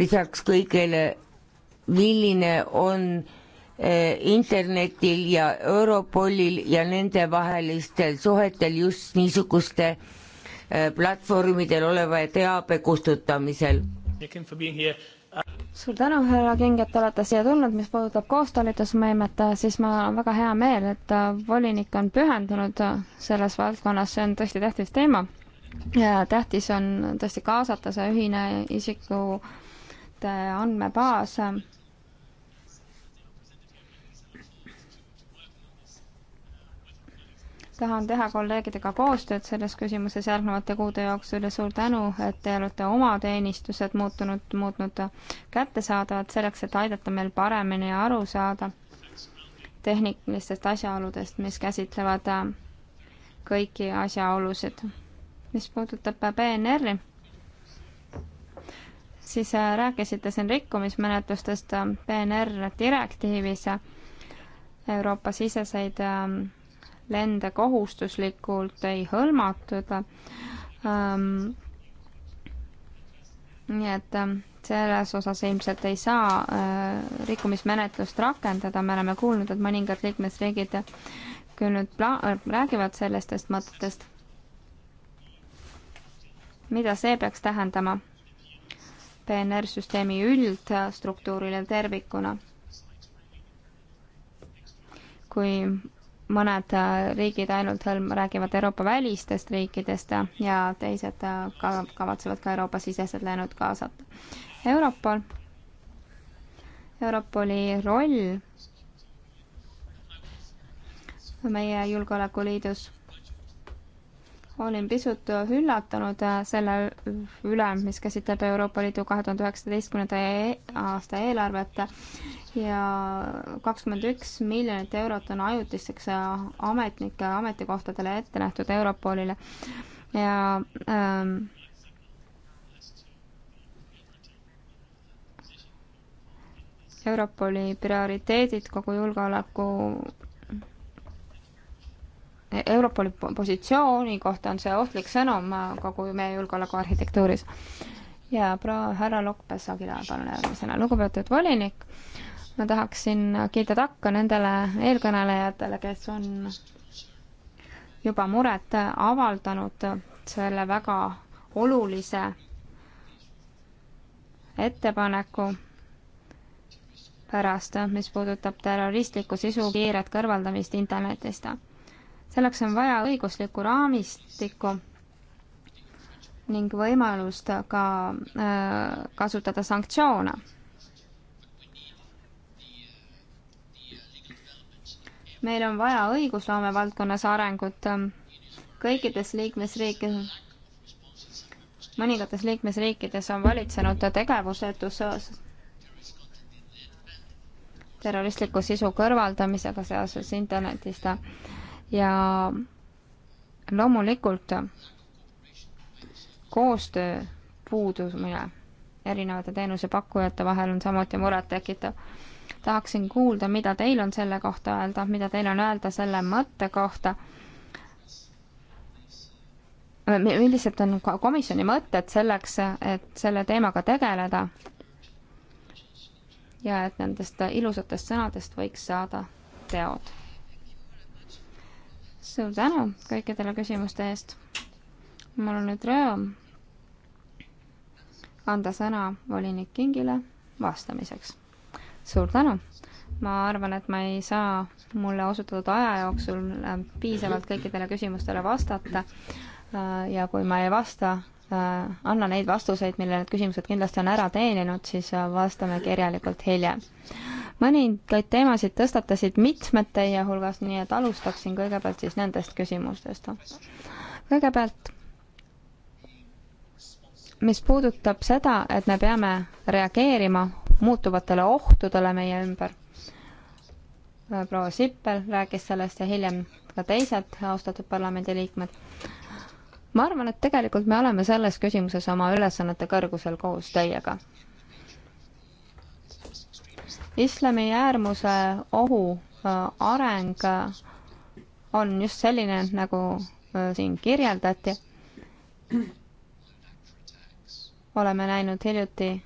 lisaks kõigele, milline on äh, Eh, internetil ja Europolil ja nendevahelistel suhetel just niisuguste eh, platvormidel oleva teabe kustutamisel. suur tänu, härra King, et te olete siia tulnud, mis puudutab koostalitusmeemet, siis ma, on väga hea meel, et volinik on pühendunud selles valdkonnas, see on tõesti tähtis teema. ja tähtis on tõesti kaasata see ühine isikute andmebaas tahan teha kolleegidega koostööd selles küsimuses järgnevate kuude jooksul ja suur tänu, et te olete oma teenistused muutunud, muutnud kättesaadavad selleks, et aidata meil paremini aru saada tehnilistest asjaoludest, mis käsitlevad äh, kõiki asjaolusid. mis puudutab PNR-i, äh, siis äh, rääkisite siin rikkumismenetlustest PNR direktiivis Euroopa siseseid ähm, lende kohustuslikult ei hõlmatud ähm,. nii et äh, selles osas ilmselt ei saa äh, rikkumismenetlust rakendada, me oleme kuulnud, et mõningad liikmesriigid küll nüüd pla-, räägivad sellistest mõtetest. mida see peaks tähendama PNR-süsteemi üldstruktuurile tervikuna? kui mõned äh, riigid ainult hõlm-, räägivad Euroopa välistest riikidest ja teised äh, kavatsevad ka Euroopa-sisesed lennud kaasata. Europol, Europoli roll meie julgeolekuliidus olin pisut üllatunud äh, selle üle, mis käsitleb Euroopa Liidu kahe tuhande üheksateistkümnenda e-, aasta eelarvet ja kakskümmend üks miljonit eurot on ajutisteks äh, ametnike ametikohtadele ette nähtud Europolile ja ähm, Europoli prioriteedid kogu julgeoleku Europoli positsiooni kohta on see ohtlik sõnum äh, kogu meie julgeolekuarhitektuuris. ja proua härra Lokpes Agila, palun järgmisena. lugupeetud volinik, ma tahaksin kiita takka nendele eelkõnelejatele, kes on juba muret avaldanud selle väga olulise ettepaneku pärast, mis puudutab terroristliku sisu kiiret kõrvaldamist internetist selleks on vaja õiguslikku raamistikku ning võimalust ka äh, kasutada sanktsioone. meil on vaja õigusloome valdkonnas arengut ähm, kõikides liikmesriikides mõningates liikmesriikides on valitsenud tegevusetus terroristliku sisu kõrvaldamisega seoses internetist ja loomulikult koostöö puudumine erinevate teenusepakkujate vahel on samuti murettekitav. tahaksin kuulda, mida teil on selle kohta öelda, mida teil on öelda selle mõtte kohta millised on komisjoni mõtted selleks, et selle teemaga tegeleda? ja et nendest ilusatest sõnadest võiks saada teod suur tänu kõikidele küsimuste eest. mul on nüüd rõõm anda sõna volinik Kingile vastamiseks. suur tänu. ma arvan, et ma ei saa mulle osutatud aja jooksul äh, piisavalt kõikidele küsimustele vastata. Äh, ja kui ma ei vasta, äh, anna neid vastuseid, mille need küsimused kindlasti on ära teeninud, siis vastame kirjalikult hiljem mõningaid teemasid tõstatasid mitmed teie hulgas, nii et alustaksin kõigepealt siis nendest küsimustest. kõigepealt, mis puudutab seda, et me peame reageerima muutuvatele ohtudele meie ümber, proua Sippel rääkis sellest ja hiljem ka teised austatud parlamendiliikmed, ma arvan, et tegelikult me oleme selles küsimuses oma ülesannete kõrgusel koos teiega islami äärmuse ohu äh, areng äh, on just selline, nagu äh, siin kirjeldati. oleme näinud hiljuti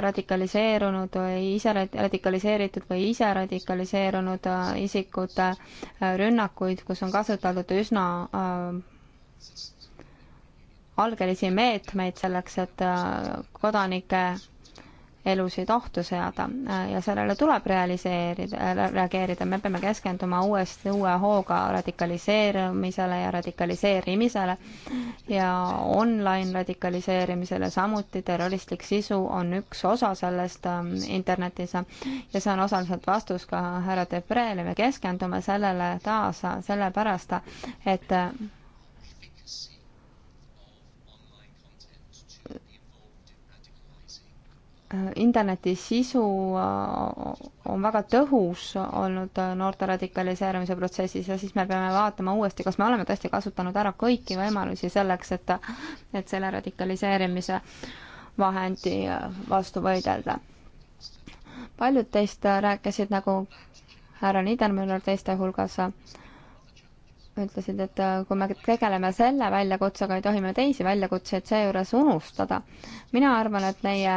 radikaliseerunud või ise radikaliseeritud või ise radikaliseerunud isikute rünnakuid, kus on kasutatud üsna algelisi meetmeid selleks, et kodanike elusid ohtu seada ja sellele tuleb realiseerida, reageerida, me peame keskenduma uuesti uue hooga radikaliseerumisele ja radikaliseerimisele ja online radikaliseerimisele samuti, terroristlik sisu on üks osa sellest ähm, internetis ja see on osaliselt vastus ka härra Debrele, me keskendume sellele taas sellepärast, et Äh, interneti sisu äh, on väga tõhus olnud äh, noorte radikaliseerumise protsessis ja siis me peame vaatama uuesti, kas me oleme tõesti kasutanud ära kõiki võimalusi selleks, et, et selle radikaliseerimise vahendi vastu võidelda. paljud teist rääkisid nagu härra Niedermüller teiste hulgas ütlesid, et äh, kui me tegeleme selle väljakutsega, ei tohi me teisi väljakutseid seejuures unustada. mina arvan, et meie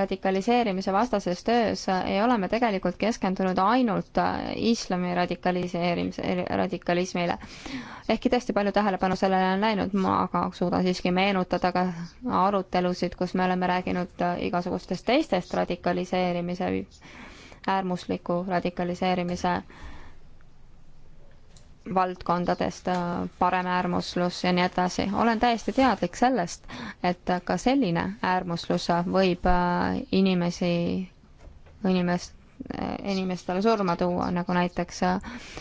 radikaliseerimise vastases töös ei ole me tegelikult keskendunud ainult äh, islami radikaliseerimise, radikalismile. ehkki tõesti palju tähelepanu sellele on läinud, ma aga suudan siiski meenutada ka arutelusid, kus me oleme rääkinud äh, igasugustest teistest radikaliseerimise, äärmusliku radikaliseerimise valdkondadest, äh, paremäärmuslus ja nii edasi. olen täiesti teadlik sellest, et ka selline äärmuslus võib äh, inimesi, inimest, äh, inimestele surma tuua, nagu näiteks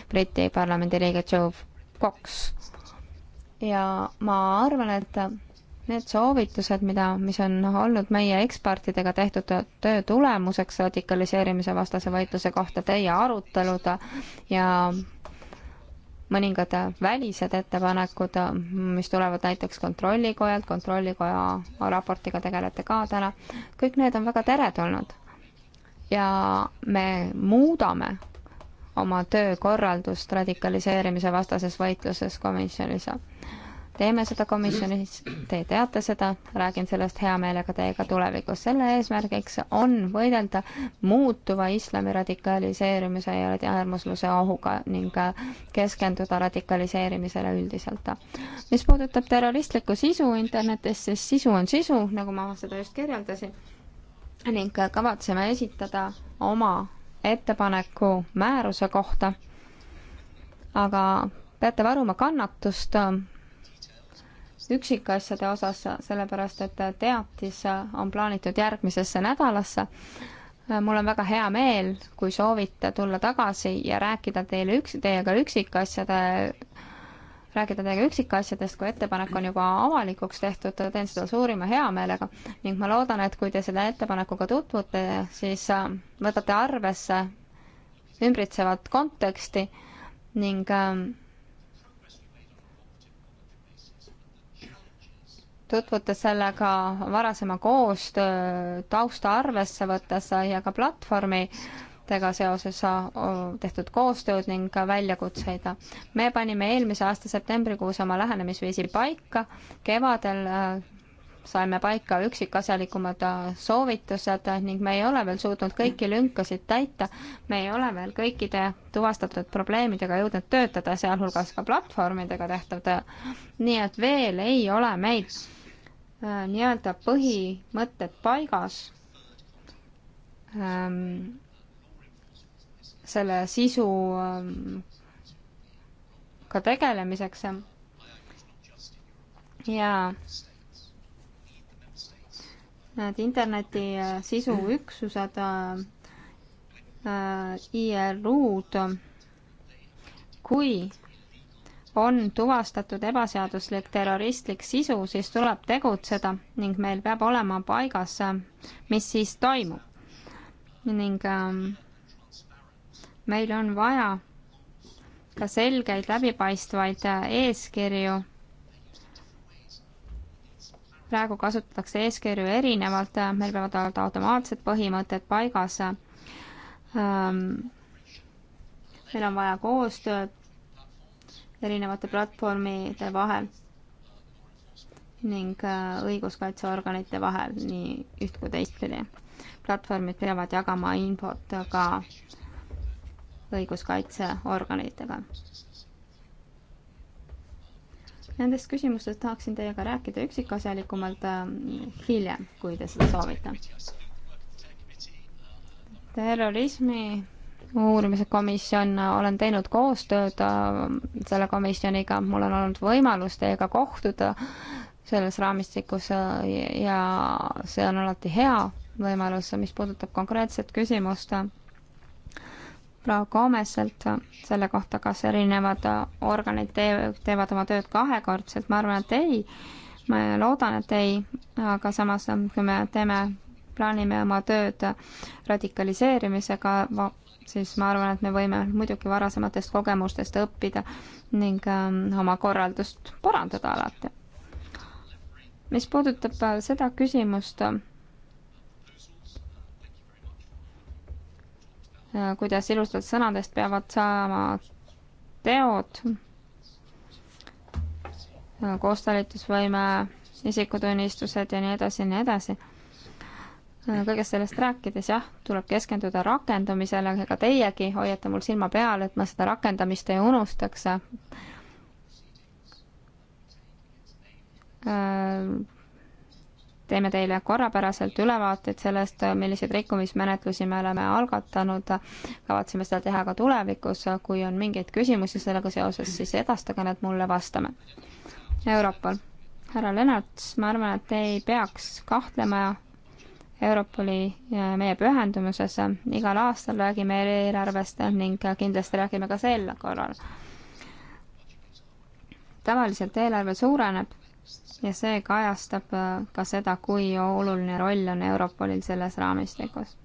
Briti parlamendi liige Joe Cox. ja ma arvan, et need soovitused, mida, mis on olnud meie ekspertidega tehtud töö tulemuseks radikaliseerimise vastase võitluse kohta, teie arutelud ja mõningad välised ettepanekud, mis tulevad näiteks Kontrollikojalt, Kontrollikoja raportiga tegelete ka täna, kõik need on väga teretulnud. ja me muudame oma töökorraldust radikaliseerimise vastases võitluses komisjonis teeme seda komisjonis, te teate seda, räägin sellest hea meelega teiega tulevikus. selle eesmärgiks on võidelda muutuva islami radikaliseerimise ja äärmusluse ohuga ning keskenduda radikaliseerimisele üldiselt. mis puudutab terroristlikku sisu internetis, siis sisu on sisu, nagu ma seda just kirjeldasin, ning kavatseme esitada oma ettepaneku määruse kohta, aga peate varuma kannatust üksikasjade osas, sellepärast et teatis on plaanitud järgmisesse nädalasse. mul on väga hea meel, kui soovite tulla tagasi ja rääkida teile üks, teiega üksikasjade, rääkida teiega üksikasjadest, kui ettepanek on juba avalikuks tehtud, teen seda suurima heameelega ning ma loodan, et kui te selle ettepanekuga tutvute, siis võtate arvesse ümbritsevat konteksti ning äh, tutvuta sellega varasema koostöö tausta arvesse võttes ja ka platvormi tega seoses tehtud koostööd ning ka väljakutseid. me panime eelmise aasta septembrikuus oma lähenemisviisi paika, kevadel äh, saime paika üksikasjalikumad äh, soovitused ning me ei ole veel suutnud kõiki lünkasid täita, me ei ole veel kõikide tuvastatud probleemidega jõudnud töötada, sealhulgas ka platvormidega tehtav töö. nii et veel ei ole meid Äh, nii-öelda põhimõtted paigas. Ähm, selle sisu ähm, ka tegelemiseks. ja need interneti äh, sisuüksused, äh, IRU-d, kui on tuvastatud ebaseaduslik terroristlik sisu, siis tuleb tegutseda ning meil peab olema paigas, mis siis toimub. ning ähm, meil on vaja ka selgeid läbipaistvaid äh, eeskirju. praegu kasutatakse eeskirju erinevalt, äh, meil peavad olema automaatsed põhimõtted paigas. Ähm, meil on vaja koostööd erinevate platvormide vahel ning äh, õiguskaitseorganite vahel nii üht kui teistpidi. platvormid peavad jagama infot ka õiguskaitseorganitega. Nendest küsimustest tahaksin teiega rääkida üksikasjalikumalt äh, hiljem, kui te seda soovite. terrorismi uurimise komisjon, olen teinud koostööd äh, selle komisjoniga, mul on olnud võimalus teiega kohtuda selles raamistikus äh, ja see on alati hea võimalus, mis puudutab konkreetset küsimust äh, proua Koomeselt selle kohta, kas erinevad organid teevad oma tööd kahekordselt, ma arvan, et ei. ma loodan, et ei, aga samas, kui me teeme plaanime oma tööd radikaliseerimisega siis ma arvan, et me võime muidugi varasematest kogemustest õppida ning ähm, oma korraldust parandada alati. mis puudutab äh, seda küsimust, äh, kuidas ilusatest sõnadest peavad saama teod, äh, koostalitusvõime, isikutunnistused ja nii edasi ja nii edasi Äh, kõigest sellest rääkides, jah, tuleb keskenduda rakendamisele, ega teiegi hoiate mul silma peal, et ma seda rakendamist ei unustaks. Äh, teeme teile korrapäraselt ülevaateid sellest, milliseid rikkumismenetlusi me oleme algatanud. kavatseme seda teha ka tulevikus, kui on mingeid küsimusi sellega seoses, siis edastage need mulle, vastame. Europol härra Lennart, ma arvan, et te ei peaks kahtlema Europoli meie pühendumuses. igal aastal räägime eelarvest ning kindlasti räägime ka sel korral. tavaliselt eelarve suureneb ja see kajastab ka seda, kui oluline roll on Europolil selles raamistikus.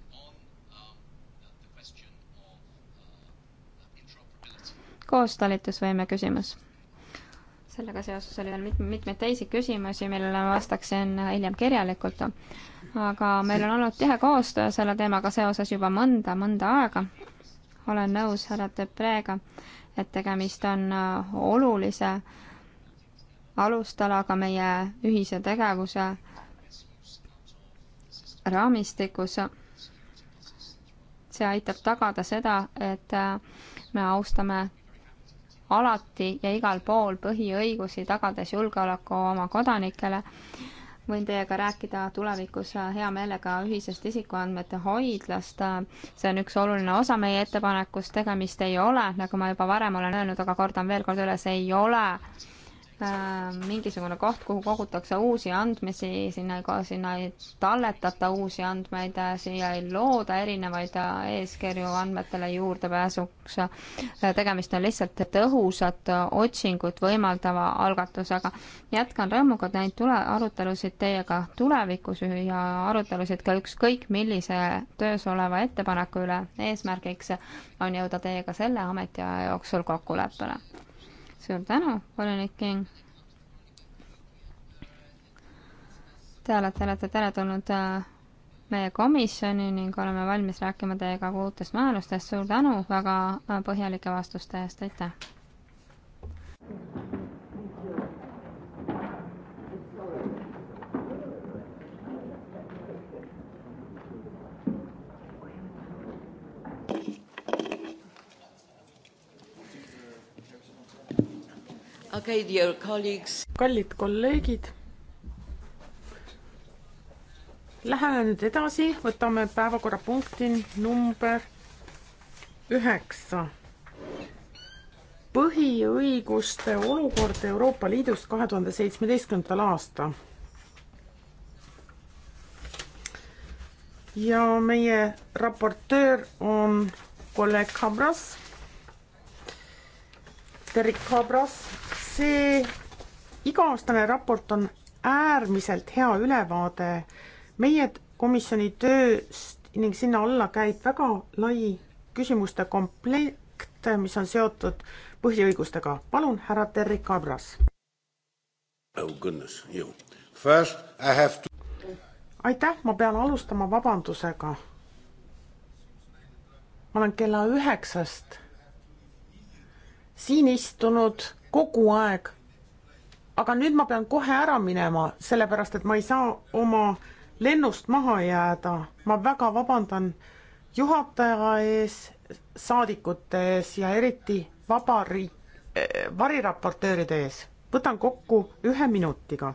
koostalitusvõime küsimus sellega seoses oli veel mit-, mitmeid teisi küsimusi, millele ma vastaksin hiljem kirjalikult aga meil on olnud tihe koostöö selle teemaga seoses juba mõnda, mõnda aega. olen nõus härra Depreega, et tegemist on äh, olulise alustalaga meie ühise tegevuse raamistikus. see aitab tagada seda, et äh, me austame alati ja igal pool põhiõigusi, tagades julgeoleku oma kodanikele võin teiega rääkida tulevikus äh, hea meelega ühisest isikuandmete hoidlast. Äh, see on üks oluline osa meie ettepanekust, tegemist ei ole, nagu ma juba varem olen öelnud, aga kordan veel kord üle, see ei ole Äh, mingisugune koht, kuhu kogutakse uusi andmisi, sinna ei, sinna ei talletata uusi andmeid, äh, siia ei looda erinevaid äh, eeskirju andmetele juurdepääsuks. tegemist on lihtsalt tõhusat otsingut võimaldava algatusega. jätkan rõõmuga neid tule-, arutelusid teiega tulevikus ja arutelusid ka ükskõik millise töös oleva ettepaneku üle. eesmärgiks on jõuda teiega selle ametiaja jooksul kokkuleppele suur tänu, volinik King. Te olete, olete teretulnud äh, meie komisjoni ning oleme valmis rääkima teiega ka uutest määrustest. suur tänu väga äh, põhjalike vastuste eest, aitäh! okay,. kallid kolleegid. Läheme nüüd edasi, võtame päevakorrapunkti number üheksa. põhiõiguste olukord Euroopa Liidus kahe tuhande seitsmeteistkümnendal aastal. ja meie raportöör on kolleeg Habras Terik Habras see iga-aastane raport on äärmiselt hea ülevaade meie komisjoni tööst ning sinna alla käib väga lai küsimuste komplekt, mis on seotud põhiõigustega. palun, härra Terri Kabras. oh goodness, you. First I have to aitäh, ma pean alustama vabandusega. ma olen kella üheksast siin istunud kogu aeg. aga nüüd ma pean kohe ära minema, sellepärast et ma ei saa oma lennust maha jääda. ma väga vabandan juhataja ees, saadikute ees ja eriti vabariik äh,, eh, variraportööride ees. võtan kokku ühe minutiga.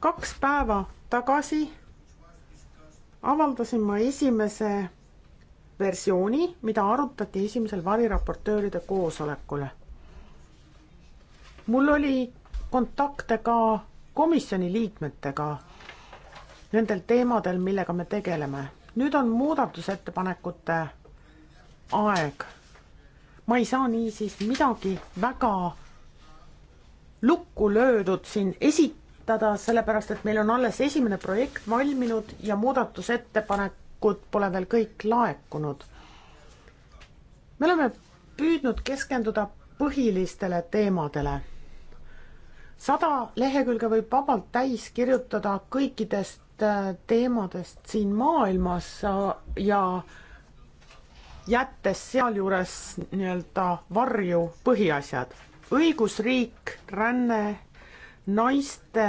kaks päeva tagasi avaldasin ma esimese versiooni, mida arutati esimesel variraportööride koosolekul mul oli kontakte ka komisjoni liikmetega nendel teemadel, millega me tegeleme. nüüd on muudatusettepanekute aeg. ma ei saa niisiis midagi väga lukku löödud siin esitada, sellepärast et meil on alles esimene projekt valminud ja muudatusettepanekud pole veel kõik laekunud. me oleme püüdnud keskenduda põhilistele teemadele sada lehekülge võib vabalt täis kirjutada kõikidest äh, teemadest siin maailmas äh, ja jättes sealjuures nii-öelda varju põhiasjad. õigusriik, ränne, naiste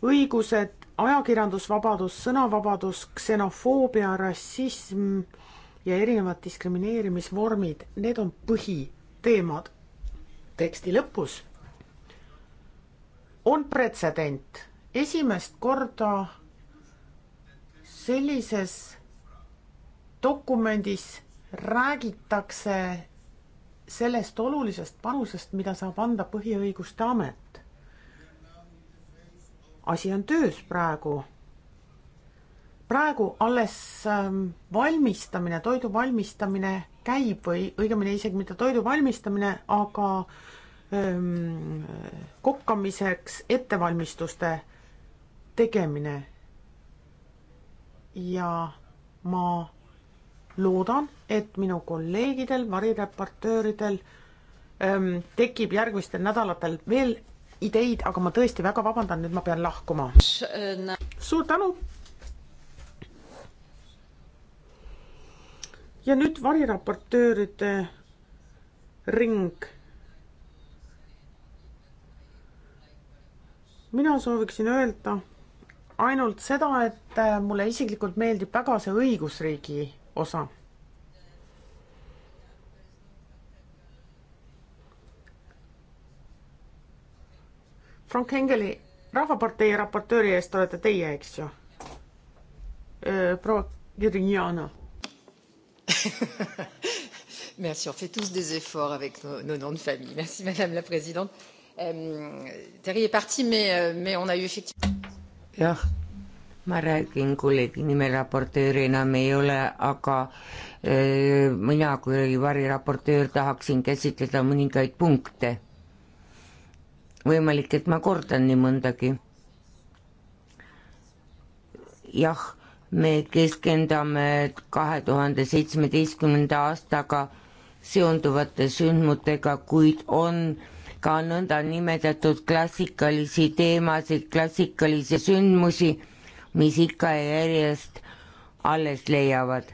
õigused, ajakirjandusvabadus, sõnavabadus, ksenofoobia, rassism ja erinevad diskrimineerimisvormid, need on põhiteemad. teksti lõpus on pretsedent. esimest korda sellises dokumendis räägitakse sellest olulisest panusest, mida saab anda Põhiõiguste Amet. asi on töös praegu. praegu alles ähm, valmistamine, toidu valmistamine käib või õigemini isegi mitte toidu valmistamine, aga kokkamiseks ettevalmistuste tegemine. ja ma loodan, et minu kolleegidel, varireportööridel tekib järgmistel nädalatel veel ideid, aga ma tõesti väga vabandan, nüüd ma pean lahkuma. suur tänu. ja nüüd variraportööride ring mina sooviksin öelda ainult seda, et äh, mulle isiklikult meeldib väga see õigusriigi osa. Frank Engeli Rahvapartei raportööri eest olete teie, eks ju? Äh, proua Jüriana. Merci, on fait tous des efforts avec nos, nos noms de famille. Merci, madame la présidente Euh, euh, jah, ma räägin kolleegi nimel raportöörina, me ei ole, aga öö, äh, mina kui variraportöör tahaksin käsitleda mõningaid punkte. võimalik, et ma kordan nii mõndagi. jah, me keskendame kahe tuhande seitsmeteistkümnenda aastaga seonduvate sündmutega, kuid on öö, ka nõndanimetatud klassikalisi teemasid, klassikalisi sündmusi, mis ikka ja järjest alles leiavad.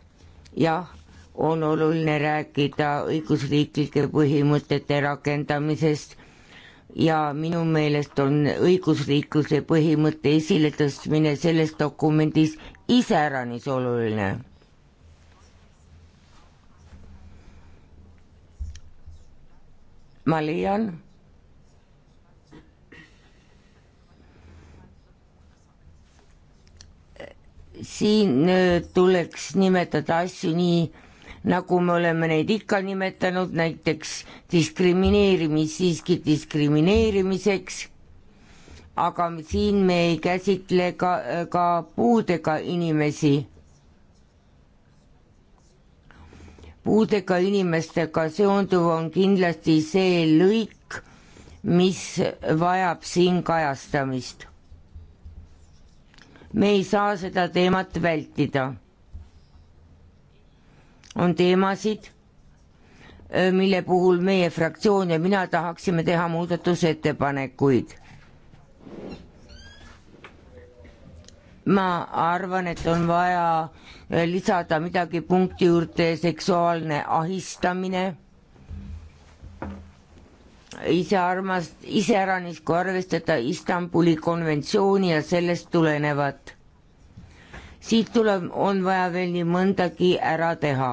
jah, on oluline rääkida õigusriiklike põhimõtete rakendamisest ja minu meelest on õigusriikluse põhimõtte esiletõstmine selles dokumendis iseäranis oluline. ma leian siin äh, tuleks nimetada asju nii, nagu me oleme neid ikka nimetanud, näiteks diskrimineerimist siiski diskrimineerimiseks, aga siin me ei käsitle ka, äh, ka puudega inimesi puudega inimestega seonduv on kindlasti see lõik, mis vajab siin kajastamist me ei saa seda teemat vältida. on teemasid, mille puhul meie fraktsioon ja mina tahaksime teha muudatusettepanekuid. ma arvan, et on vaja lisada midagi punkti juurde seksuaalne ahistamine isearmast, iseäranis, kui arvestada Istanbuli konventsiooni ja sellest tulenevat. siit tuleb, on vaja veel nii mõndagi ära teha.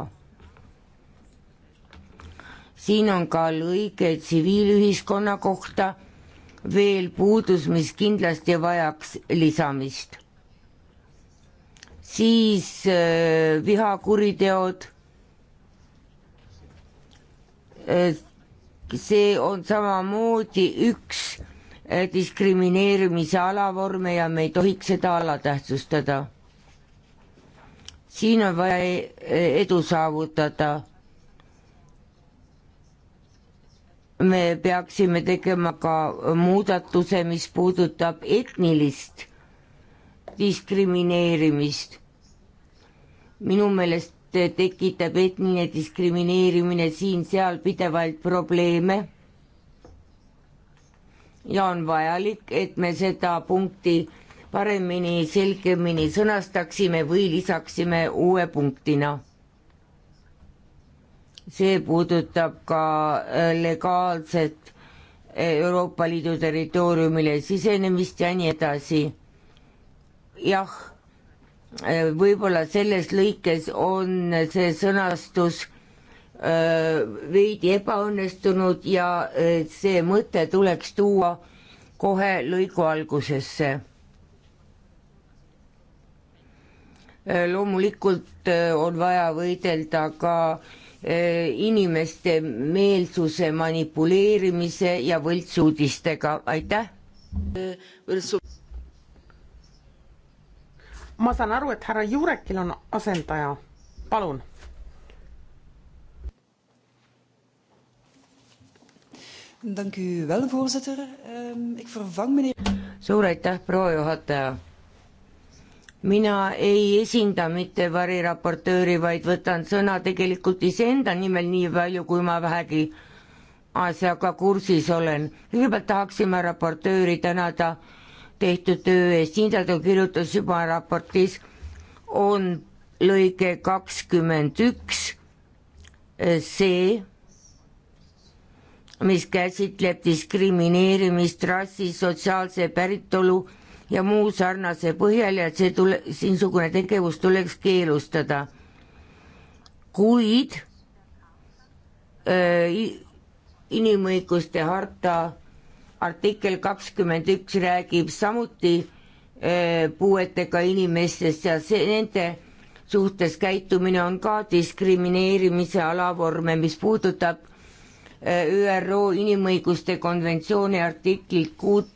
siin on ka lõige tsiviilühiskonna kohta veel puudus, mis kindlasti vajaks lisamist. siis äh, vihakuriteod äh, see on samamoodi üks eh, diskrimineerimise alavorme ja me ei tohiks seda alatähtsustada. siin on vaja eh, eh, edu saavutada. me peaksime tegema ka muudatuse, mis puudutab etnilist diskrimineerimist. minu meelest tekitab etniline diskrimineerimine siin-seal pidevalt probleeme ja on vajalik, et me seda punkti paremini, selgemini sõnastaksime või lisaksime uue punktina. see puudutab ka äh, legaalset äh, Euroopa Liidu territooriumile sisenemist ja nii edasi. jah Äh, võib-olla selles lõikes on see sõnastus äh, veidi ebaõnnestunud ja äh, see mõte tuleks tuua kohe lõigu algusesse. loomulikult on vaja võidelda ka inimeste meelsuse manipuleerimise ja võltsuudistega, aitäh! ma saan aru, et härra Jurekil on asendaja, palun. Ehm, suur aitäh, proua juhataja mina ei esinda mitte variraportööri, vaid võtan sõna tegelikult iseenda nimel nii palju, kui ma vähegi asjaga kursis olen. kõigepealt tahaksime raportööri tänada ta tehtud töö eest, Indrek kirjutas juba raportis, on lõige kakskümmend üks eh, see, mis käsitleb diskrimineerimist rassi, sotsiaalse päritolu ja muu sarnase põhjal ja et see tule, niisugune tegevus tuleks keelustada. kuid öö, eh, inimõiguste harta artikkel kakskümmend üks räägib samuti eh, puuetega inimestest ja see, nende suhtes käitumine on ka diskrimineerimise alavorme, mis puudutab eh, ÜRO inimõiguste konventsiooni artiklit kuut,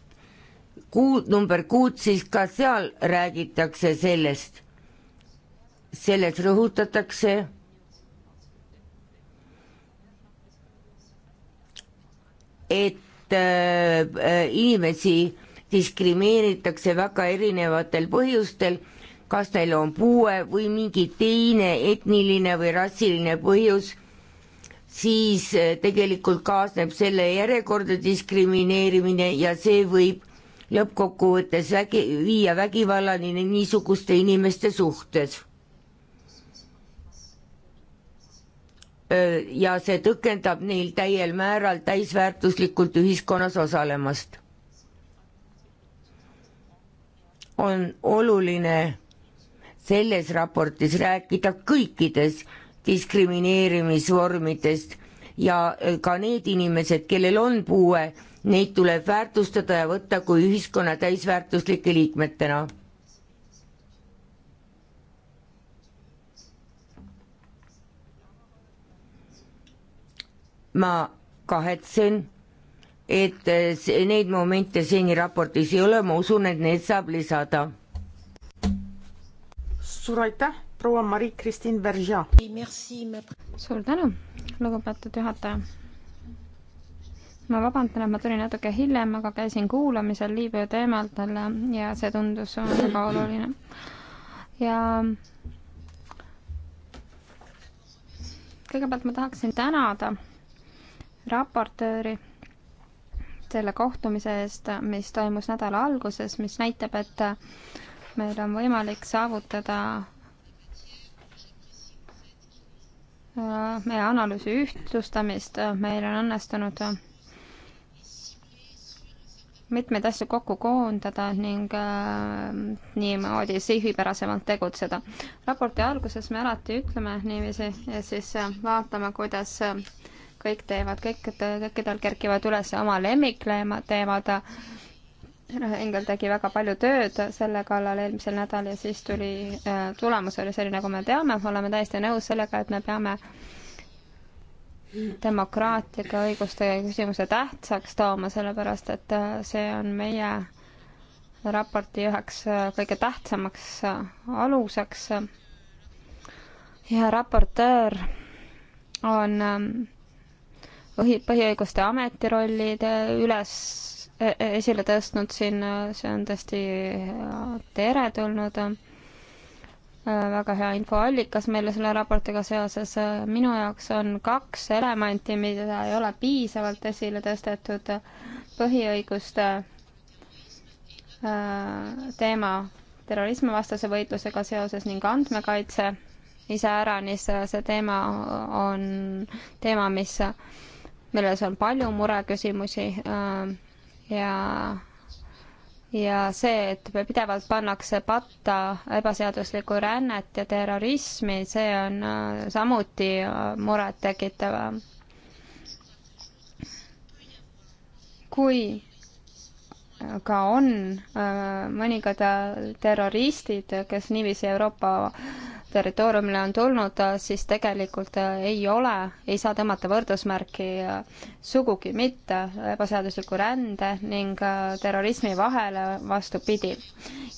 kuud, number kuut, siis ka seal räägitakse sellest. selles rõhutatakse et Äh, äh, inimesi diskrimineeritakse väga erinevatel põhjustel, kas neil on puue või mingi teine etniline või rassiline põhjus, siis äh, tegelikult kaasneb selle järjekordne diskrimineerimine ja see võib lõppkokkuvõttes vägi, viia vägivallani niisuguste inimeste suhtes ja see tõkendab neil täiel määral täisväärtuslikult ühiskonnas osalemast. on oluline selles raportis rääkida kõikides diskrimineerimisvormidest ja ka need inimesed, kellel on puue, neid tuleb väärtustada ja võtta kui ühiskonna täisväärtuslike liikmetena ma kahetsen, et neid momente seni raportis ei ole, ma usun, et need saab lisada. suur aitäh, proua Marie-Christine Verja. suur tänu, lugupeetud juhataja ma vabandan, et ma tulin natuke hiljem, aga käisin kuulamisel Liibüa teemal talle ja see tundus väga oluline. ja kõigepealt ma tahaksin tänada raportööri selle kohtumise eest, mis toimus nädala alguses, mis näitab, et meil on võimalik saavutada äh, meie analüüsi ühtlustamist, meil on õnnestunud mitmeid asju kokku koondada ning äh, niimoodi sihipärasemalt tegutseda. raporti alguses me alati ütleme niiviisi ja siis äh, vaatame, kuidas äh, kõik teevad, kõik, kõikidel kerkivad üles oma lemmikteemad. härra Engel tegi väga palju tööd selle kallal eelmisel nädalal ja siis tuli, äh, tulemus oli selline, nagu me teame, oleme täiesti nõus sellega, et me peame demokraatlike õiguste küsimuse tähtsaks tooma, sellepärast et äh, see on meie raporti üheks äh, kõige tähtsamaks aluseks ja raportöör on ähm, põhiõiguste ameti rolli üles e-, e-, esile tõstnud siin, see on tõesti teretulnud. E, väga hea infoallikas meile selle raportiga seoses. minu jaoks on kaks elementi, mida ei ole piisavalt esile tõstetud. põhiõiguste teema terrorismivastase võitlusega seoses ning andmekaitse iseäranis see teema on teema, mis milles on palju mureküsimusi ähm, ja ja see, et pidevalt pannakse patta ebaseaduslikku rännet ja terrorismi, see on äh, samuti äh, murettekitav. kui ka on äh, mõningad terroristid, kes niiviisi Euroopa territooriumile on tulnud, siis tegelikult äh, ei ole, ei saa tõmmata võrdusmärki äh, sugugi mitte ebaseadusliku rände ning äh, terrorismi vahele, vastupidi.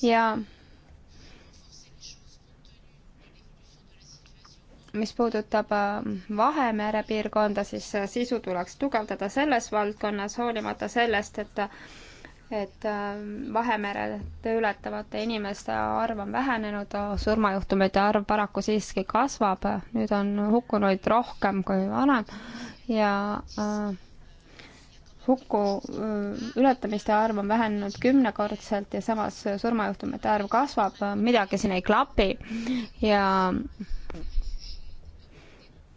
ja mis puudutab Vahemere piirkonda, siis sisu tuleks tugevdada selles valdkonnas, hoolimata sellest, et et ähm, Vahemeret ületavate inimeste arv on vähenenud, surmajuhtumite arv paraku siiski kasvab, nüüd on hukkunuid rohkem kui varem ja äh, hukku äh, ületamiste arv on vähenenud kümnekordselt ja samas surmajuhtumite arv kasvab, midagi siin ei klapi ja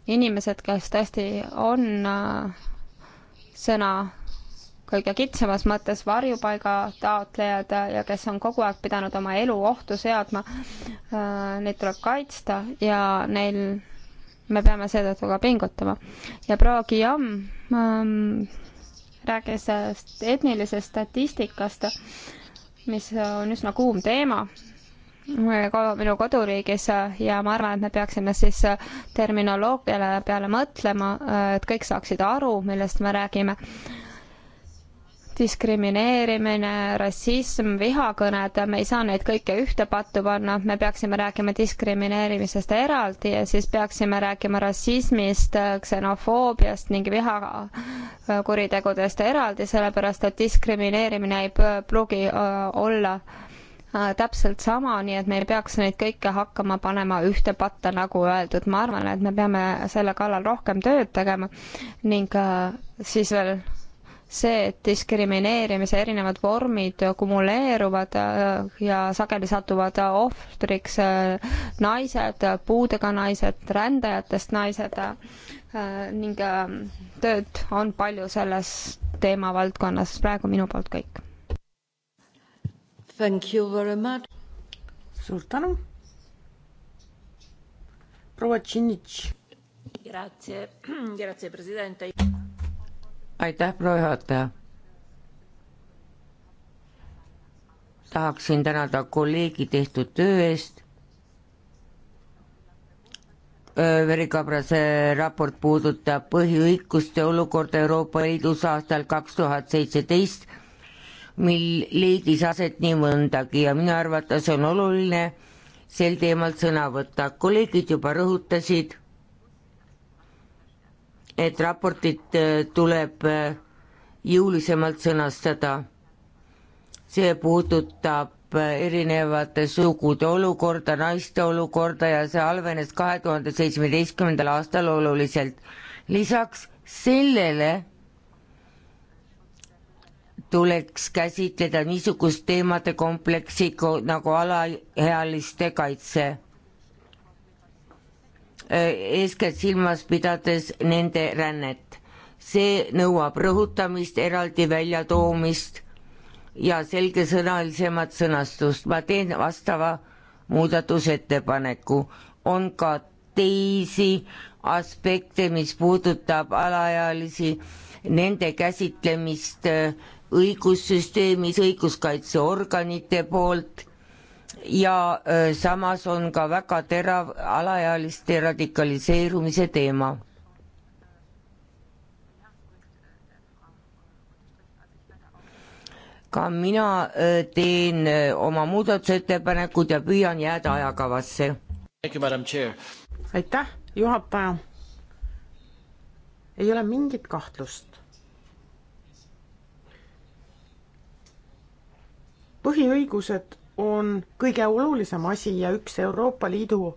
inimesed, kes tõesti on äh, sõna kõige kitsamas mõttes varjupaiga taotlejad ja kes on kogu aeg pidanud oma elu ohtu seadma, äh, neid tuleb kaitsta ja neil, me peame seetõttu ka pingutama. ja proua Guillaume ähm, rääkis etnilisest statistikast, mis on üsna kuum teema minu koduriigis ja ma arvan, et me peaksime siis terminoloogiale peale mõtlema, äh, et kõik saaksid aru, millest me räägime diskrimineerimine, rassism, vihakõned, me ei saa neid kõike ühte pattu panna, me peaksime rääkima diskrimineerimisest eraldi ja siis peaksime rääkima rassismist, ksenofoobiast ning vihakuritegudest eraldi, sellepärast et diskrimineerimine ei pruugi äh, olla äh, täpselt sama, nii et me ei peaks neid kõike hakkama panema ühte patta, nagu öeldud, ma arvan, et me peame selle kallal rohkem tööd tegema ning äh, siis veel see, et diskrimineerimise erinevad vormid kumuleeruvad äh, ja sageli satuvad äh, ohvriks äh, naised, puudega naised, rändajatest naised ning tööd on palju selles teemavaldkonnas. praegu minu poolt kõik. suur tänu. proua Tšinitš. Grazie, grazie presidente aitäh, proua juhataja. tahaksin tänada kolleegi tehtud töö eest. verikabrase raport puudutab põhiõiguste olukorda Euroopa Liidus aastal kaks tuhat seitseteist, mil leidis aset nii mõndagi ja minu arvates on oluline sel teemal sõna võtta. kolleegid juba rõhutasid et raportit äh, tuleb äh, jõulisemalt sõnastada. see puudutab äh, erinevate sugude olukorda, naiste olukorda ja see halvenes kahe tuhande seitsmeteistkümnendal aastal oluliselt. lisaks sellele tuleks käsitleda niisugust teemade kompleksi nagu alaealiste kaitse eeskätt silmas pidades nende rännet. see nõuab rõhutamist, eraldi väljatoomist ja selgesõnalisemat sõnastust. ma teen vastava muudatusettepaneku. on ka teisi aspekte, mis puudutab alaealisi, nende käsitlemist õigussüsteemis, õiguskaitseorganite poolt ja samas on ka väga terav alaealiste radikaliseerumise teema. ka mina teen oma muudatusettepanekud ja püüan jääda ajakavasse. aitäh, juhataja. ei ole mingit kahtlust. põhiõigused on kõige olulisem asi ja üks Euroopa Liidu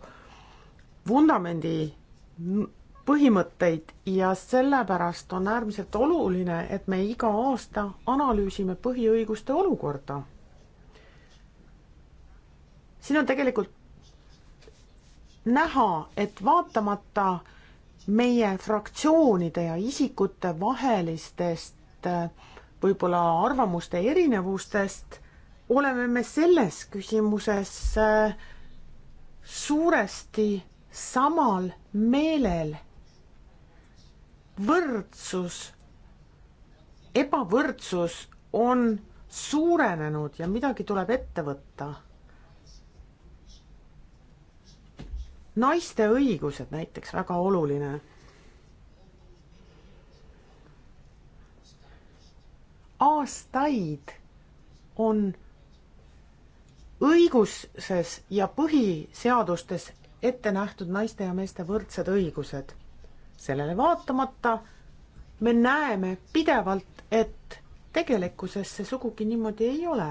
vundamendi põhimõtteid ja sellepärast on äärmiselt oluline, et me iga aasta analüüsime põhiõiguste olukorda. siin on tegelikult näha, et vaatamata meie fraktsioonide ja isikute vahelistest äh, võib-olla arvamuste erinevustest oleme me selles küsimuses äh, suuresti samal meelel. võrdsus, ebavõrdsus on suurenenud ja midagi tuleb ette võtta. naiste õigused näiteks väga oluline aastaid on õiguses ja põhiseadustes ette nähtud naiste ja meeste võrdsed õigused. sellele vaatamata me näeme pidevalt, et tegelikkuses see sugugi niimoodi ei ole.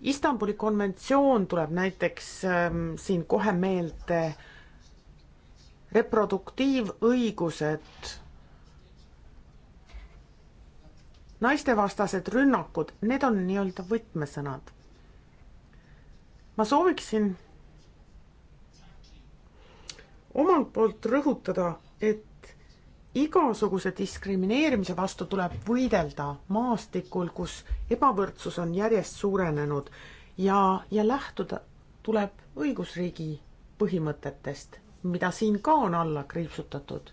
Istanbuli konventsioon tuleb näiteks ähm, siin kohe meelde, reproduktiivõigused naistevastased rünnakud, need on nii-öelda võtmesõnad. ma sooviksin omalt poolt rõhutada, et igasuguse diskrimineerimise vastu tuleb võidelda maastikul, kus ebavõrdsus on järjest suurenenud ja, ja lähtuda tuleb õigusriigi põhimõtetest, mida siin ka on alla kriipsutatud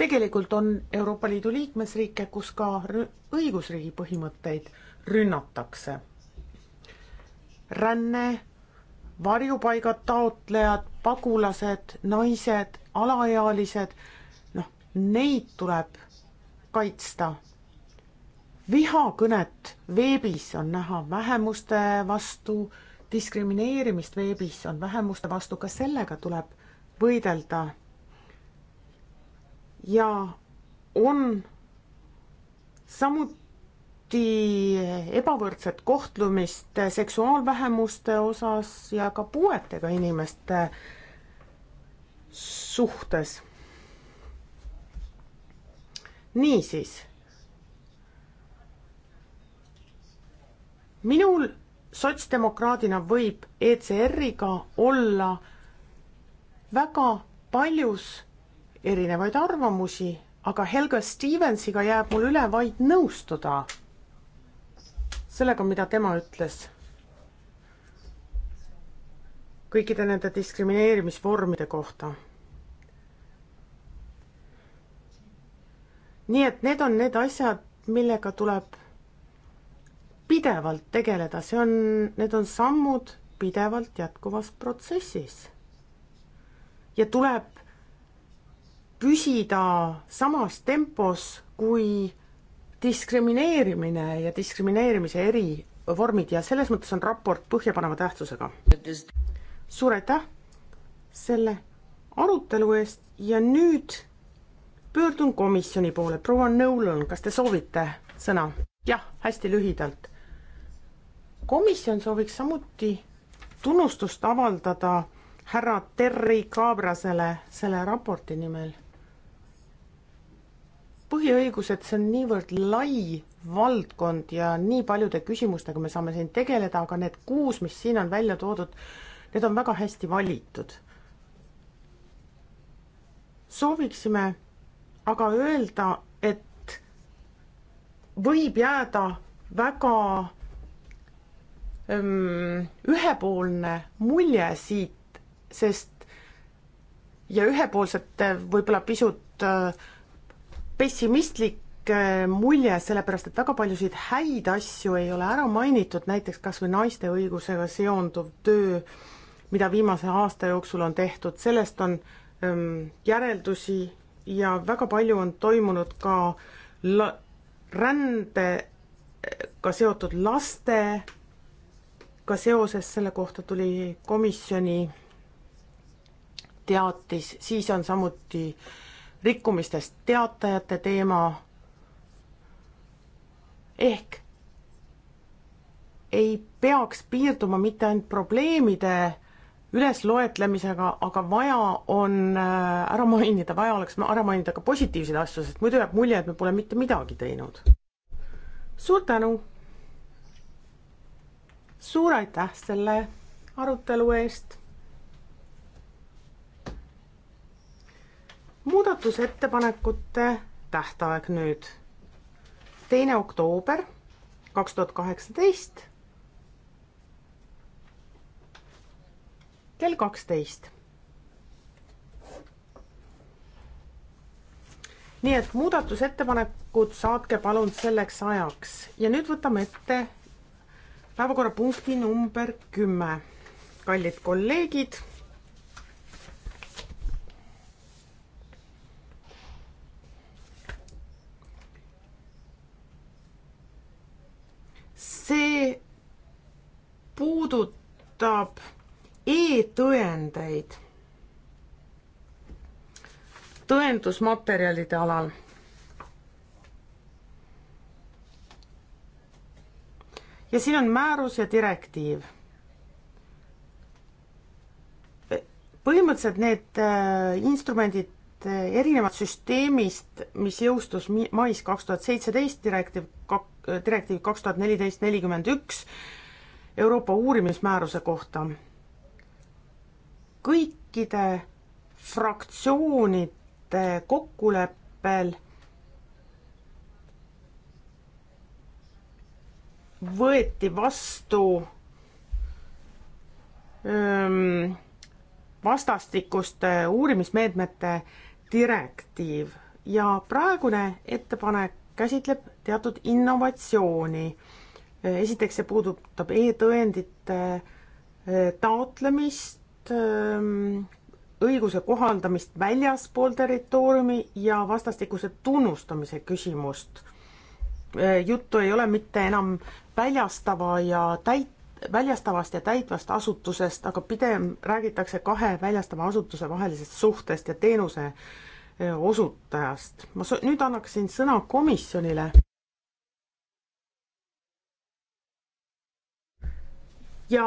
tegelikult on Euroopa Liidu liikmesriike, kus ka õigusriigi põhimõtteid rünnatakse. ränne, varjupaigad, taotlejad, pagulased, naised, alaealised, noh, neid tuleb kaitsta. vihakõnet veebis on näha vähemuste vastu, diskrimineerimist veebis on vähemuste vastu, ka sellega tuleb võidelda ja on samuti ebavõrdset kohtlemist seksuaalvähemuste osas ja ka puuetega inimeste suhtes. niisiis. minul sotsdemokraadina võib ECR-iga olla väga paljus erinevaid arvamusi, aga Helga Stevensiga jääb mul üle vaid nõustuda sellega, mida tema ütles. kõikide nende diskrimineerimisvormide kohta. nii et need on need asjad, millega tuleb pidevalt tegeleda, see on, need on sammud pidevalt jätkuvas protsessis. ja tuleb püsida samas tempos kui diskrimineerimine ja diskrimineerimise eri vormid ja selles mõttes on raport põhjapaneva tähtsusega. suur aitäh selle arutelu eest ja nüüd pöördun komisjoni poole, proua Nõulon, kas te soovite sõna? jah, hästi lühidalt. komisjon sooviks samuti tunnustust avaldada härra Terri Kaabrasele selle raporti nimel põhiõigused, see on niivõrd lai valdkond ja nii paljude küsimustega me saame siin tegeleda, aga need kuus, mis siin on välja toodud, need on väga hästi valitud. sooviksime aga öelda, et võib jääda väga öm, ähm, ühepoolne mulje siit, sest ja ühepoolsete võib-olla pisut öö, äh, pessimistlik äh, mulje, sellepärast et väga paljusid häid asju ei ole ära mainitud, näiteks kas või naiste õigusega seonduv töö, mida viimase aasta jooksul on tehtud, sellest on ähm, järeldusi ja väga palju on toimunud ka la-, rändega seotud lastega seoses, selle kohta tuli komisjoni teatis, siis on samuti äh, rikkumistest teatajate teema ehk ei peaks piirduma mitte ainult probleemide ülesloetlemisega, aga vaja on äh, ära mainida, vaja oleks ära mainida ka positiivseid asju, sest muidu jääb mulje, et me pole mitte midagi teinud. suur tänu! suur aitäh selle arutelu eest! muudatusettepanekute tähtaeg nüüd, teine oktoober kaks tuhat kaheksateist kell kaksteist. nii et muudatusettepanekud saatke palun selleks ajaks ja nüüd võtame ette päevakorrapunkti number kümme. kallid kolleegid see puudutab e-tõendeid tõendusmaterjalide alal. ja siin on määrus ja direktiiv. põhimõtteliselt need äh, instrumendid äh, erinevad süsteemist, mis jõustus mais kaks tuhat seitseteist, direktiiv kak-, direktiiv kaks tuhat neliteist nelikümmend üks Euroopa uurimismääruse kohta. kõikide fraktsioonide kokkuleppel võeti vastu öö, ähm, vastastikuste uurimismeetmete direktiiv ja praegune ettepanek käsitleb teatud innovatsiooni. esiteks see puudutab e-tõendite eh, taotlemist, ehm, õiguse kohaldamist väljaspool territooriumi ja vastastikuse tunnustamise küsimust. Eh, juttu ei ole mitte enam väljastava ja täit-, väljastavast ja täitvast asutusest, aga pigem räägitakse kahe väljastava asutuse vahelisest suhtest ja teenuse äh, Eh, osutajast. ma so-, nüüd annaksin sõna komisjonile. ja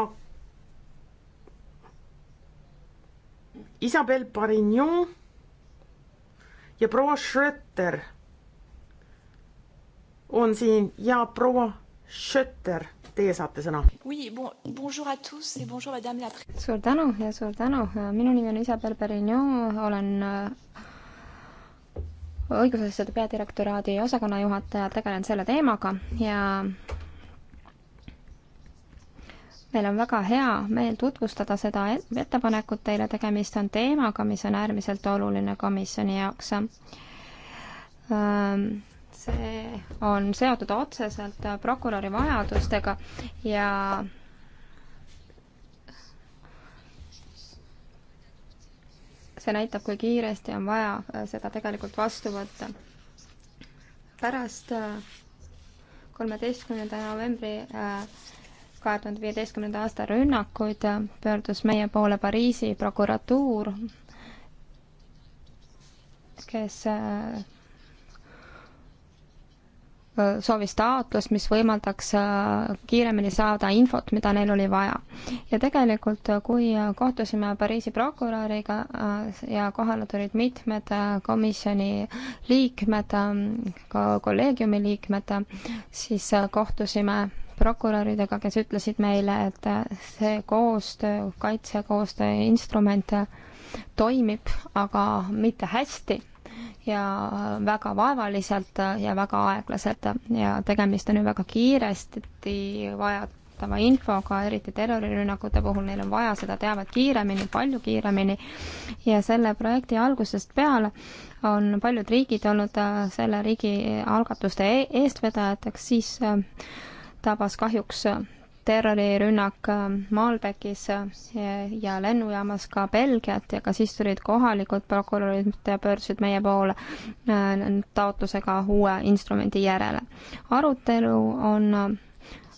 Isabel Parignon ja proua Schröter on siin ja proua Schötter, teie saate sõna. suur tänu ja suur tänu, minu nimi on Isabel Perignon, olen äh, õigusasjade peadirektoraadi osakonna juhataja, tegelen selle teemaga ja meil on väga hea meel tutvustada seda ettepanekut teile, tegemist on teemaga, mis on äärmiselt oluline komisjoni jaoks. see on seotud otseselt prokuröri vajadustega ja see näitab, kui kiiresti on vaja äh, seda tegelikult vastu võtta. pärast äh, kolmeteistkümnenda novembri äh, kahe tuhande viieteistkümnenda aasta rünnakuid pöördus meie poole Pariisi prokuratuur, kes Äh, soovis taotlust, mis võimaldaks äh, kiiremini saada infot, mida neil oli vaja. ja tegelikult, äh, kui kohtusime Pariisi prokuröriga ja kohale tulid mitmed komisjoni liikmed, ähm, ka kolleegiumi liikmed, siis kohtusime prokuröridega, kes ütlesid meile, et see koostöö, kaitsekoostöö instrument toimib, aga mitte hästi ja äh, väga vaevaliselt äh, ja väga aeglaselt ja tegemist on ju väga kiiresti vajatava infoga, eriti terrorirünnakute puhul, neil on vaja seda teavet kiiremini, palju kiiremini ja selle projekti algusest peale on paljud riigid olnud äh, selle riigi algatuste e-, eestvedajateks, siis tabas kahjuks terrorirünnak äh, Malbekis äh, ja lennujaamas ka Belgiat ja ka siis tulid kohalikud prokurörid ja pöördusid meie poole äh, taotlusega uue instrumendi järele. arutelu on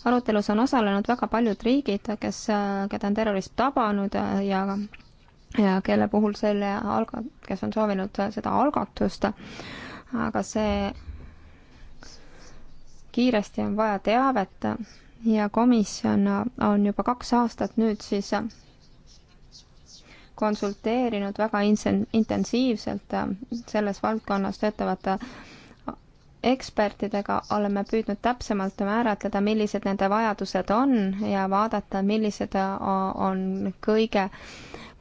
arutelus on osalenud väga paljud riigid, kes, keda on terrorism tabanud ja ja kelle puhul selle alga-, kes on soovinud seda algatust, aga see kiiresti on vaja teavet ja komisjon on juba kaks aastat nüüd siis konsulteerinud väga intensiivselt äh, selles valdkonnas töötavate ekspertidega oleme püüdnud täpsemalt määratleda, millised nende vajadused on ja vaadata, millised äh, on kõige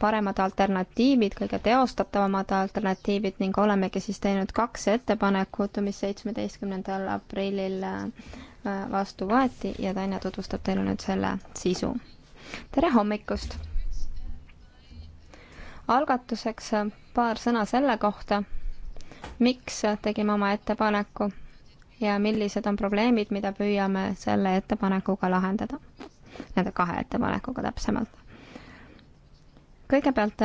paremad alternatiivid, kõige teostatavamad alternatiivid ning olemegi siis teinud kaks ettepanekut, mis seitsmeteistkümnendal aprillil äh, vastu võeti ja Tanja tutvustab teile nüüd selle sisu. tere hommikust! algatuseks paar sõna selle kohta, miks tegime oma ettepaneku ja millised on probleemid, mida püüame selle ettepanekuga lahendada. Nende kahe ettepanekuga täpsemalt. kõigepealt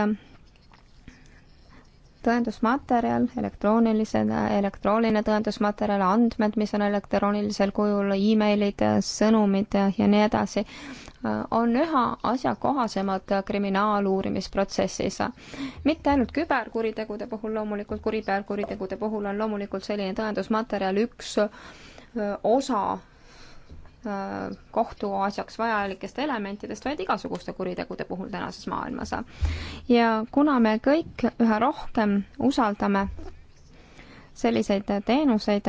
tõendusmaterjal, elektroonilised, elektrooniline tõendusmaterjal, andmed, mis on elektroonilisel kujul e, emailid, sõnumid ja nii edasi, on üha asjakohasemad kriminaaluurimisprotsessis. mitte ainult küberkuritegude puhul loomulikult, kuripäärkuritegude puhul on loomulikult selline tõendusmaterjal üks osa Äh, kohtuasjaks vajalikest elementidest, vaid igasuguste kuritegude puhul tänases maailmas. ja kuna me kõik üha rohkem usaldame selliseid teenuseid,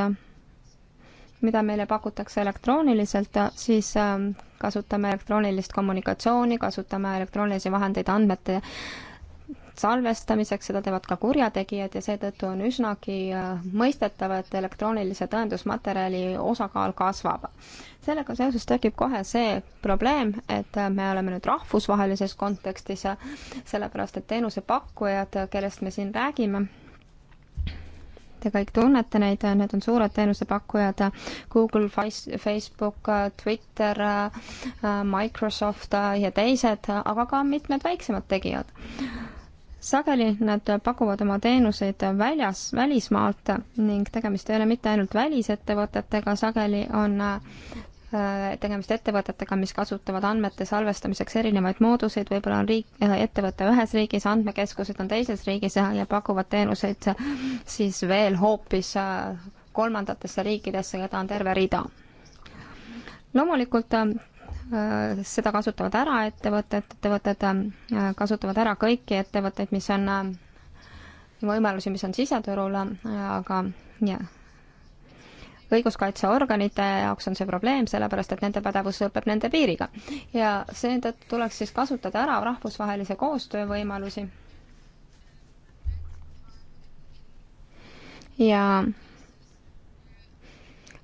mida meile pakutakse elektrooniliselt, siis äh, kasutame elektroonilist kommunikatsiooni, kasutame elektroonilisi vahendeid andmete salvestamiseks, seda teevad ka kurjategijad ja seetõttu on üsnagi äh, mõistetav, et elektroonilise tõendusmaterjali osakaal kasvab. sellega seoses tekib kohe see probleem, et me oleme nüüd rahvusvahelises kontekstis, sellepärast et teenusepakkujad, kellest me siin räägime, te kõik tunnete neid, need on suured teenusepakkujad, Google, Facebook, Twitter, äh, Microsoft ja teised, aga ka mitmed väiksemad tegijad sageli nad pakuvad oma teenuseid väljas, välismaalt ning tegemist ei ole mitte ainult välisettevõtetega, sageli on äh, tegemist ettevõtetega, mis kasutavad andmete salvestamiseks erinevaid mooduseid, võib-olla on riik, äh, ettevõte ühes riigis, andmekeskused on teises riigis ja, ja pakuvad teenuseid äh, siis veel hoopis kolmandatesse riikidesse, keda on terve rida. loomulikult Äh, seda kasutavad ära ettevõtted, ettevõtted äh, kasutavad ära kõiki ettevõtteid, mis on, äh, võimalusi, mis on siseturul, aga jah. õiguskaitseorganite jaoks on see probleem, sellepärast et nende pädevus lõpeb nende piiriga. ja seetõttu tuleks siis kasutada ära rahvusvahelise koostöö võimalusi. ja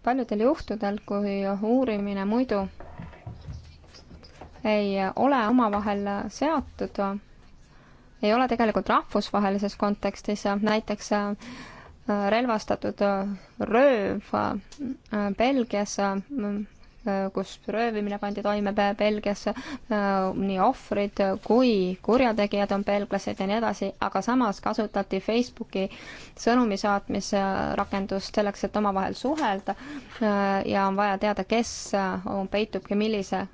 paljudel juhtudel, kui uurimine muidu ei ole omavahel seotud, ei ole tegelikult rahvusvahelises kontekstis, näiteks äh, relvastatud äh, rööv äh, Belgias, kus röövimine pandi toime Belgias, nii ohvrid kui kurjategijad on belglased ja nii edasi, aga samas kasutati Facebooki sõnumi saatmise rakendust selleks, et omavahel suhelda ja on vaja teada, kes peitubki millise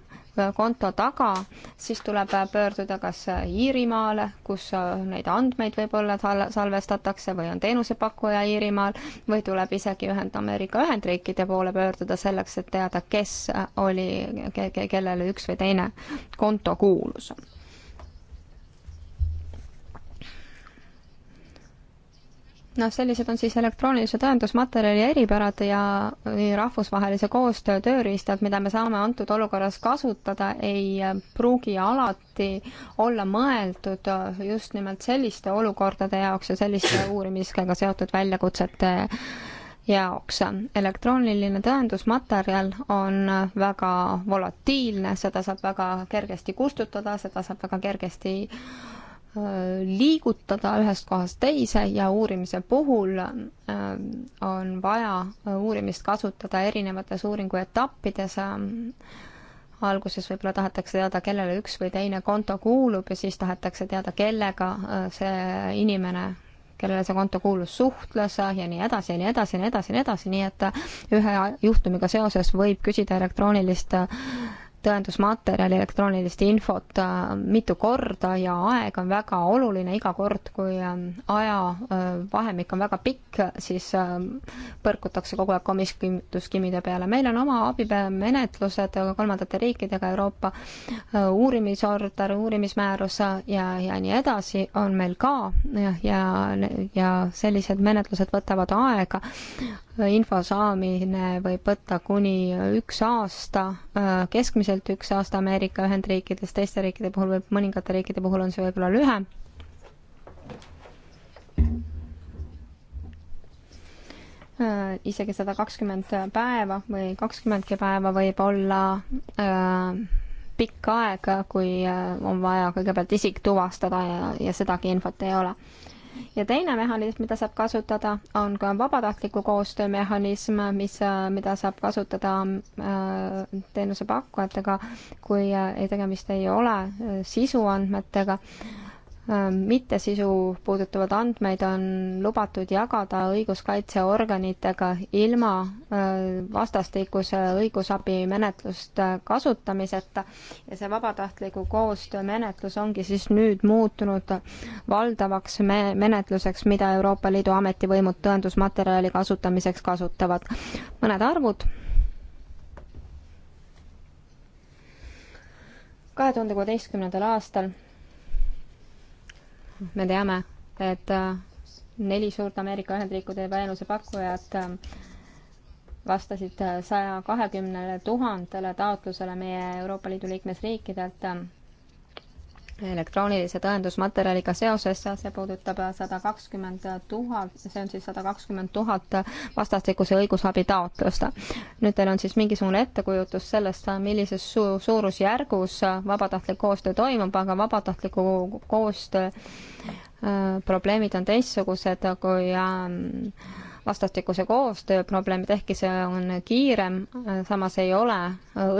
konto taga, siis tuleb pöörduda kas Iirimaale, kus neid andmeid võib-olla salvestatakse või on teenusepakkuja Iirimaal, või tuleb isegi Ühend-Ameerika Ühendriikide poole pöörduda selleks, et teada, kes oli ke, kellele üks või teine konto kuulus noh, sellised on siis elektroonilise tõendusmaterjali eripärad ja rahvusvahelise koostöö tööriistad, mida me saame antud olukorras kasutada, ei äh, pruugi alati olla mõeldud äh, just nimelt selliste olukordade jaoks ja selliste uurimisega seotud väljakutsete jaoks. elektrooniline tõendusmaterjal on äh, väga volatiilne, seda saab väga kergesti kustutada, seda saab väga kergesti Äh, liigutada ühest kohast teise ja uurimise puhul äh, on vaja äh, uurimist kasutada erinevates uuringu etappides. alguses võib-olla tahetakse teada, kellele üks või teine konto kuulub ja siis tahetakse teada, kellega see inimene, kellele see konto kuulus, suhtles ja nii edasi ja nii edasi ja nii edasi ja nii edasi, nii et ühe juhtumiga seoses võib küsida elektroonilist tõendusmaterjali, elektroonilist infot äh, mitu korda ja aeg on väga oluline iga kord, kui ähm, ajavahemik äh, on väga pikk, siis ähm, põrkutakse kogu aeg komistuskimmide peale. meil on oma abimenetlused kolmandate riikidega, Euroopa äh, uurimisorder, uurimismäärus ja, ja nii edasi on meil ka ja, ja, ja sellised menetlused võtavad aega info saamine võib võtta kuni üks aasta, keskmiselt keskmiselt üks aasta Ameerika Ühendriikides, teiste riikide puhul võib, mõningate riikide puhul on see võib-olla lühem. Äh, isegi sada kakskümmend päeva või kakskümmendki päeva võib olla äh, pikk aeg, kui äh, on vaja kõigepealt isik tuvastada ja, ja sedagi infot ei ole ja teine mehhanism, mida saab kasutada, on ka vabatahtliku koostöö mehhanism, mis, äh, mida saab kasutada äh, teenusepakkujatega, kui äh, tegemist ei ole sisuandmetega Äh, mittesisu puudutavad andmeid on lubatud jagada õiguskaitseorganitega ilma äh, vastastikuse õigusabimenetlust äh, kasutamiseta ja see vabatahtliku koostöö menetlus ongi siis nüüd muutunud valdavaks me-, menetluseks, mida Euroopa Liidu ametivõimud tõendusmaterjali kasutamiseks kasutavad. mõned arvud kahe tuhande kuueteistkümnendal aastal me teame, et äh, neli suurt Ameerika Ühendriikide teenuse pakkujat äh, vastasid äh, saja kahekümnele tuhandele taotlusele meie Euroopa Liidu liikmesriikidelt elektroonilise tõendusmaterjaliga seoses, see puudutab sada kakskümmend tuhat, see on siis sada kakskümmend tuhat vastastikuse õigusabi taotlust. nüüd teil on siis mingisugune ettekujutus sellest, millises su suurusjärgus vabatahtlik koostöö toimub, aga vabatahtliku koostöö äh, probleemid on teistsugused kui ähm, vastastikuse koostöö probleem, et ehkki see on kiirem, samas ei ole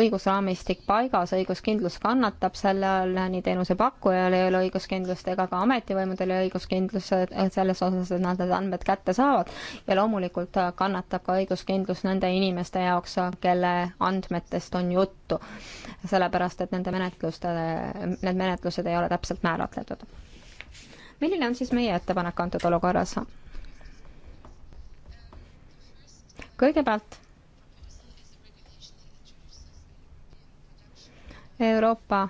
õigusraamistik paigas, õiguskindlus kannatab selle all, nii teenusepakkujal ei ole õiguskindlust ega ka ametivõimudel ei ole õiguskindlust selles osas, et nad need andmed kätte saavad ja loomulikult kannatab ka õiguskindlus nende inimeste jaoks, kelle andmetest on juttu. sellepärast, et nende menetluste, need menetlused ei ole täpselt määratletud milline on siis meie ettepanek antud olukorras? kõigepealt Euroopa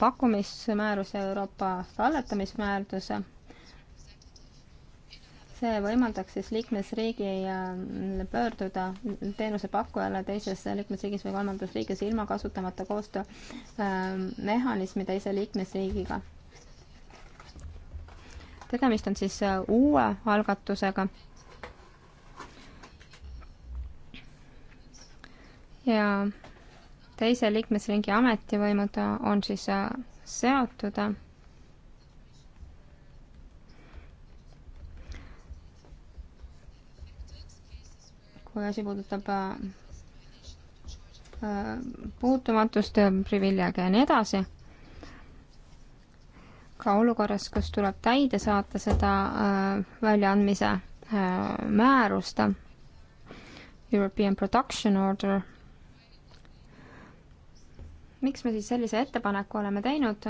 pakkumismääruse, Euroopa talletamismääruse. see võimaldaks siis liikmesriigi äh, pöörduda teenusepakkujale teises liikmesriigis või kolmandas riigis ilma kasutamata koostöömehhanismi äh, teise liikmesriigiga tegemist on siis äh, uue algatusega. ja teise liikmesringi ametivõimud äh, on siis äh, seotud. kui asi puudutab puutumatust, privileege ja nii edasi ka olukorras, kus tuleb täide saata seda äh, väljaandmise äh, määrust, European Production Order. miks me siis sellise ettepaneku oleme teinud?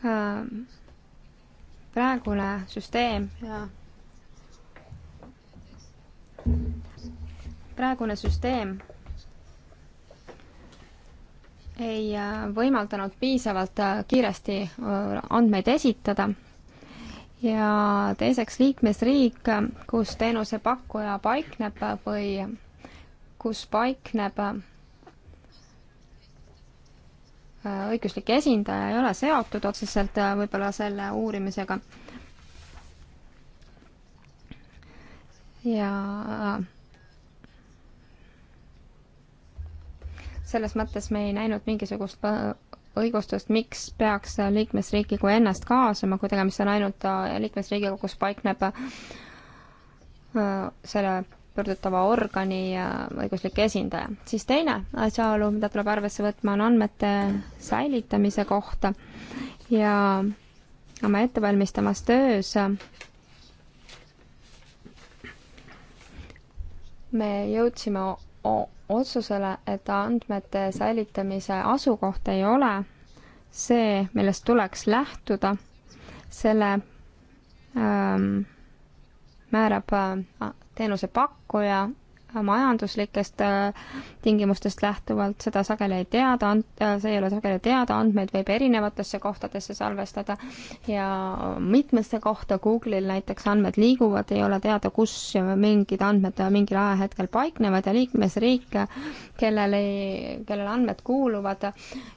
Äh, praegune süsteem ja praegune süsteem ei äh, võimaldanud piisavalt äh, kiiresti äh, andmeid esitada ja teiseks liikmesriik, kus teenusepakkuja paikneb või kus paikneb õiguslik esindaja, ei ole seotud otseselt võib-olla selle uurimisega. ja selles mõttes me ei näinud mingisugust õigustust, miks peaks liikmesriiki kui ennast kaasama, kui tegemist on ainult äh, liikmesriigiga, kus paikneb äh, selle pöördutava organi äh, õiguslik esindaja. siis teine asjaolu, mida tuleb arvesse võtma, on andmete säilitamise kohta ja oma ettevalmistavas töös me jõudsime otsusele, et andmete säilitamise asukoht ei ole see, millest tuleks lähtuda, selle ähm, määrab äh, teenusepakkuja majanduslikest äh, tingimustest lähtuvalt, seda sageli ei teada, äh, see ei ole sageli teada, andmeid võib erinevatesse kohtadesse salvestada ja mitmesse kohta Google'il näiteks andmed liiguvad, ei ole teada, kus mingid andmed mingil ajahetkel paiknevad ja liikmesriik, kellel ei, kellele andmed kuuluvad,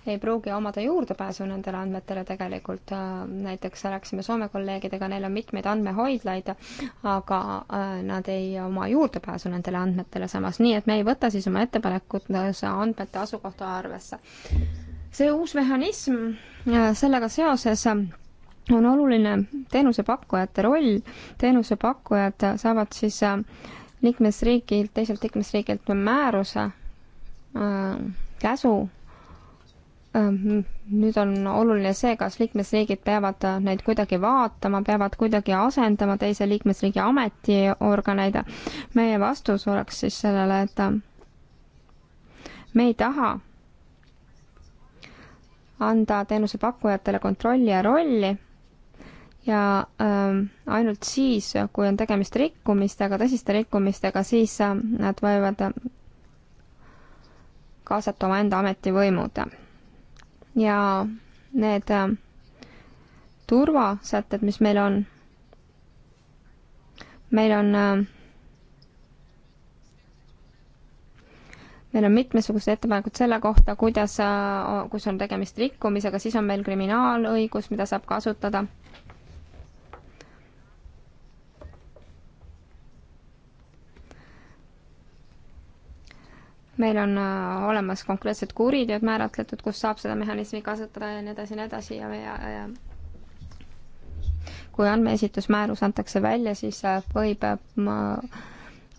ei pruugi omada juurdepääsu nendele andmetele tegelikult. näiteks rääkisime Soome kolleegidega, neil on mitmeid andmehoidlaid, aga äh, nad ei oma juurdepääsu nendele andmetele andmetele samas, nii et me ei võta siis oma ettepanekutes andmete asukohta arvesse. see uus mehhanism, sellega seoses on oluline teenusepakkujate roll, teenusepakkujad saavad siis äh, liikmesriigilt, teiselt liikmesriigilt määruse, äh, käsu Ähm, nüüd on oluline see, kas liikmesriigid peavad neid kuidagi vaatama, peavad kuidagi asendama teise liikmesriigi ametiorganeid. meie vastus oleks siis sellele, et me ei taha anda teenusepakkujatele kontrolli ja rolli ja ähm, ainult siis, kui on tegemist rikkumistega, tõsiste rikkumistega, siis äh, nad võivad äh, kaasata omaenda ametivõimud ja need äh, turvasätted, mis meil on, meil on äh, meil on mitmesugused ettepanekud selle kohta, kuidas, äh, kus on tegemist rikkumisega, siis on meil kriminaalõigus, mida saab kasutada meil on äh, olemas konkreetsed kuriteod määratletud, kus saab seda mehhanismi kasutada ja nii edasi ja nii edasi ja, ja, ja kui andmeesitusmäärus antakse välja, siis äh, võib äh, ma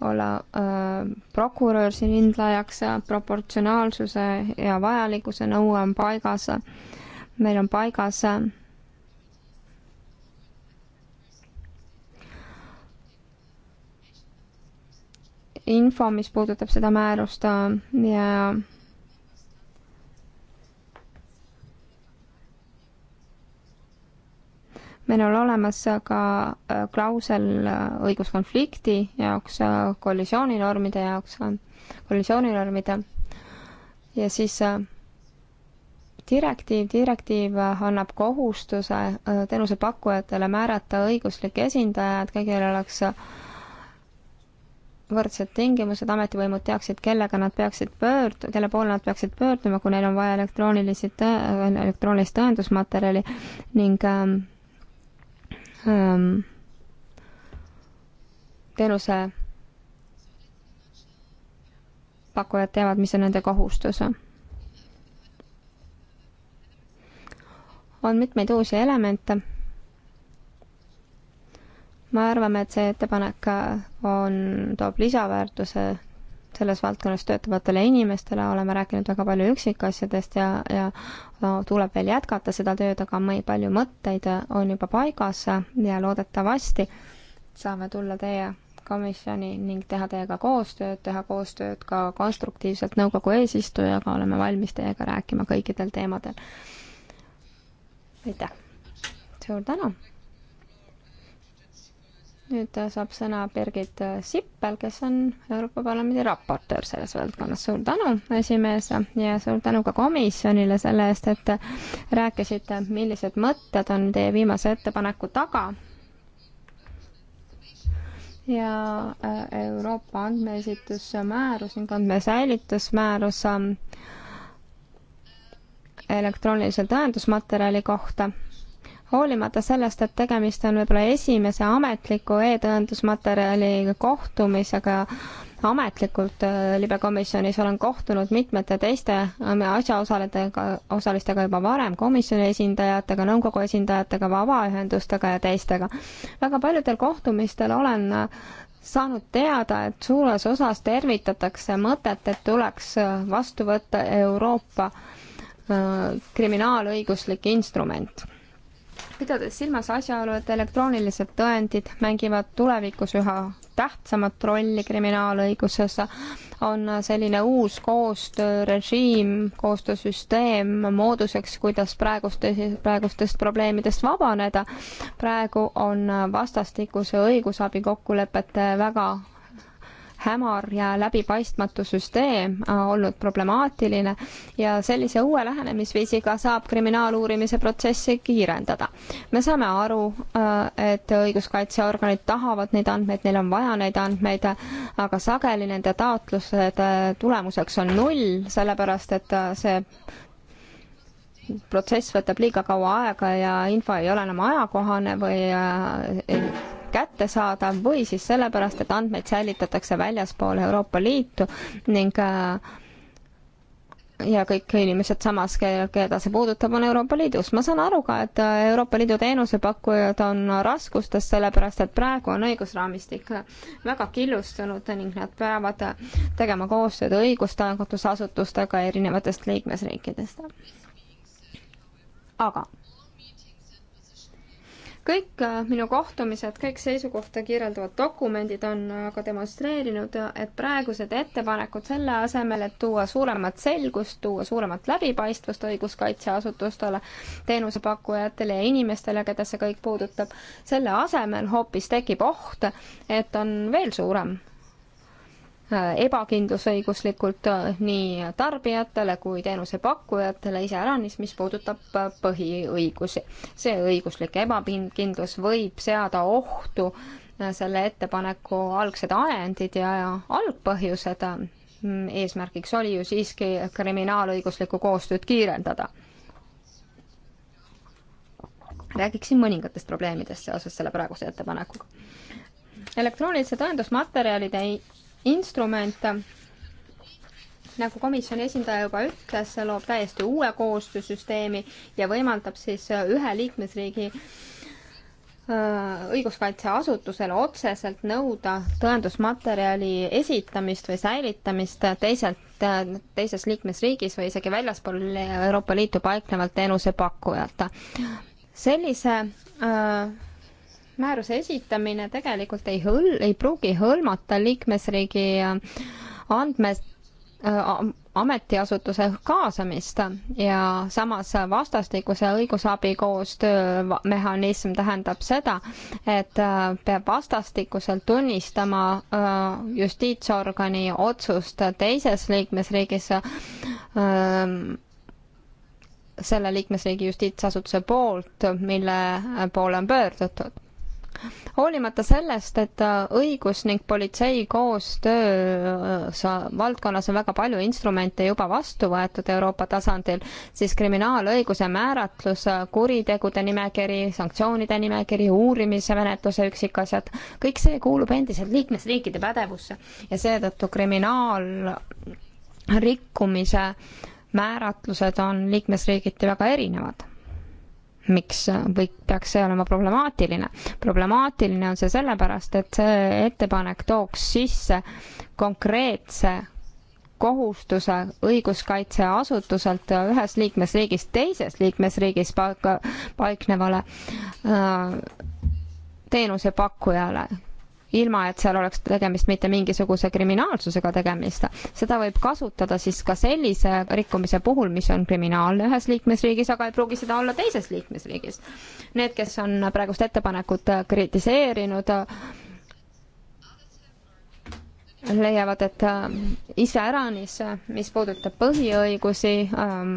olla äh, prokurör siin hindlajaks, proportsionaalsuse ja vajalikkuse nõue on paigas. meil on paigas äh, info, mis puudutab seda määrust äh, ja meil on olemas ka äh, klausel äh, õiguskonflikti jaoks, kollisiooninormide jaoks, kollisiooninormide ja siis direktiiv, direktiiv annab kohustuse teenusepakkujatele määrata õiguslik esindaja, et kõigil oleks võrdsed tingimused, ametivõimud teaksid, kellega nad peaksid pöörd-, kelle poole nad peaksid pöörduma, kui neil on vaja elektroonilisi tõ-, elektroonilist tõendusmaterjali ning ähm, ähm, teenuse pakkujad teavad, mis on nende kohustus. on mitmeid uusi elemente me arvame, et see ettepanek äh, on, toob lisaväärtuse selles valdkonnas töötavatele inimestele, oleme rääkinud väga palju üksikasjadest ja, ja no, tuleb veel jätkata seda tööd, aga ma ei, palju mõtteid äh, on juba paigas ja loodetavasti saame tulla teie komisjoni ning teha teiega koostööd, teha koostööd ka konstruktiivselt nõukogu eesistujaga, oleme valmis teiega rääkima kõikidel teemadel. aitäh! suur tänu! nüüd äh, saab sõna Birgit äh, Sippel, kes on Euroopa Parlamendi raportöör selles valdkonnas. suur tänu, esimees, ja suur tänu ka komisjonile selle eest, et äh, rääkisite, millised mõtted on teie viimase ettepaneku taga. ja Euroopa andmeesituse määrus ning andmesäilitusmäärus ähm, elektroonilise tõendusmaterjali kohta hoolimata sellest, et tegemist on võib-olla esimese ametliku e-tõendusmaterjali kohtumisega ametlikult äh, libekomisjonis, olen kohtunud mitmete teiste äh, asjaosalistega, osalistega juba varem, komisjoni esindajatega, nõukogu esindajatega, vabaühendustega ja teistega. väga paljudel kohtumistel olen äh, saanud teada, et suures osas tervitatakse mõtet, et tuleks vastu võtta Euroopa kriminaalõiguslik instrument pidades silmas asjaolu, et elektroonilised tõendid mängivad tulevikus üha tähtsamat rolli kriminaalõiguses, on selline uus koostöörežiim, koostöösüsteem mooduseks, kuidas praeguste, praegustest probleemidest vabaneda. praegu on vastastikuse õigusabi kokkulepete väga hämar ja läbipaistmatu süsteem äh, olnud problemaatiline ja sellise uue lähenemisviisiga saab kriminaaluurimise protsessi kiirendada. me saame aru, äh, et õiguskaitseorganid tahavad neid andmeid, neil on vaja neid andmeid, aga sageli nende taotlused äh, tulemuseks on null, sellepärast et see protsess võtab liiga kaua aega ja info ei ole enam ajakohane või äh, kättesaadav või siis sellepärast, et andmeid säilitatakse väljaspool Euroopa Liitu ning äh, ja kõik inimesed samas, keda see puudutab, on Euroopa Liidus. ma saan aru ka, et äh, Euroopa Liidu teenusepakkujad on raskustes, sellepärast et praegu on õigusraamistik väga killustunud ning nad peavad tegema koostööd õigusteadusasutustega erinevatest liikmesriikidest aga kõik äh, minu kohtumised, kõik seisukohta kirjeldavad dokumendid on aga äh, demonstreerinud, et praegused ettepanekud selle asemel, et tuua suuremat selgust, tuua suuremat läbipaistvust õiguskaitseasutustele, teenusepakkujatele ja inimestele, keda see kõik puudutab, selle asemel hoopis tekib oht, et on veel suurem Äh, ebakindlus õiguslikult äh, nii tarbijatele kui teenusepakkujatele iseäranis, mis puudutab äh, põhiõigusi. see õiguslik ebakindlus võib seada ohtu selle ettepaneku algsed ajendid ja algpõhjused. eesmärgiks oli ju siiski kriminaalõiguslikku koostööd kiirendada. räägiksin mõningatest probleemidest seoses selle praeguse ettepanekuga elektroonilise tõendusmaterjalide instrumente. nagu komisjoni esindaja juba ütles, see loob täiesti uue koostöösüsteemi ja võimaldab siis äh, ühe liikmesriigi äh, õiguskaitseasutusele otseselt nõuda tõendusmaterjali esitamist või säilitamist teiselt, äh, teises liikmesriigis või isegi väljaspool Euroopa Liitu paiknevalt teenusepakkujalt. sellise äh, määruse esitamine tegelikult ei hõl-, ei pruugi hõlmata liikmesriigi äh, andmed äh, ametiasutuse kaasamist ja samas vastastikuse õigusabi koostöö mehhanism tähendab seda, et äh, peab vastastikuselt tunnistama justiitsorgani otsust teises liikmesriigis selle liikmesriigi justiitsasutuse poolt, mille poole on pöördutud hoolimata sellest, et äh, õigus ning politsei koostöö äh, valdkonnas on väga palju instrumente juba vastu võetud Euroopa tasandil, siis kriminaalõiguse määratlus, äh, kuritegude nimekiri, sanktsioonide nimekiri, uurimise menetluse üksikasjad, kõik see kuulub endiselt liikmesriikide pädevusse ja seetõttu kriminaalrikkumise määratlused on liikmesriigiti väga erinevad miks või peaks see olema problemaatiline. problemaatiline on see sellepärast, et see ettepanek tooks sisse konkreetse kohustuse õiguskaitseasutuselt ühes liikmesriigis teises liikmesriigis paika, paiknevale äh, teenusepakkujale ilma et seal oleks tegemist mitte mingisuguse kriminaalsusega tegemist. seda võib kasutada siis ka sellise rikkumise puhul, mis on kriminaalne ühes liikmesriigis, aga ei pruugi seda olla teises liikmesriigis. Need, kes on praegust ettepanekut kritiseerinud, leiavad, et äh, iseäranis, äh, mis puudutab põhiõigusi, ähm,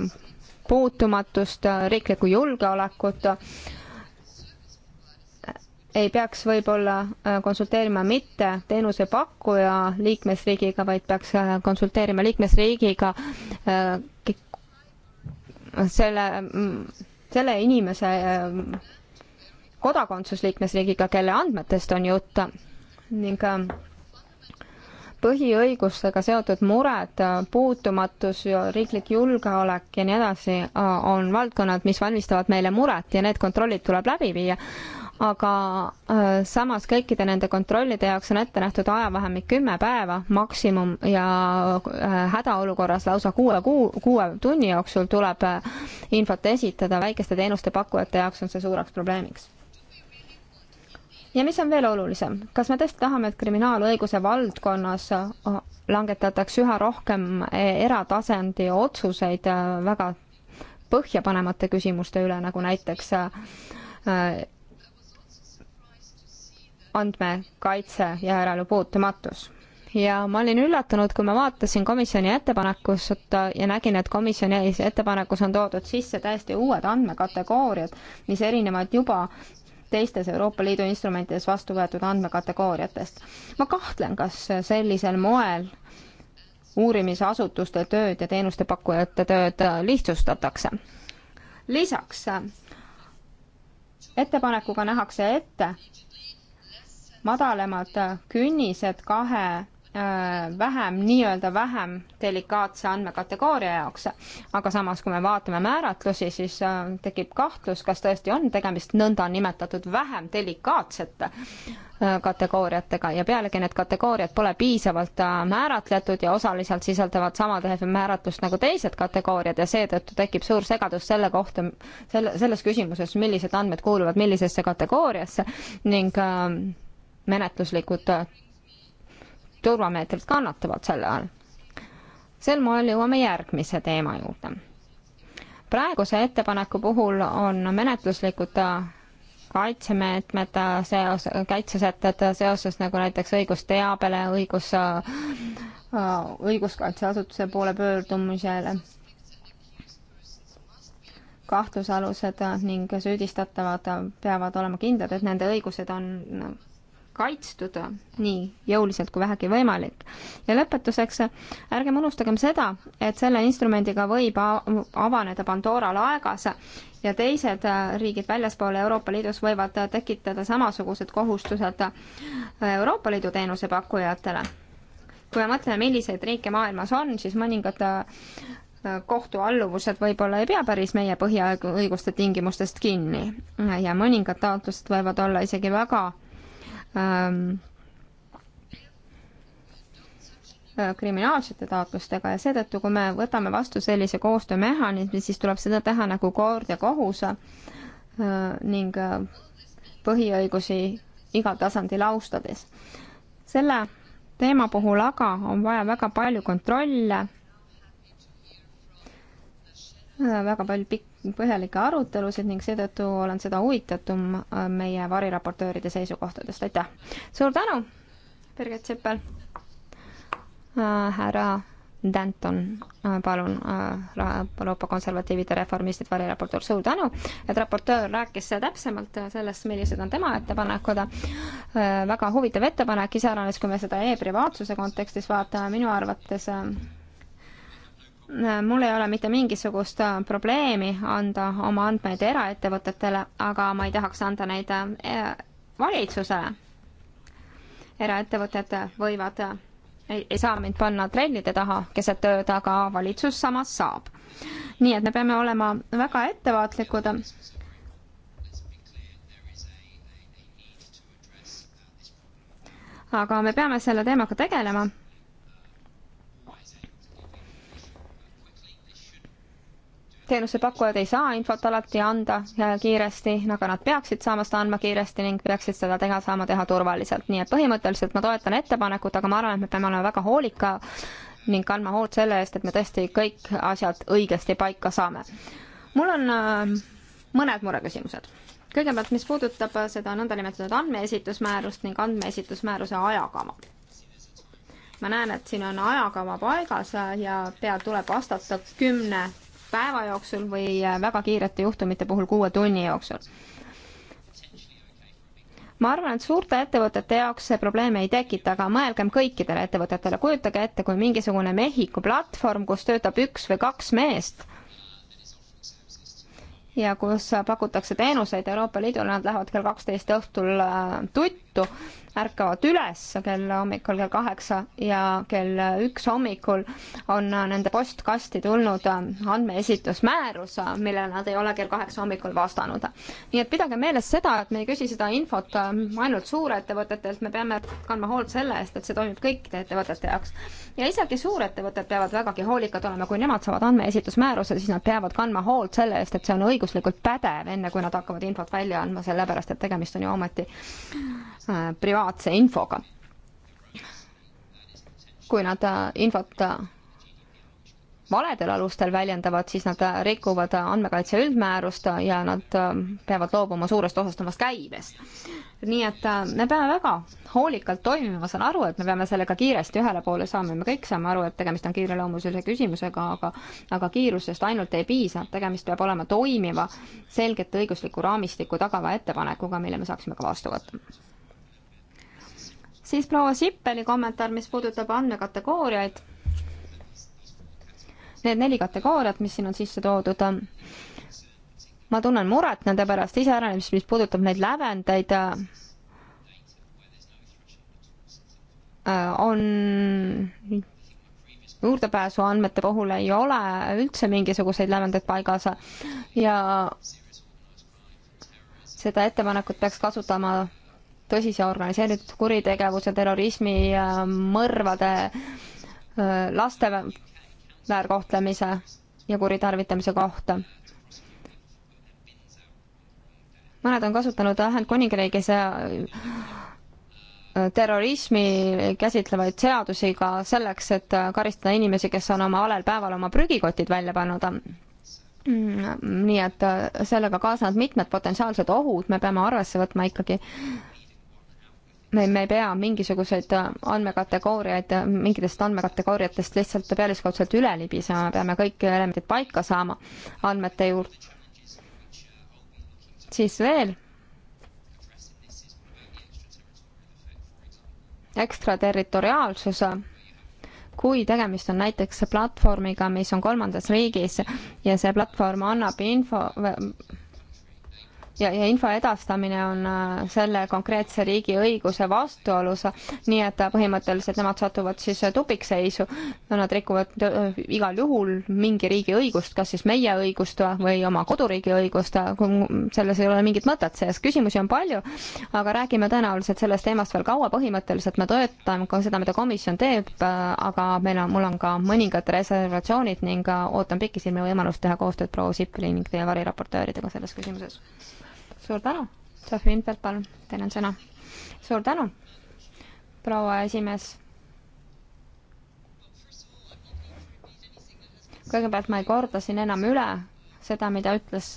puutumatust, äh, riiklikku julgeolekut, ei peaks võib-olla äh, konsulteerima mitte teenusepakkuja liikmesriigiga, vaid peaks äh, konsulteerima liikmesriigiga äh, selle, mm, selle inimese kodakondsus liikmesriigiga, kelle andmetest on juttu ning põhiõigustega seotud mured, puutumatus, riiklik julgeolek ja nii edasi on valdkonnad, mis valmistavad meile muret ja need kontrollid tuleb läbi viia aga äh, samas kõikide nende kontrollide jaoks on ette nähtud ajavahemik kümme päeva maksimum ja äh, hädaolukorras lausa kuue kuu, kuue tunni jooksul tuleb äh, infot esitada, väikeste teenuste pakkujate jaoks on see suureks probleemiks. ja mis on veel olulisem, kas me tõesti tahame, et kriminaalõiguse valdkonnas langetataks üha rohkem eratasandi otsuseid väga põhjapanemata küsimuste üle, nagu näiteks andmekaitse ja järelu puutumatus. ja ma olin üllatunud, kui ma vaatasin komisjoni ettepanekust ja nägin, et komisjoni ettepanekus on toodud sisse täiesti uued andmekategooriad, mis erinevad juba teistes Euroopa Liidu instrumentides vastu võetud andmekategooriatest. ma kahtlen, kas sellisel moel uurimisasutuste tööd ja teenustepakkujate tööd lihtsustatakse. lisaks ettepanekuga nähakse ette madalamad künnised kahe äh, vähem, nii-öelda vähem delikaatse andmekategooria jaoks. aga samas, kui me vaatame määratlusi, siis äh, tekib kahtlus, kas tõesti on tegemist nõndanimetatud vähem delikaatsete äh, kategooriatega ja pealegi need kategooriad pole piisavalt määratletud ja osaliselt sisaldavad sama määratlust nagu teised kategooriad ja seetõttu tekib suur segadus selle kohta, selle, selles küsimuses, millised andmed kuuluvad millisesse kategooriasse ning äh, menetluslikud äh, turvameetrid kannatavad selle all. sel moel jõuame järgmise teema juurde. praeguse ettepaneku puhul on menetluslikud äh, kaitsemeetmed äh, seos, kaitsesätted seoses nagu näiteks õigus teabele, õigus, õiguskaitseasutuse poole pöördumisele, kahtlusalused ning süüdistatavad peavad olema kindlad, et nende õigused on kaitstud nii jõuliselt kui vähegi võimalik. ja lõpetuseks, ärgem unustagem seda, et selle instrumendiga võib avaneda Pandora laegas ja teised riigid väljaspool Euroopa Liidus võivad tekitada samasugused kohustused Euroopa Liidu teenusepakkujatele. kui me mõtleme, milliseid riike maailmas on, siis mõningad äh, kohtualluvused võib-olla ei pea päris meie põhiõiguste tingimustest kinni ja mõningad taotlused võivad olla isegi väga ähm, äh, kriminaalsete taotlustega ja seetõttu, kui me võtame vastu sellise koostöömehhanismi, siis tuleb seda teha nagu kord ja kohus äh, ning äh, põhiõigusi igal tasandil austades. selle teema puhul aga on vaja väga palju kontrolle väga palju pikk, põhjalikke arutelusid ning seetõttu olen seda huvitatum äh, meie variraportööride seisukohtadest, aitäh! suur tänu, Birgit Sippel! Äh, härra Danton, äh, palun, Euroopa Konservatiivide Reformistid variraportöör, suur tänu, et raportöör rääkis täpsemalt sellest, millised on tema ettepanekud. väga huvitav ettepanek, iseäranis kui me seda e-privaatsuse kontekstis vaatame, minu arvates mul ei ole mitte mingisugust äh, probleemi anda oma andmeid eraettevõtetele, aga ma ei tahaks anda neid äh, valitsusele. eraettevõtted võivad, äh, ei saa mind panna trennide taha keset ööd, aga valitsus samas saab. nii et me peame olema väga ettevaatlikud aga me peame selle teemaga tegelema teenusepakkujad ei saa infot alati anda äh, kiiresti, aga nad peaksid saama seda andma kiiresti ning peaksid seda teha, saama teha turvaliselt. nii et põhimõtteliselt ma toetan ettepanekut, aga ma arvan, et me peame olema väga hoolika ning kandma hoolt selle eest, et me tõesti kõik asjad õigesti paika saame. mul on äh, mõned mureküsimused. kõigepealt, mis puudutab äh, seda nõndanimetatud andmeesitusmäärust ning andmeesitusmääruse ajakava ma näen, et siin on ajakava paigas ja peal tuleb vastata kümne päeva jooksul või äh, väga kiirete juhtumite puhul kuue tunni jooksul. ma arvan, et suurte ettevõtete jaoks see probleeme ei tekita, aga mõelgem kõikidele ettevõtetele, kujutage ette, kui mingisugune Mehhiko platvorm, kus töötab üks või kaks meest, ja kus pakutakse teenuseid Euroopa Liidule, nad lähevad kell kaksteist õhtul äh, tuttu ärkavad üles kell hommikul kell kaheksa ja kell üks hommikul on nende postkasti tulnud andmeesitusmäärus, millele nad ei ole kell kaheksa hommikul vastanud. nii et pidage meeles seda, et me ei küsi seda infot ainult suurettevõtetelt, me peame kandma hoolt selle eest, et see toimib kõikide ettevõtete jaoks. ja isegi suurettevõtted peavad vägagi hoolikad olema, kui nemad saavad andmeesitusmääruse, siis nad peavad kandma hoolt selle eest, et see on õiguslikult pädev, enne kui nad hakkavad infot välja andma, sellepärast et tegemist on ju ometi äh, privaat- piraatse infoga. kui nad äh, infot äh, valedel alustel väljendavad, siis nad äh, rikuvad andmekaitse üldmäärust ja nad peavad loobuma suurest osast omast käibest. nii et me peame väga hoolikalt toimima, ma saan aru, et me peame sellega kiiresti ühele poole saama ja me kõik saame aru, et tegemist on kiireloomulise küsimusega, aga aga kiirusest ainult ei piisa, tegemist peab olema toimiva, selget õiguslikku raamistikku tagava ettepanekuga, mille me saaksime ka vastu võtta siis proua Sippeli kommentaar, mis puudutab andmekategooriaid. Need neli kategooriat, mis siin on sisse toodud, ma tunnen muret nende pärast, iseäranis, mis puudutab neid lävendeid, äh, on juurdepääsu andmete puhul ei ole üldse mingisuguseid lävendeid paigas ja seda ettepanekut peaks kasutama tõsise organiseeritud kuritegevuse, terrorismi, mõrvade, laste väärkohtlemise ja kuritarvitamise kohta. mõned on kasutanud Ühendkuningriigis terrorismi käsitlevaid seadusi ka selleks, et karistada inimesi, kes on oma valel päeval oma prügikotid välja pannud. Mm, nii et sellega kaasnevad mitmed potentsiaalsed ohud, me peame arvesse võtma ikkagi me, me ei pea mingisuguseid äh, andmekategooriaid, äh, mingitest andmekategooriatest lihtsalt pealiskaudselt üle libisema, peame kõik elemendid paika saama andmete juurde. siis veel. ekstraterritoriaalsuse kui tegemist on näiteks platvormiga, mis on kolmandas riigis ja see platvorm annab info ja, ja info edastamine on äh, selle konkreetse riigi õiguse vastuolus, nii et äh, põhimõtteliselt nemad satuvad siis äh, tupikseisu. Nad rikuvad igal juhul mingi riigi õigust, kas siis meie õigust või oma koduriigi õigust, selles ei ole mingit mõtet sees, küsimusi on palju, aga räägime tõenäoliselt sellest teemast veel kaua, põhimõtteliselt me toetame ka seda, mida komisjon teeb, aga meil on, mul on ka mõningad reservatsioonid ning ootan pikisilmi võimalust teha koostööd proua Sippeli ning teie variraportööridega selles küsimuses suur tänu, Sofi Infeld, palun, teil on sõna. suur tänu, proua esimees. kõigepealt ma ei korda siin enam üle seda, mida ütles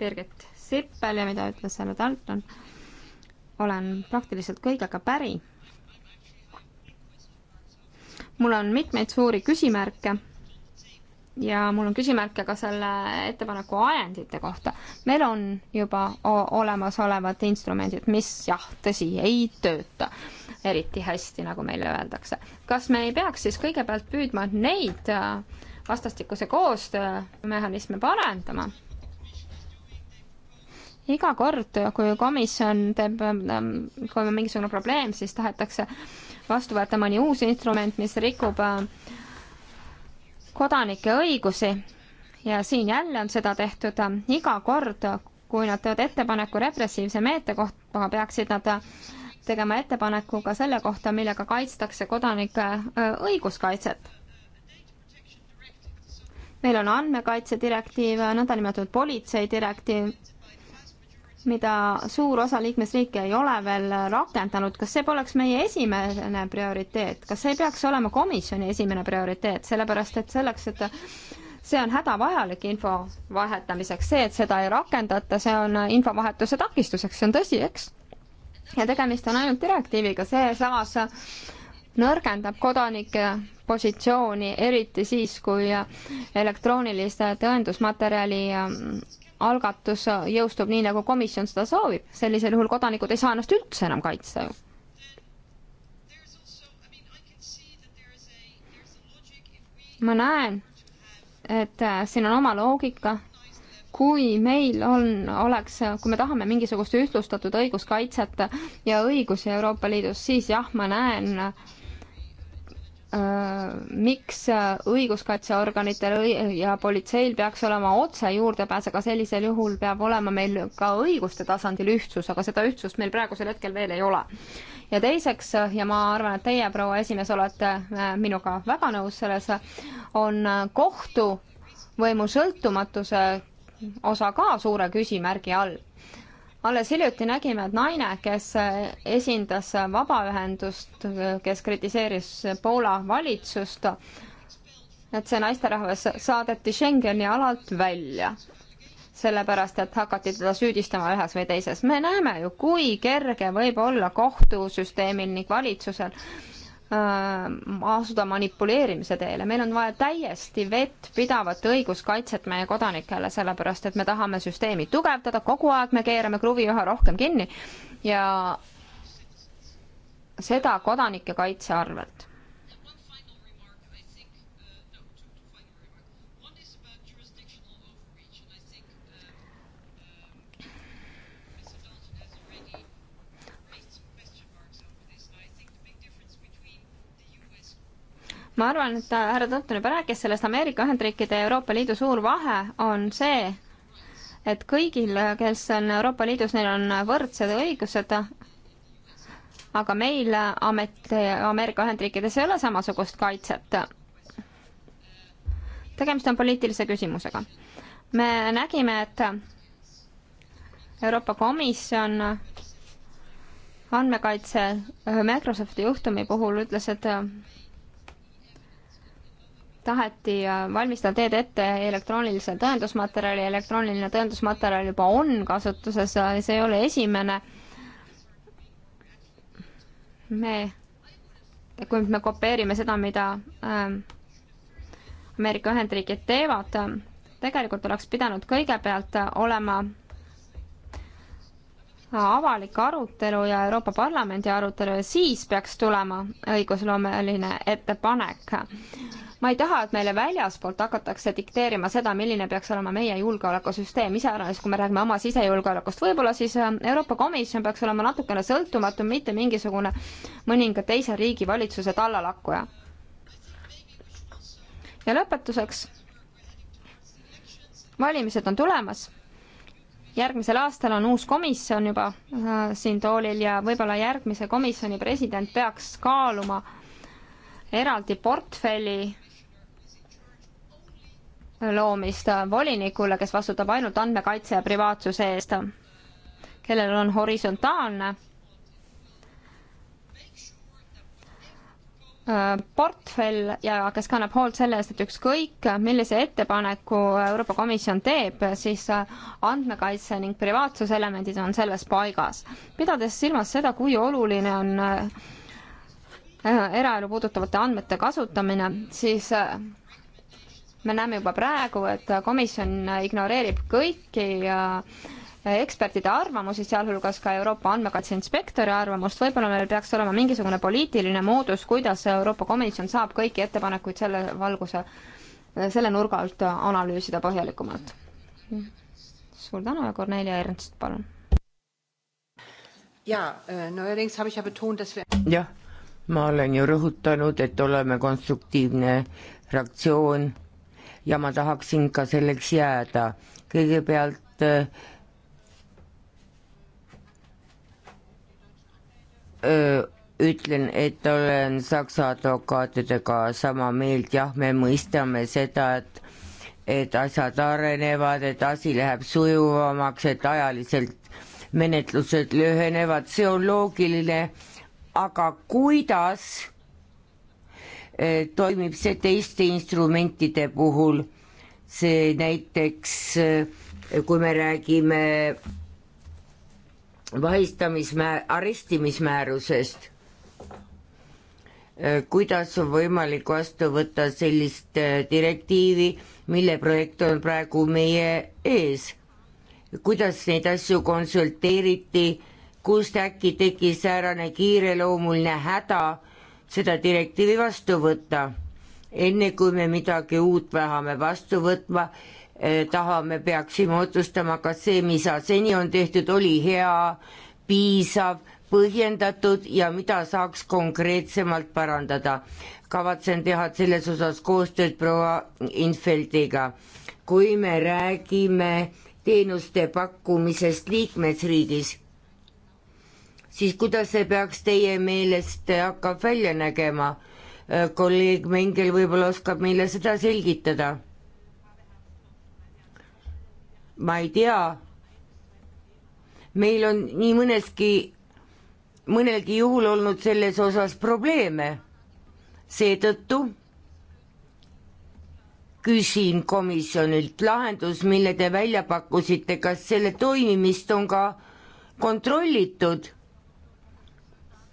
Birgit Sippel ja mida ütles härra Dalton. olen praktiliselt kõigega päri. mul on mitmeid suuri küsimärke ja mul on küsimärke ka selle ettepaneku ajendite kohta. meil on juba olemasolevad instrumendid, mis jah, tõsi, ei tööta eriti hästi, nagu meile öeldakse. kas me ei peaks siis kõigepealt püüdma neid äh, vastastikuse koostöömehhanisme parandama? iga kord, kui komisjon teeb, ähm, kui on mingisugune probleem, siis tahetakse vastu võtta mõni uus instrument, mis rikub äh, kodanike õigusi ja siin jälle on seda tehtud ähm, iga kord, kui nad teevad ettepaneku repressiivse meetme kohta, peaksid nad äh, tegema ettepaneku ka selle kohta, millega kaitstakse kodanike äh, õiguskaitset. meil on andmekaitse direktiiv, nõndanimetatud politsei direktiiv mida suur osa liikmesriike ei ole veel rakendanud, kas see poleks meie esimene prioriteet, kas see ei peaks olema komisjoni esimene prioriteet, sellepärast et selleks, et see on hädavajalik info vahetamiseks, see, et seda ei rakendata, see on infovahetuse takistuseks, see on tõsi, eks? ja tegemist on ainult direktiiviga, see samas nõrgendab kodanike positsiooni, eriti siis, kui elektroonilise tõendusmaterjali algatus jõustub nii, nagu komisjon seda soovib, sellisel juhul kodanikud ei saa ennast üldse enam kaitsta ju. ma näen, et äh, siin on oma loogika, kui meil on, oleks, kui me tahame mingisugust ühtlustatud õiguskaitset ja õigusi Euroopa Liidus, siis jah, ma näen äh, Äh, miks äh, õiguskaitseorganitel ja politseil peaks olema otse juurdepääs, aga sellisel juhul peab olema meil ka õiguste tasandil ühtsus, aga seda ühtsust meil praegusel hetkel veel ei ole. ja teiseks, äh, ja ma arvan, et teie, proua esimees, olete minuga väga nõus selles, on kohtuvõimu sõltumatuse osa ka suure küsimärgi all alles hiljuti nägime, et naine, kes äh, esindas äh, vabaühendust, äh, kes kritiseeris Poola valitsust, et see naisterahvas saadeti Schengeni alalt välja. sellepärast, et hakati teda süüdistama ühes või teises. me näeme ju, kui kerge võib olla kohtusüsteemil ning valitsusel Äh, asuda manipuleerimise teele, meil on vaja täiesti vettpidavat õiguskaitset meie kodanikele, sellepärast et me tahame süsteemi tugevdada, kogu aeg me keerame kruvi üha rohkem kinni ja seda kodanike kaitse arvelt. ma arvan, et härra Tõnton juba rääkis sellest Ameerika Ühendriikide ja Euroopa Liidu suur vahe on see, et kõigil, kes on Euroopa Liidus, neil on võrdsed õigused, aga meil amet, Ameerika Ühendriikides ei ole samasugust kaitset. tegemist on poliitilise küsimusega. me nägime, et Euroopa Komisjon andmekaitse Microsofti juhtumi puhul ütles, et taheti äh, valmistada teed ette elektroonilise tõendusmaterjali, elektrooniline tõendusmaterjal juba on kasutuses, äh, see ei ole esimene. me, kui me kopeerime seda, mida ähm, Ameerika Ühendriigid teevad, äh, tegelikult oleks pidanud kõigepealt olema avalik arutelu ja Euroopa Parlamendi arutelu ja siis peaks tulema õigusloomeline ettepanek ma ei taha, et meile väljaspoolt hakatakse dikteerima seda, milline peaks olema meie julgeolekusüsteem, iseäranis kui me räägime oma sisejulgeolekust. võib-olla siis äh, Euroopa Komisjon peaks olema natukene sõltumatum, mitte mingisugune mõninga teise riigi valitsuse tallalakkuja. ja lõpetuseks, valimised on tulemas järgmisel aastal on uus komisjon juba äh, siin toolil ja võib-olla järgmise komisjoni president peaks kaaluma eraldi portfelli loomist volinikule, kes vastutab ainult andmekaitse ja privaatsuse eest, kellel on horisontaalne äh, portfell ja kes kannab hoolt selle eest, et ükskõik, millise ettepaneku Euroopa Komisjon teeb, siis äh, andmekaitse ning privaatsuselemendid on selles paigas. pidades silmas seda, kui oluline on äh, eraelu puudutavate andmete kasutamine, siis me näeme juba praegu, et komisjon ignoreerib kõiki äh, ekspertide arvamusi, sealhulgas ka Euroopa Andmekaitse Inspektori arvamust, võib-olla meil peaks olema mingisugune poliitiline moodus, kuidas Euroopa Komisjon saab kõiki ettepanekuid selle valguse, äh, selle nurga alt analüüsida põhjalikumalt. suur tänu ja Kornelia Ernst, palun. Äh, jah, ma olen ju rõhutanud, et oleme konstruktiivne fraktsioon ja ma tahaksin ka selleks jääda. kõigepealt öö, äh, äh, ütlen, et olen Saksa advokaatidega sama meelt, jah, me mõistame seda, et et asjad arenevad, et asi läheb sujuvamaks, et ajaliselt menetlused lühenevad, see on loogiline, aga kuidas Eh, toimib see teiste instrumentide puhul, see näiteks eh, kui me räägime vahistamismäär-, arestimismäärusest, eh, kuidas on võimalik vastu võtta sellist direktiivi, mille projekt on praegu meie ees, kuidas neid asju konsulteeriti, kust äkki tekkis säärane kiireloomuline häda, seda direktiivi vastu võtta. enne kui me midagi uut tahame vastu võtma eh,, tahame, peaksime otsustama, kas see, mis seni on tehtud, oli hea, piisav, põhjendatud ja mida saaks konkreetsemalt parandada. kavatsen teha selles osas koostööd proua Infeldiga. kui me räägime teenuste pakkumisest liikmesriigis siis kuidas see peaks teie meelest hakkab välja nägema? kolleeg Mengel võib-olla oskab meile seda selgitada. ma ei tea. meil on nii mõneski, mõnelgi juhul olnud selles osas probleeme. seetõttu küsin komisjonilt lahendus, mille te välja pakkusite, kas selle toimimist on ka kontrollitud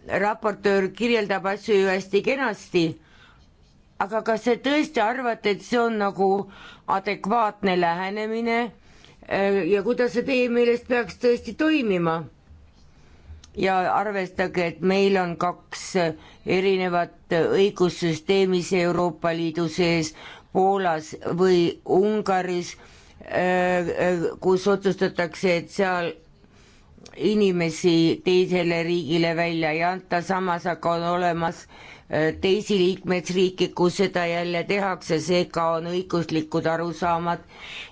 raportöör kirjeldab asju ju hästi kenasti, aga kas te tõesti arvate, et see on nagu adekvaatne lähenemine äh, ja kuidas see teie meelest peaks tõesti toimima? ja arvestage, et meil on kaks äh, erinevat äh, õigussüsteemis Euroopa Liidu sees, Poolas või Ungaris, kus otsustatakse, et seal inimesi teisele riigile välja ei anta, samas aga on olemas äh, teisi liikmesriike, kus seda jälle tehakse, seega on õiguslikud arusaamad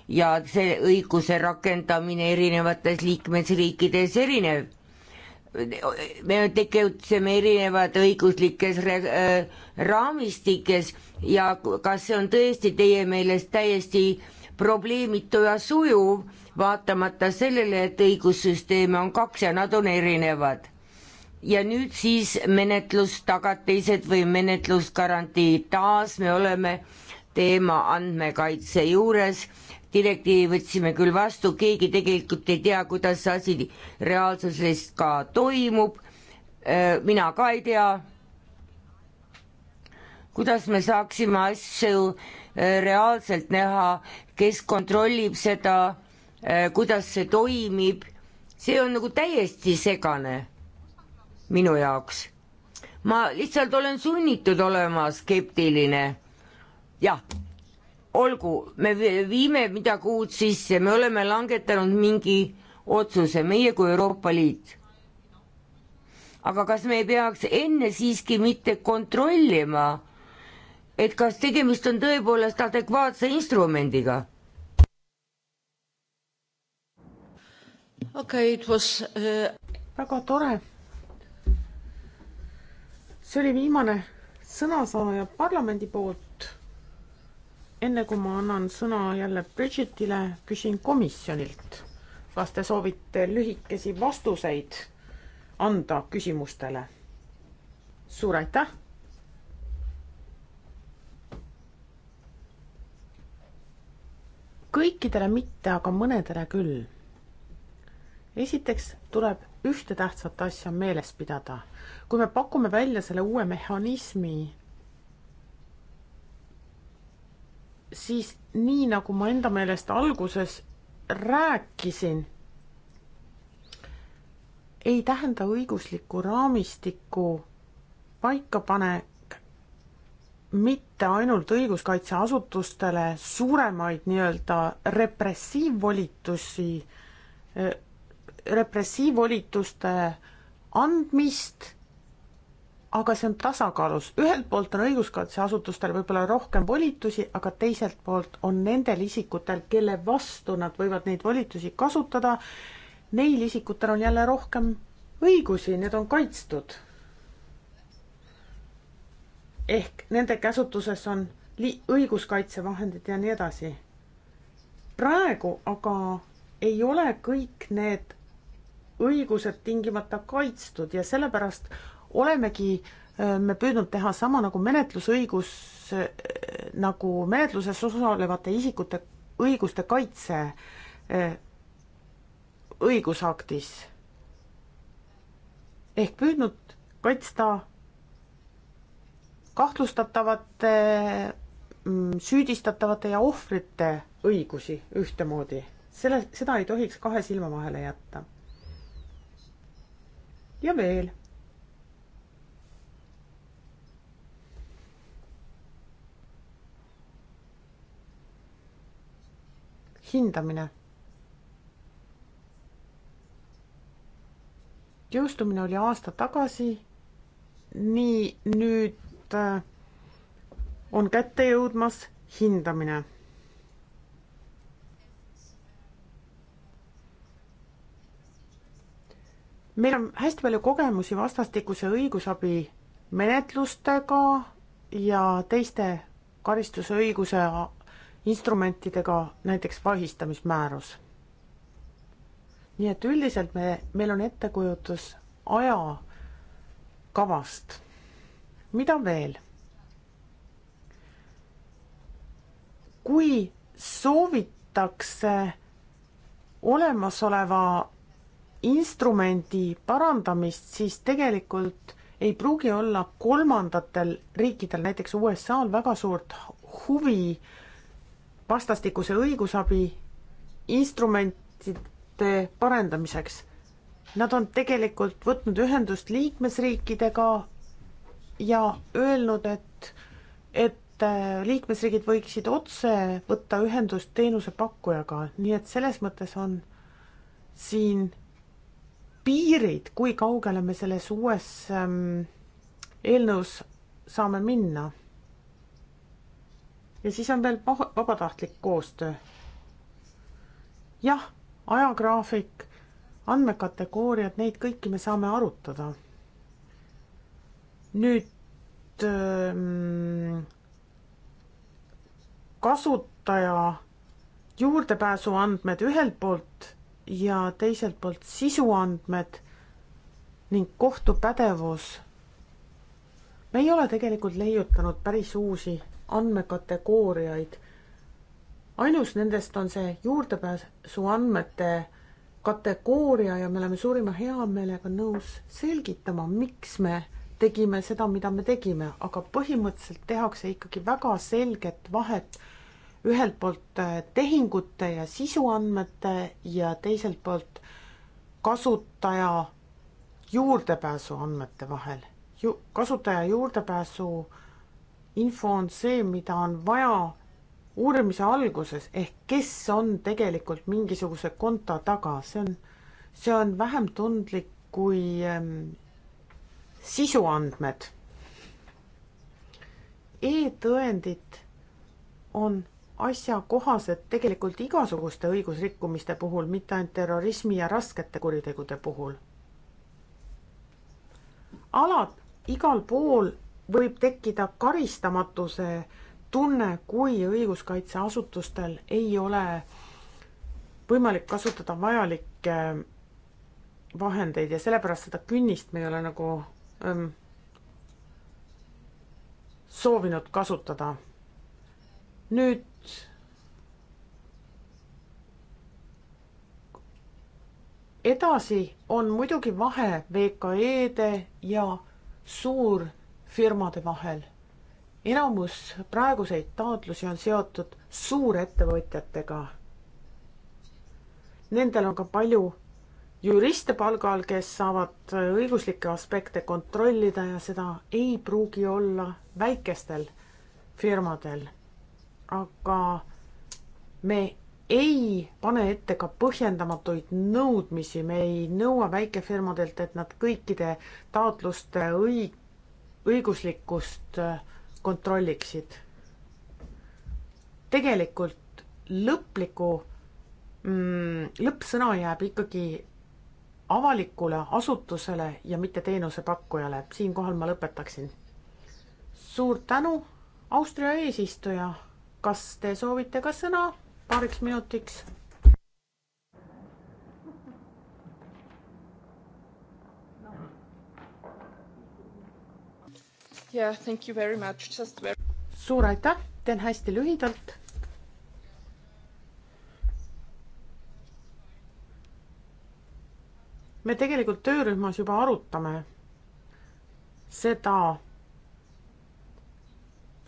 ja see õiguse rakendamine erinevates liikmesriikides erinev. me tegutseme erinevad õiguslikes äh, raamistikes ja kas see on tõesti teie meelest täiesti äh, probleemitu ja sujuv, vaatamata sellele, et õigussüsteeme on kaks ja nad on erinevad. ja nüüd siis menetlustagatised või menetlusgarantiid, taas me oleme teema andmekaitse juures, direktiivi võtsime küll vastu, keegi tegelikult ei tea, kuidas see asi reaalsuses ka toimub, mina ka ei tea, kuidas me saaksime asju reaalselt näha, kes kontrollib seda, äh, kuidas see toimib, see on nagu täiesti segane minu jaoks. ma lihtsalt olen sunnitud olema skeptiline. jah, olgu, me viime midagi uut sisse, me oleme langetanud mingi otsuse, meie kui Euroopa Liit. aga kas me ei peaks enne siiski mitte kontrollima, et kas tegemist on tõepoolest adekvaatse instrumendiga. okei okay,, it was uh.... väga tore. see oli viimane sõnasaaja parlamendi poolt. enne kui ma annan sõna jälle Bridgetile, küsin komisjonilt, kas te soovite lühikesi vastuseid anda küsimustele? suur aitäh kõikidele mitte, aga mõnedele küll. esiteks tuleb ühte tähtsat asja meeles pidada. kui me pakume välja selle uue mehhanismi, siis nii, nagu ma enda meelest alguses rääkisin, ei tähenda õigusliku raamistiku paikapanek mitte ainult õiguskaitseasutustele suuremaid nii-öelda repressiivvolitusi, eh, repressiivvolituste andmist, aga see on tasakaalus, ühelt poolt on õiguskaitseasutustel võib-olla rohkem volitusi, aga teiselt poolt on nendel isikutel, kelle vastu nad võivad neid volitusi kasutada, neil isikutel on jälle rohkem õigusi, need on kaitstud ehk nende käsutuses on li-, õiguskaitsevahendid ja nii edasi. praegu aga ei ole kõik need õigused tingimata kaitstud ja sellepärast olemegi me püüdnud teha sama nagu menetlusõigus, nagu menetluses osalevate isikute õiguste kaitse õigusaktis. ehk püüdnud kaitsta kahtlustatavate, mm, süüdistatavate ja ohvrite õigusi ühtemoodi. selle, seda ei tohiks kahe silma vahele jätta. ja veel hindamine. jõustumine oli aasta tagasi, nii nüüd et äh, on kätte jõudmas hindamine. meil on hästi palju kogemusi vastastikuse õigusabi menetlustega ja teiste karistusõiguse instrumentidega, näiteks vahistamismäärus. nii et üldiselt me, meil on ettekujutus ajakavast mida veel? kui soovitakse olemasoleva instrumendi parandamist, siis tegelikult ei pruugi olla kolmandatel riikidel, näiteks USA-l väga suurt huvi vastastikuse õigusabi instrumentide parendamiseks. Nad on tegelikult võtnud ühendust liikmesriikidega, ja öelnud, et, et äh, liikmesriigid võiksid otse võtta ühendust teenusepakkujaga, nii et selles mõttes on siin piirid, kui kaugele me selles uues ähm, eelnõus saame minna. ja siis on veel vabatahtlik koostöö. jah, ajagraafik, andmekategooriad, neid kõiki me saame arutada nüüd ähm, kasutaja juurdepääsuandmed ühelt poolt ja teiselt poolt sisuandmed ning kohtupädevus. me ei ole tegelikult leiutanud päris uusi andmekategooriaid. ainus nendest on see juurdepääsuandmete kategooria ja me oleme suurima heameelega nõus selgitama, miks me tegime seda, mida me tegime, aga põhimõtteliselt tehakse ikkagi väga selget vahet ühelt poolt äh, tehingute ja sisuandmete ja teiselt poolt kasutaja juurdepääsu andmete vahel ju,. kasutaja juurdepääsu info on see, mida on vaja uurimise alguses ehk kes on tegelikult mingisuguse konto taga, see on, see on vähem tundlik kui ähm, sisuandmed e. e-tõendit on asjakohased tegelikult igasuguste õigusrikkumiste puhul, mitte ainult terrorismi ja raskete kuritegude puhul. alad, igal pool võib tekkida karistamatuse tunne, kui õiguskaitseasutustel ei ole võimalik kasutada vajalikke vahendeid ja sellepärast seda künnist me ei ole nagu ähm, soovinud kasutada. nüüd edasi on muidugi vahe VKE-de ja suurfirmade vahel. enamus praeguseid taotlusi on seotud suurettevõtjatega. Nendel on ka palju juriste palgal, kes saavad õiguslikke aspekte kontrollida ja seda ei pruugi olla väikestel firmadel. aga me ei pane ette ka põhjendamatuid nõudmisi, me ei nõua väikefirmadelt, et nad kõikide taotluste õig-, õiguslikkust äh, kontrolliksid. tegelikult lõpliku mm,, lõppsõna jääb ikkagi avalikule asutusele ja mitte teenusepakkujale. siinkohal ma lõpetaksin. suur tänu, Austria eesistuja. kas te soovite ka sõna paariks minutiks? Yeah, thank you very much. Just very... suur aitäh, teen hästi lühidalt me tegelikult töörühmas juba arutame seda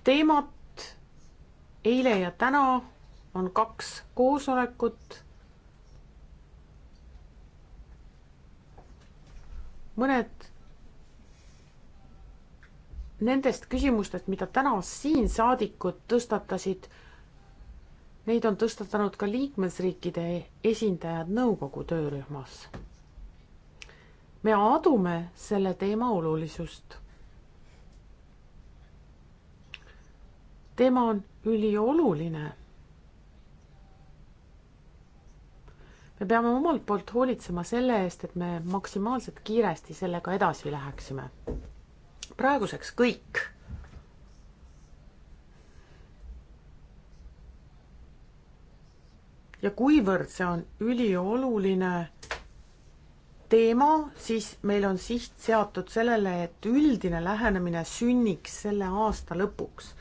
teemat. eile ja täna on kaks koosolekut. mõned nendest küsimustest, mida täna siin saadikud tõstatasid, neid on tõstatanud ka liikmesriikide esindajad nõukogu töörühmas me adume selle teema olulisust. teema on ülioluline. me peame omalt poolt hoolitsema selle eest, et me maksimaalselt kiiresti sellega edasi läheksime. praeguseks kõik ja kuivõrd see on ülioluline teema, siis meil on siht seatud sellele, et üldine lähenemine sünniks selle aasta lõpuks.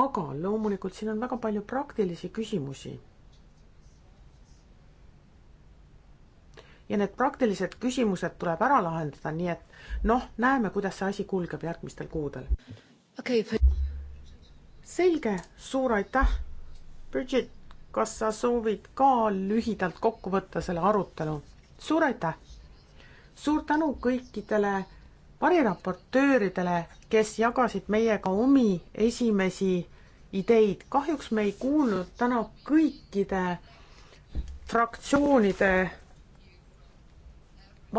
aga loomulikult siin on väga palju praktilisi küsimusi. ja need praktilised küsimused tuleb ära lahendada, nii et noh, näeme, kuidas see asi kulgeb järgmistel kuudel okay,. selge, suur aitäh. Bridget, kas sa soovid ka lühidalt kokku võtta selle arutelu? suur aitäh suur tänu kõikidele variraportööridele, kes jagasid meiega omi esimesi ideid. kahjuks me ei kuulnud täna kõikide fraktsioonide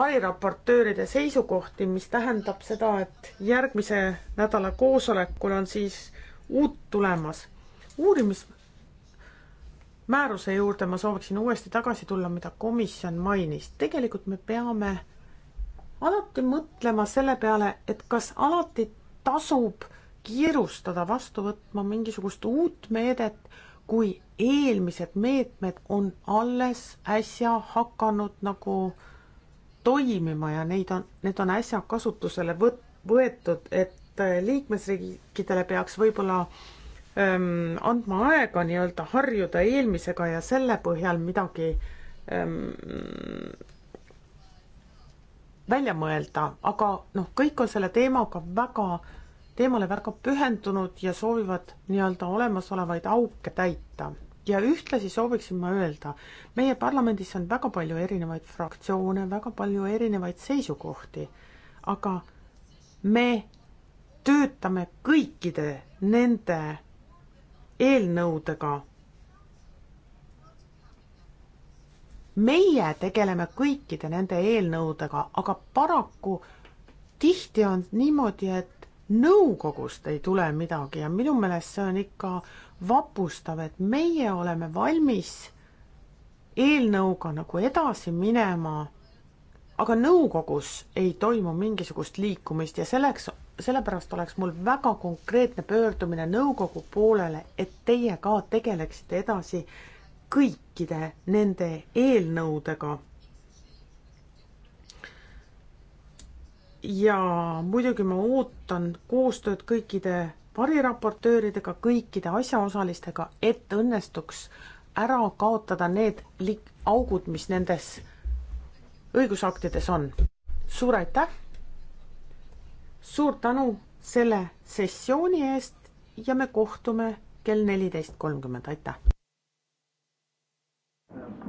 variraportööride seisukohti, mis tähendab seda, et järgmise nädala koosolekul on siis uut tulemas. uurimismääruse juurde ma sooviksin uuesti tagasi tulla, mida komisjon mainis. tegelikult me peame alati mõtlema selle peale, et kas alati tasub kiirustada vastu võtma mingisugust uut meedet, kui eelmised meetmed on alles äsja hakanud nagu toimima ja neid on, need on äsja kasutusele võt-, võetud, et äh, liikmesriikidele peaks võib-olla ähm, andma aega nii-öelda harjuda eelmisega ja selle põhjal midagi ähm, välja mõelda, aga noh, kõik on selle teemaga väga, teemale väga pühendunud ja soovivad nii-öelda olemasolevaid auke täita. ja ühtlasi sooviksin ma öelda, meie parlamendis on väga palju erinevaid fraktsioone, väga palju erinevaid seisukohti, aga me töötame kõikide nende eelnõudega meie tegeleme kõikide nende eelnõudega, aga paraku tihti on niimoodi, et nõukogust ei tule midagi ja minu meelest see on ikka vapustav, et meie oleme valmis eelnõuga nagu edasi minema, aga nõukogus ei toimu mingisugust liikumist ja selleks, sellepärast oleks mul väga konkreetne pöördumine nõukogu poolele, et teie ka tegeleksite edasi äh, kõikide nende eelnõudega. ja muidugi ma ootan koostööd kõikide variraportööridega, kõikide asjaosalistega, et õnnestuks ära kaotada need lik-, augud, mis nendes õigusaktides on. suur aitäh! suur tänu selle sessiooni eest ja me kohtume kell neliteist kolmkümmend, aitäh! Yeah.